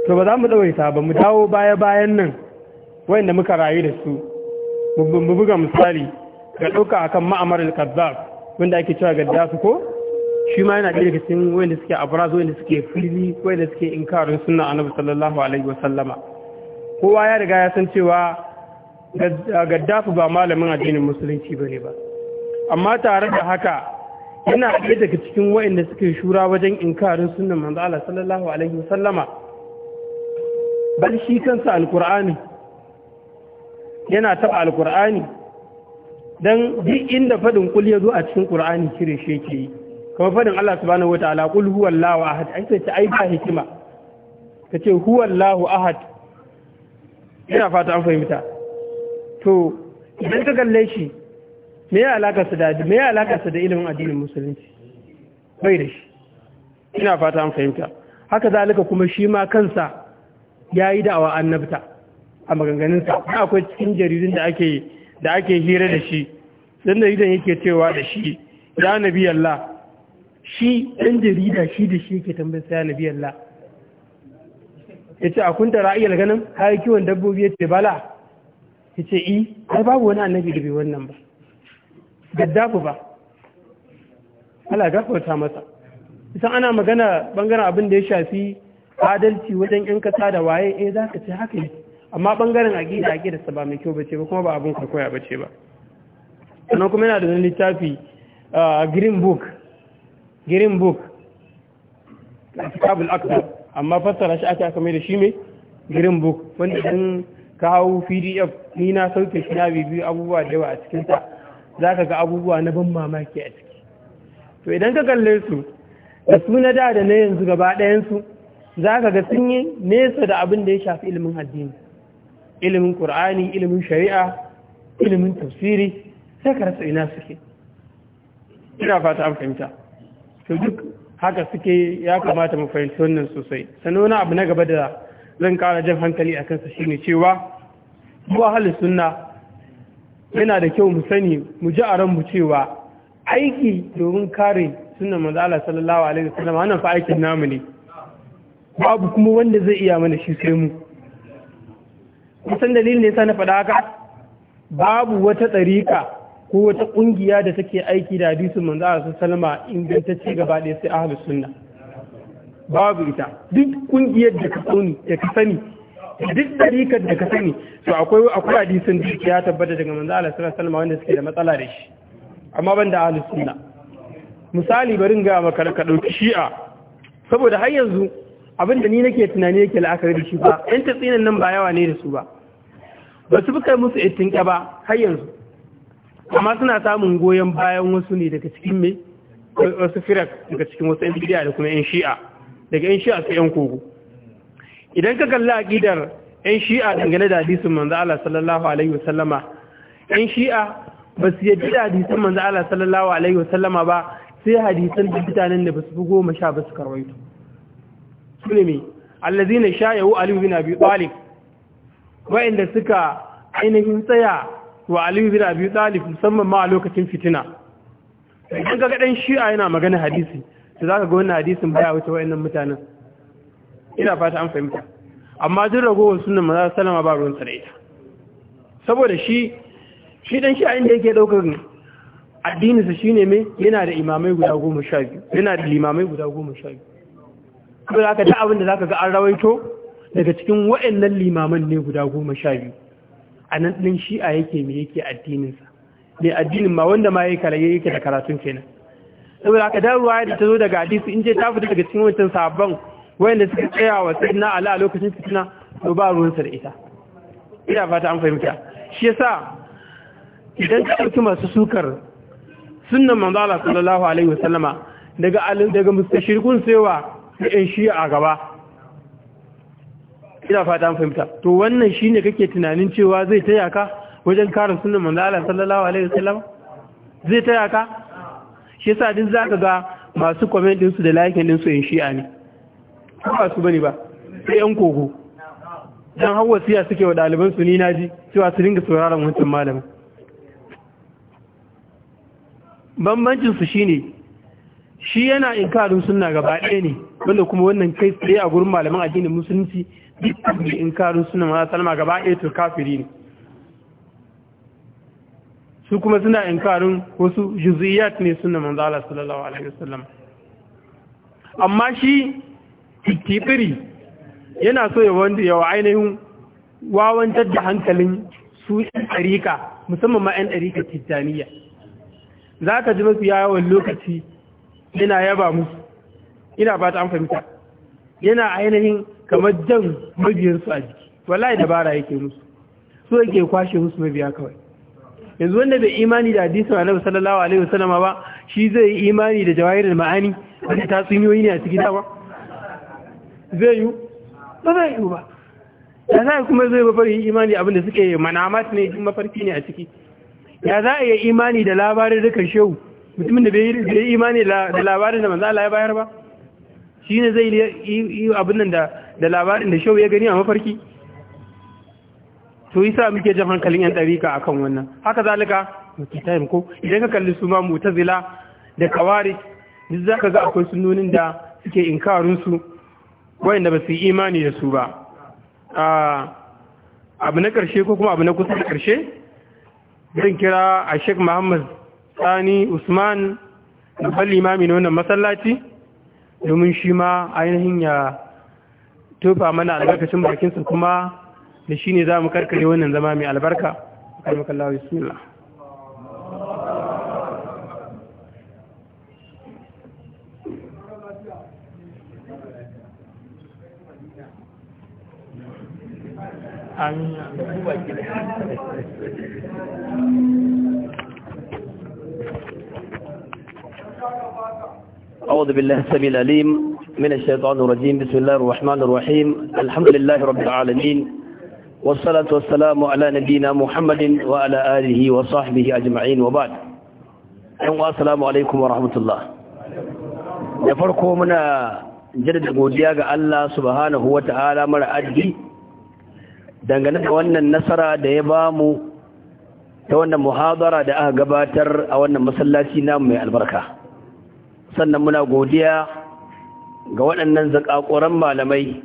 to ba za mu ɗawaita ba mu dawo baya bayan nan wayanda muka rayu da su mu buga misali ga ɗauka akan ma'amar al wanda ake cewa ga gaddafi ko shi ma yana ɗaya daga cikin wanda suke abrazo wanda suke fili wanda suke inkarin suna annabi sallallahu alaihi wa sallama kowa ya riga ya san cewa gaddafi ba malamin addinin musulunci bane ba amma tare da haka yana ɗaya daga cikin wanda suke shura wajen inkarin sunan manzo Allah sallallahu alaihi wa sallama bal shi kansa alqur'ani yana taba alqur'ani dan duk inda fadin kul ya zo a cikin qur'ani kire shi yake yi kamar fadin Allah subhanahu ta'ala kul huwallahu ahad ai sai ai ba hikima kace huwallahu ahad ina fata an fahimta to idan ka galle shi me ya alaka su da me ya alaka su da ilimin addinin musulunci bai da shi ina fata an fahimta haka zalika kuma shi ma kansa yayi da'awa annabta a maganganunsa akwai cikin jaridun da ake da ake hira da shi dan da idan yake cewa da shi ya nabi Allah shi ɗan jarida shi da shi ke tambayar sai biyan la. ya ce a ra'ayyar ganin kayan kiwon dabbobi ya ce bala ya ce i har babu wani annabi da bai wannan ba gaddafu ba ala gafarta masa isan ana magana bangaren abin da ya shafi adalci wajen yan kasa da waye eh za ka ce haka ne amma bangaren aƙida aƙida sa ba mai kyau bace ba kuma ba abin kwaikwaya bace ba sannan kuma yana da wani littafi uh, green book green book na kitabul akbar amma fassara shi aka mai da shi mai green book wanda sun kawo pdf ni na sauke shi na bibiyu abubuwa da yawa a cikinsa za ka ga abubuwa na ban mamaki a ciki to idan ka kalle su da su na da da na yanzu gaba ɗayansu za ka ga sun yi nesa da abin da ya shafi ilimin addini ilimin ƙur'ani ilimin shari'a ilimin tafsiri sai ka rasa ina suke ina fata an fahimta to duk haka suke ya kamata mu fahimci wannan sosai sannan wani abu na gaba da zan kara jan hankali a kansa shine cewa zuwa halin suna yana da kyau mu sani mu ji a ranmu cewa aiki domin kare sunan manzo Allah sallallahu alaihi wasallam wannan fa aikin namu ne babu kuma wanda zai iya mana shi sai mu kusan dalilin ne sa na faɗa haka babu wata tsarika ko wata ƙungiya da take aiki da hadisin manzo Allah sallama ingantacce gaba ɗaya sai ahlus sunna babu ita duk ƙungiyar da ka sani da ka sani duk dariƙar da ka sani to akwai akwai hadisin da ya tabbata daga manzo Allah wanda suke da matsala da shi amma ban da ahlus sunna misali barin ga maka ka dauki shi'a saboda har yanzu abin da ni nake tunani yake la'akari da shi ba yan tatsinan nan ba yawa ne da su ba ba su fi kai musu ittinka ba har yanzu amma suna samun goyon bayan wasu ne daga cikin mai wasu firak daga cikin wasu yan da kuma yan shi'a daga yan shi'a sai yan kogo idan ka kalli aqidar yan shi'a dangane da hadisin manzo Allah sallallahu alaihi wasallama yan shi'a ba su yadda da hadisin manzo Allah sallallahu alaihi wasallama ba sai hadisan da mutanen da ba su fi goma sha ba su karwaito su ne allazina sha'awu aliyu bin abi talib wa'inda suka ainihin tsaya wa aliyu bin abi talib musamman ma a lokacin fitina idan ga gadan shi'a yana magana hadisi za zaka ga wannan hadisin baya wuce wayannan mutanen ina fata an fahimta amma duk ragowar sunan maza sallama ba ruwan tsare ita saboda shi shi dan shi'a inda yake daukar addininsa shine me yana da imamai guda goma sha biyu yana da limamai guda goma sha biyu kuma zaka ta abin da zaka ga an rawaito daga cikin wayannan limaman ne guda goma sha biyu a nan ɗin shi'a yake mai yake addininsa mai addinin ma wanda ma ya kalaye yake da karatun kenan saboda aka dan ruwa da ta zo daga hadisi in je ta fita daga cikin wancan sabon wayanda suka tsaya wa sayyidina ala a lokacin fitina to ba ruwan sa da ita ina fata an fahimta shi yasa idan ka ɗauki masu sukar sunnan manzo Allah sallallahu alaihi wasallama daga daga mustashirikun sai wa yan shi'a gaba ina fata an fahimta to wannan shine kake tunanin cewa zai taya ka wajen karin sunan manzo Allah sallallahu alaihi wasallam zai taya ka shi yasa din zaka ga masu comment din su da like din su in shi'a ne Ko ba su bane ba sai yan koko dan hawa siya suke wa daliban su ni naji cewa su ringa sauraron wancan malamin bambancin su shine shi yana inkarin sunna gaba ɗaya ne wanda kuma wannan kai tsaye a gurin malaman addinin musulunci duk da inkarin sunna ma salma gaba ɗaya to kafiri ne su kuma suna inkarin wasu juziyat ne sunna manzo Allah sallallahu alaihi wasallam amma shi tibiri yana so ya wanda yawa ainihin wawantar da hankalin su ɗan ɗarika musamman ma ɗan ɗarika tijjaniya za ka ji mafi yawon lokaci yana yaba musu ina ba ta an fahimta yana ainihin kamar jan mabiyansu a jiki wallahi dabara yake musu so yake kwashe musu mabiya kawai yanzu wanda bai imani da hadisin annabi sallallahu alaihi wasallam ba shi zai yi imani da jawahirul ma'ani wanda ta tsunyoyi ne a cikin dawa zai yi ba zai yi ba ya za kuma zai mafarki imani abinda suke manamat ne mafarki ne a ciki ya za a yi imani da labarin duka shehu mutumin da bai yi imani da labarin da manzala ya bayar ba shi ne zai yi abin nan da labarin da shau ya gani a mafarki to yi sa muke jan hankalin yan ɗarika a kan wannan haka zalika mutitayin ko idan ka kalli su ma zila da kawari duk za ka ga akwai sunonin da suke inkarinsu wayanda ba su yi imani da su ba abu na ƙarshe ko kuma abu na kusa da ƙarshe zan kira a shek muhammad tsani usman babban limami na wannan masallaci domin shi ma ainihin ya tofa mana albarkacin bakinsa kuma da shi ne za mu karkare wannan zama mai albarka Amin. أعوذ بالله السميع العليم من الشيطان الرجيم بسم الله الرحمن الرحيم الحمد لله رب العالمين والصلاة والسلام على نبينا محمد وعلى آله وصحبه أجمعين وبعد السلام عليكم ورحمة الله da farko muna jaddada godiya ga Allah subhanahu wa ta'ala mara addi dangane da wannan nasara da ya ba mu ta wannan muhadara da aka gabatar a wannan masallaci namu mai albarka sannan muna godiya ga waɗannan zakakoran malamai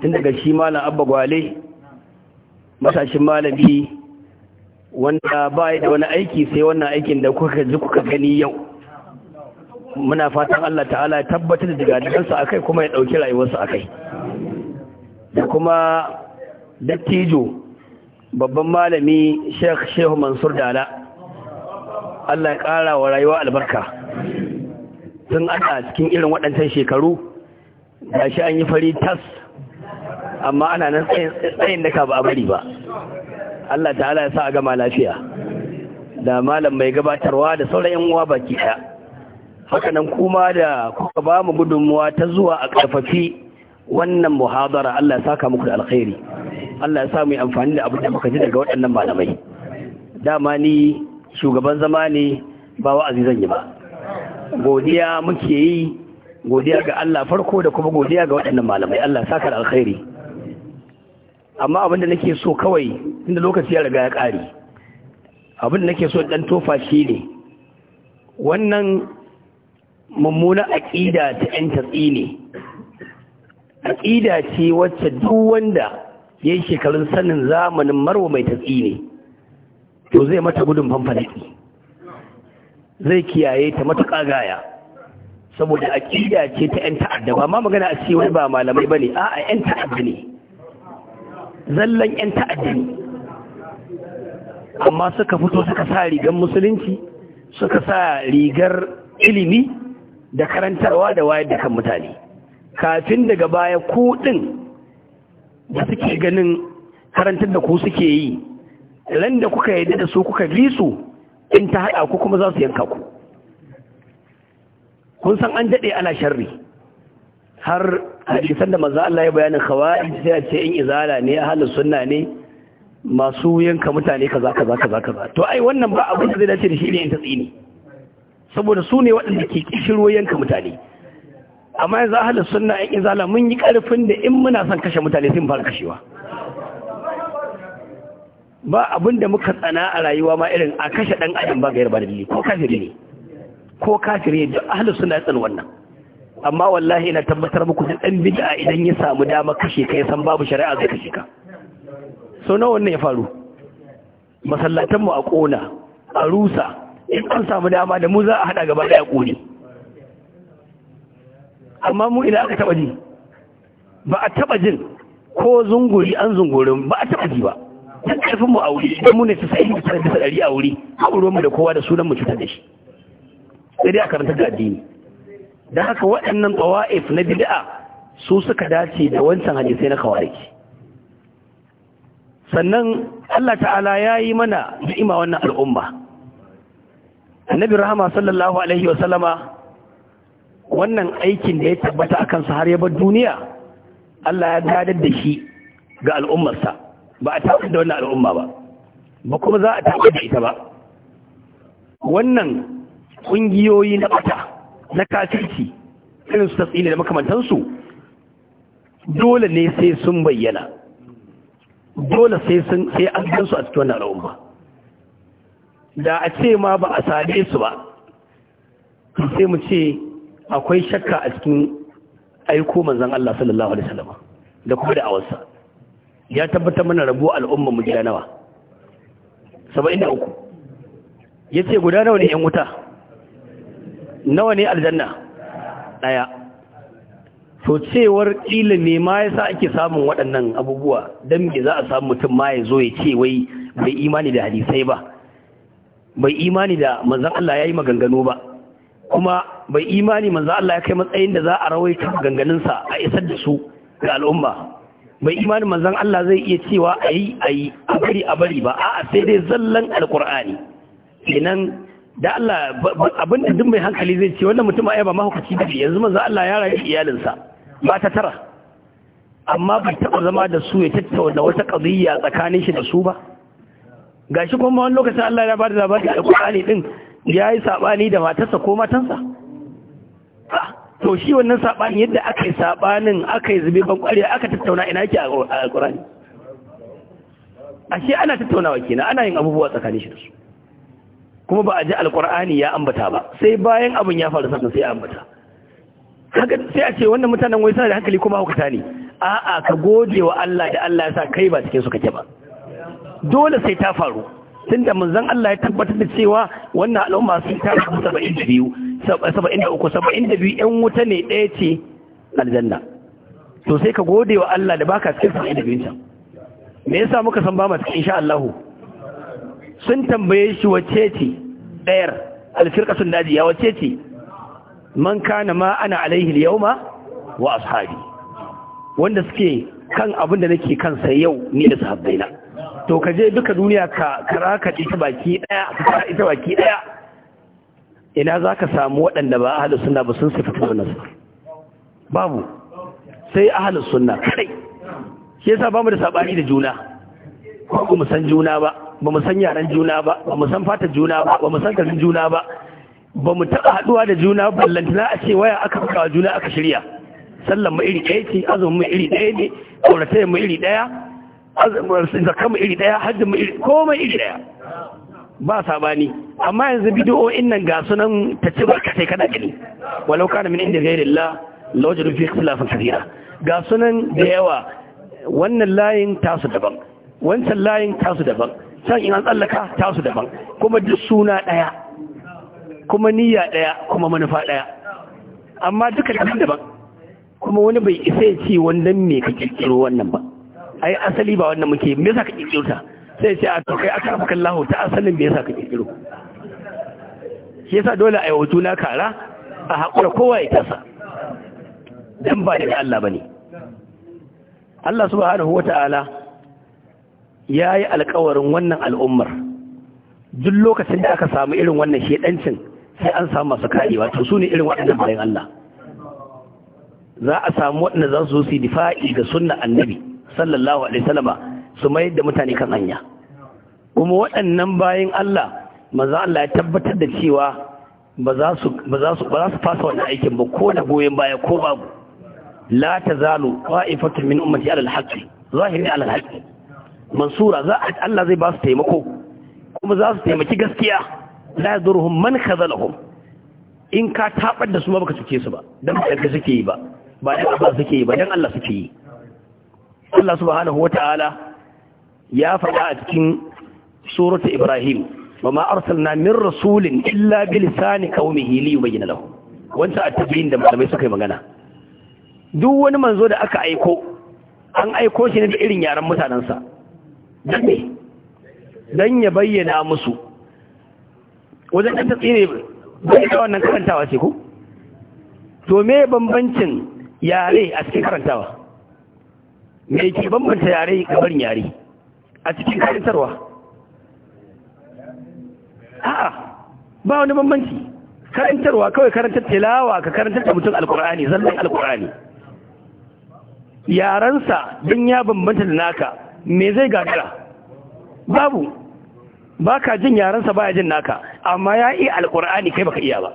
tun daga shi malam abba gwale matashin malami wanda ba da wani aiki sai wannan aikin da kuka ji kuka gani yau muna fatan Allah ta'ala ya tabbatar da jigadansu akai kuma ya ɗauki rayuwarsu akai da kuma dattijo babban malami sheikh shehu mansur dala Allah ya ƙara wa rayuwa albarka sun a cikin irin waɗancan shekaru da shi an yi fari tas amma ana nan tsayin da ka ba a bari ba Allah ta'ala ya sa a gama lafiya da malam mai gabatarwa da sauran yan uwa baki ɗaya hakanan kuma da kuka ba mu gudunmuwa ta zuwa a ƙarfafi wannan muhadara Allah ya saka muku da alkhairi Allah ya sa mu yi amfani da abin da muka ji daga waɗannan malamai dama ni shugaban zama ne ba wa'azi zan yi ba godiya muke yi godiya ga Allah farko da kuma godiya ga waɗannan malamai Allah saka da alkhairi amma abin da nake so kawai inda lokaci ya riga ya ƙare abin da nake so dan tofa shi ne wannan mummunan aƙida ta ƴan tatsi ne aƙida ce wacce duk wanda ya yi shekarun sanin zamanin marwa mai tatsi ne to zai mata gudun fanfanaki zai kiyaye ta matuƙa gaya saboda aƙida ce ta 'yan ta'adda ba ma magana a cikin wai ba malamai ba ne a 'yan ta'adda ne zallan 'yan ta'adda ne amma suka fito suka sa rigar musulunci suka sa rigar ilimi da karantarwa da wayar da kan mutane kafin daga baya kuɗin da suke ganin karantar da ku suke yi ran da kuka yi da su kuka bi su in ta haɗa ku kuma za su yanka ku kun san an daɗe ana sharri har hadisan da maza Allah ya bayanin khawarij sai a ce in izala ne ahlus sunna ne masu yanka mutane kaza kaza kaza kaza to ai wannan ba abin da zai dace da shi ne in ta tsini saboda su ne waɗanda ke kishiro yanka mutane amma yanzu ahlus sunna in izala mun yi karfin da in muna son kashe mutane sun fara kashewa ba abin da muka tsana a rayuwa ma irin a kashe ɗan adam ba gayar ba dalili ko kafiri ne ko kafiri ne duk ahalu suna tsan wannan amma wallahi ina tabbatar muku da ɗan bid'a idan ya samu dama kashe ka ya san babu shari'a zai kashe ka so nawa wannan ya faru masallatan mu a kona a rusa in an samu dama da mu za a hada gaba ɗaya kone amma mu ina aka taba ji ba a taba jin ko zunguri an zungurin ba a taba ji ba dan karfin mu aure wuri mu ne su sa'in da bisa ɗari a wuri mu da kowa da sunan mu cutar da shi sai dai a karantar da addini Da haka waɗannan tawa'if na bid'a su suka dace da wancan hadisai na kawariki sannan Allah ta'ala ya yi mana ni'ima wannan al'umma annabi rahama sallallahu alaihi wa sallama wannan aikin da ya tabbata akan sa har ya bar duniya Allah ya gadar da shi ga al'ummarsa ba a tafi da wannan al'umma ba ba kuma za a tafi da ita ba wannan ƙungiyoyi na bata na kafirci irin su tasiri da makamantansu dole ne sai sun bayyana dole sai sun sai an gansu a cikin wannan al'umma da a ce ma ba a same su ba sai mu ce akwai shakka a cikin aiko manzan Allah sallallahu alaihi wasallam da kuma da awarsa ya tabbatar mana rabo al'umma mu gida nawa 73 yace guda nawa ne yan wuta nawa ne aljanna daya to cewar kila ne ma yasa ake samun waɗannan abubuwa dan me za a samu mutum ma ya zo ya ce wai bai imani da hadisai ba bai imani da manzon Allah yayi maganganu ba kuma bai imani manzon Allah ya kai matsayin da za a rawaita maganganunsa a isar da su ga al'umma mai imanin manzan Allah zai iya cewa a yi a yi a bari a bari ba a sai dai zallan alkur'ani kenan da Allah abin da duk mai hankali zai ce wannan mutum a yaba mahaukaci da yanzu manzan Allah ya rayu iyalinsa ba ta tara amma bai taɓa zama da su ya tattauna wata ƙaziyya tsakanin shi da su ba gashi kuma wani lokacin Allah ya ba da labarin alkur'ani din ya yi saɓani da matarsa ko matansa to shi wannan sabani yadda aka yi saɓanin aka yi zube ban ƙwariya aka tattauna ina ke a alkurani ashe ana tattaunawa kenan ana yin abubuwa tsakanin shi da su kuma ba a ji alƙur'ani ya ambata ba sai bayan abin ya faru sannan sai ya ambata haka sai a ce wannan mutanen wai suna da hankali kuma hukata ne a'a ka gode wa Allah da Allah ya sa kai ba cikin su kake ba dole sai ta faru tunda manzon Allah ya tabbatar da cewa wannan al'umma sun ta rubu 72 saba'in da uku saba'in da biyu yan wuta ne ɗaya ce aljanna to sai ka gode wa Allah da baka cikin saba'in can me yasa muka san ba mu cikin insha sun tambaye shi wace ce ɗayar alfirkatun najiya ya ce man kana ma ana alaihi al wa ashabi wanda suke kan abin da nake kansa yau ni da sahabbaina to ka je duka duniya ka karaka ita baki daya ita baki daya ina za ka samu waɗanda ba ahalus suna ba sun sifatu wannan babu sai ahalus suna kadai shi yasa ba mu da sabani da juna ba mu san juna ba ba mu san yaran juna ba ba mu san fata juna ba ba mu san garin juna ba ba mu taɓa haɗuwa da juna ba? lantana a ce waya aka buga juna aka shirya sallan mu iri ɗaya ce azumin mu iri ɗaya ne auratayen mu iri ɗaya azumin mu iri ɗaya hajjin mu iri komai iri ɗaya ba sabani amma yanzu bidiyoyin nan ga sunan ta ci barka sai kada gani walau kana min inda gairin la lawajin fi khilafin kathira ga sunan da yawa wannan layin tasu daban wancan layin tasu daban can in an tsallaka tasu daban kuma duk suna daya kuma niyya daya kuma manufa daya amma duka daban daban kuma wani bai isa ya ce wannan me ka kirkiro wannan ba ai asali ba wannan muke me yasa ka kirkiro ta sai ce a tsakai aka rafukan lahu ta asalin da ya sa ka kirkiro shi yasa dole a yawatu na kara a haƙura kowa ya tasa dan ba da Allah ne Allah subhanahu ta'ala ya yi alƙawarin wannan al'ummar duk lokacin da aka samu irin wannan shedancin sai an samu masu karewa to su ne irin waɗannan bayan Allah za a samu waɗanda za su zo su difa'i ga sunna annabi sallallahu alaihi wasallama su mai da mutane kan hanya kuma waɗannan bayan Allah maza Allah ya tabbatar da cewa ba za su fasa wannan aikin ba ko da goyon baya ko babu la ta tazalu qa'ifatun min ummati ala al-haqqi zahiri ala al-haqqi mansura za Allah zai ba su taimako kuma za su taimaki gaskiya la yadurhum man khazalahum in ka tabar da su ma baka suke su ba dan ka suke yi ba ba dan Allah suke yi ba don Allah suke yi Allah subhanahu ta'ala. ya faɗa a cikin surata ibrahim wa ma arsalna min rasulin illa bi lisani qaumihi li yubayyana lahu wancan a tabiyin da malamai suka yi magana duk wani manzo da aka aiko an aiko shi ne da irin yaren mutanensa dan me dan ya bayyana musu wajen ɗan tatsire bai kawo wannan karantawa ce ko to me bambancin yare a cikin karantawa me ke bambanta yare ga barin yare a cikin karantarwa a'a ba wani bambanci karantarwa kawai karantar tilawa ka karantar da mutum alkur'ani zallan alkur'ani yaransa don ya bambanta da naka me zai gagara babu ba jin yaransa baya jin naka amma ya yi alkur'ani kai baka iya ba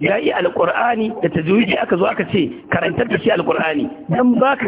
ya yi alkur'ani da tajwidi aka zo aka ce karantar da shi alkur'ani dan baka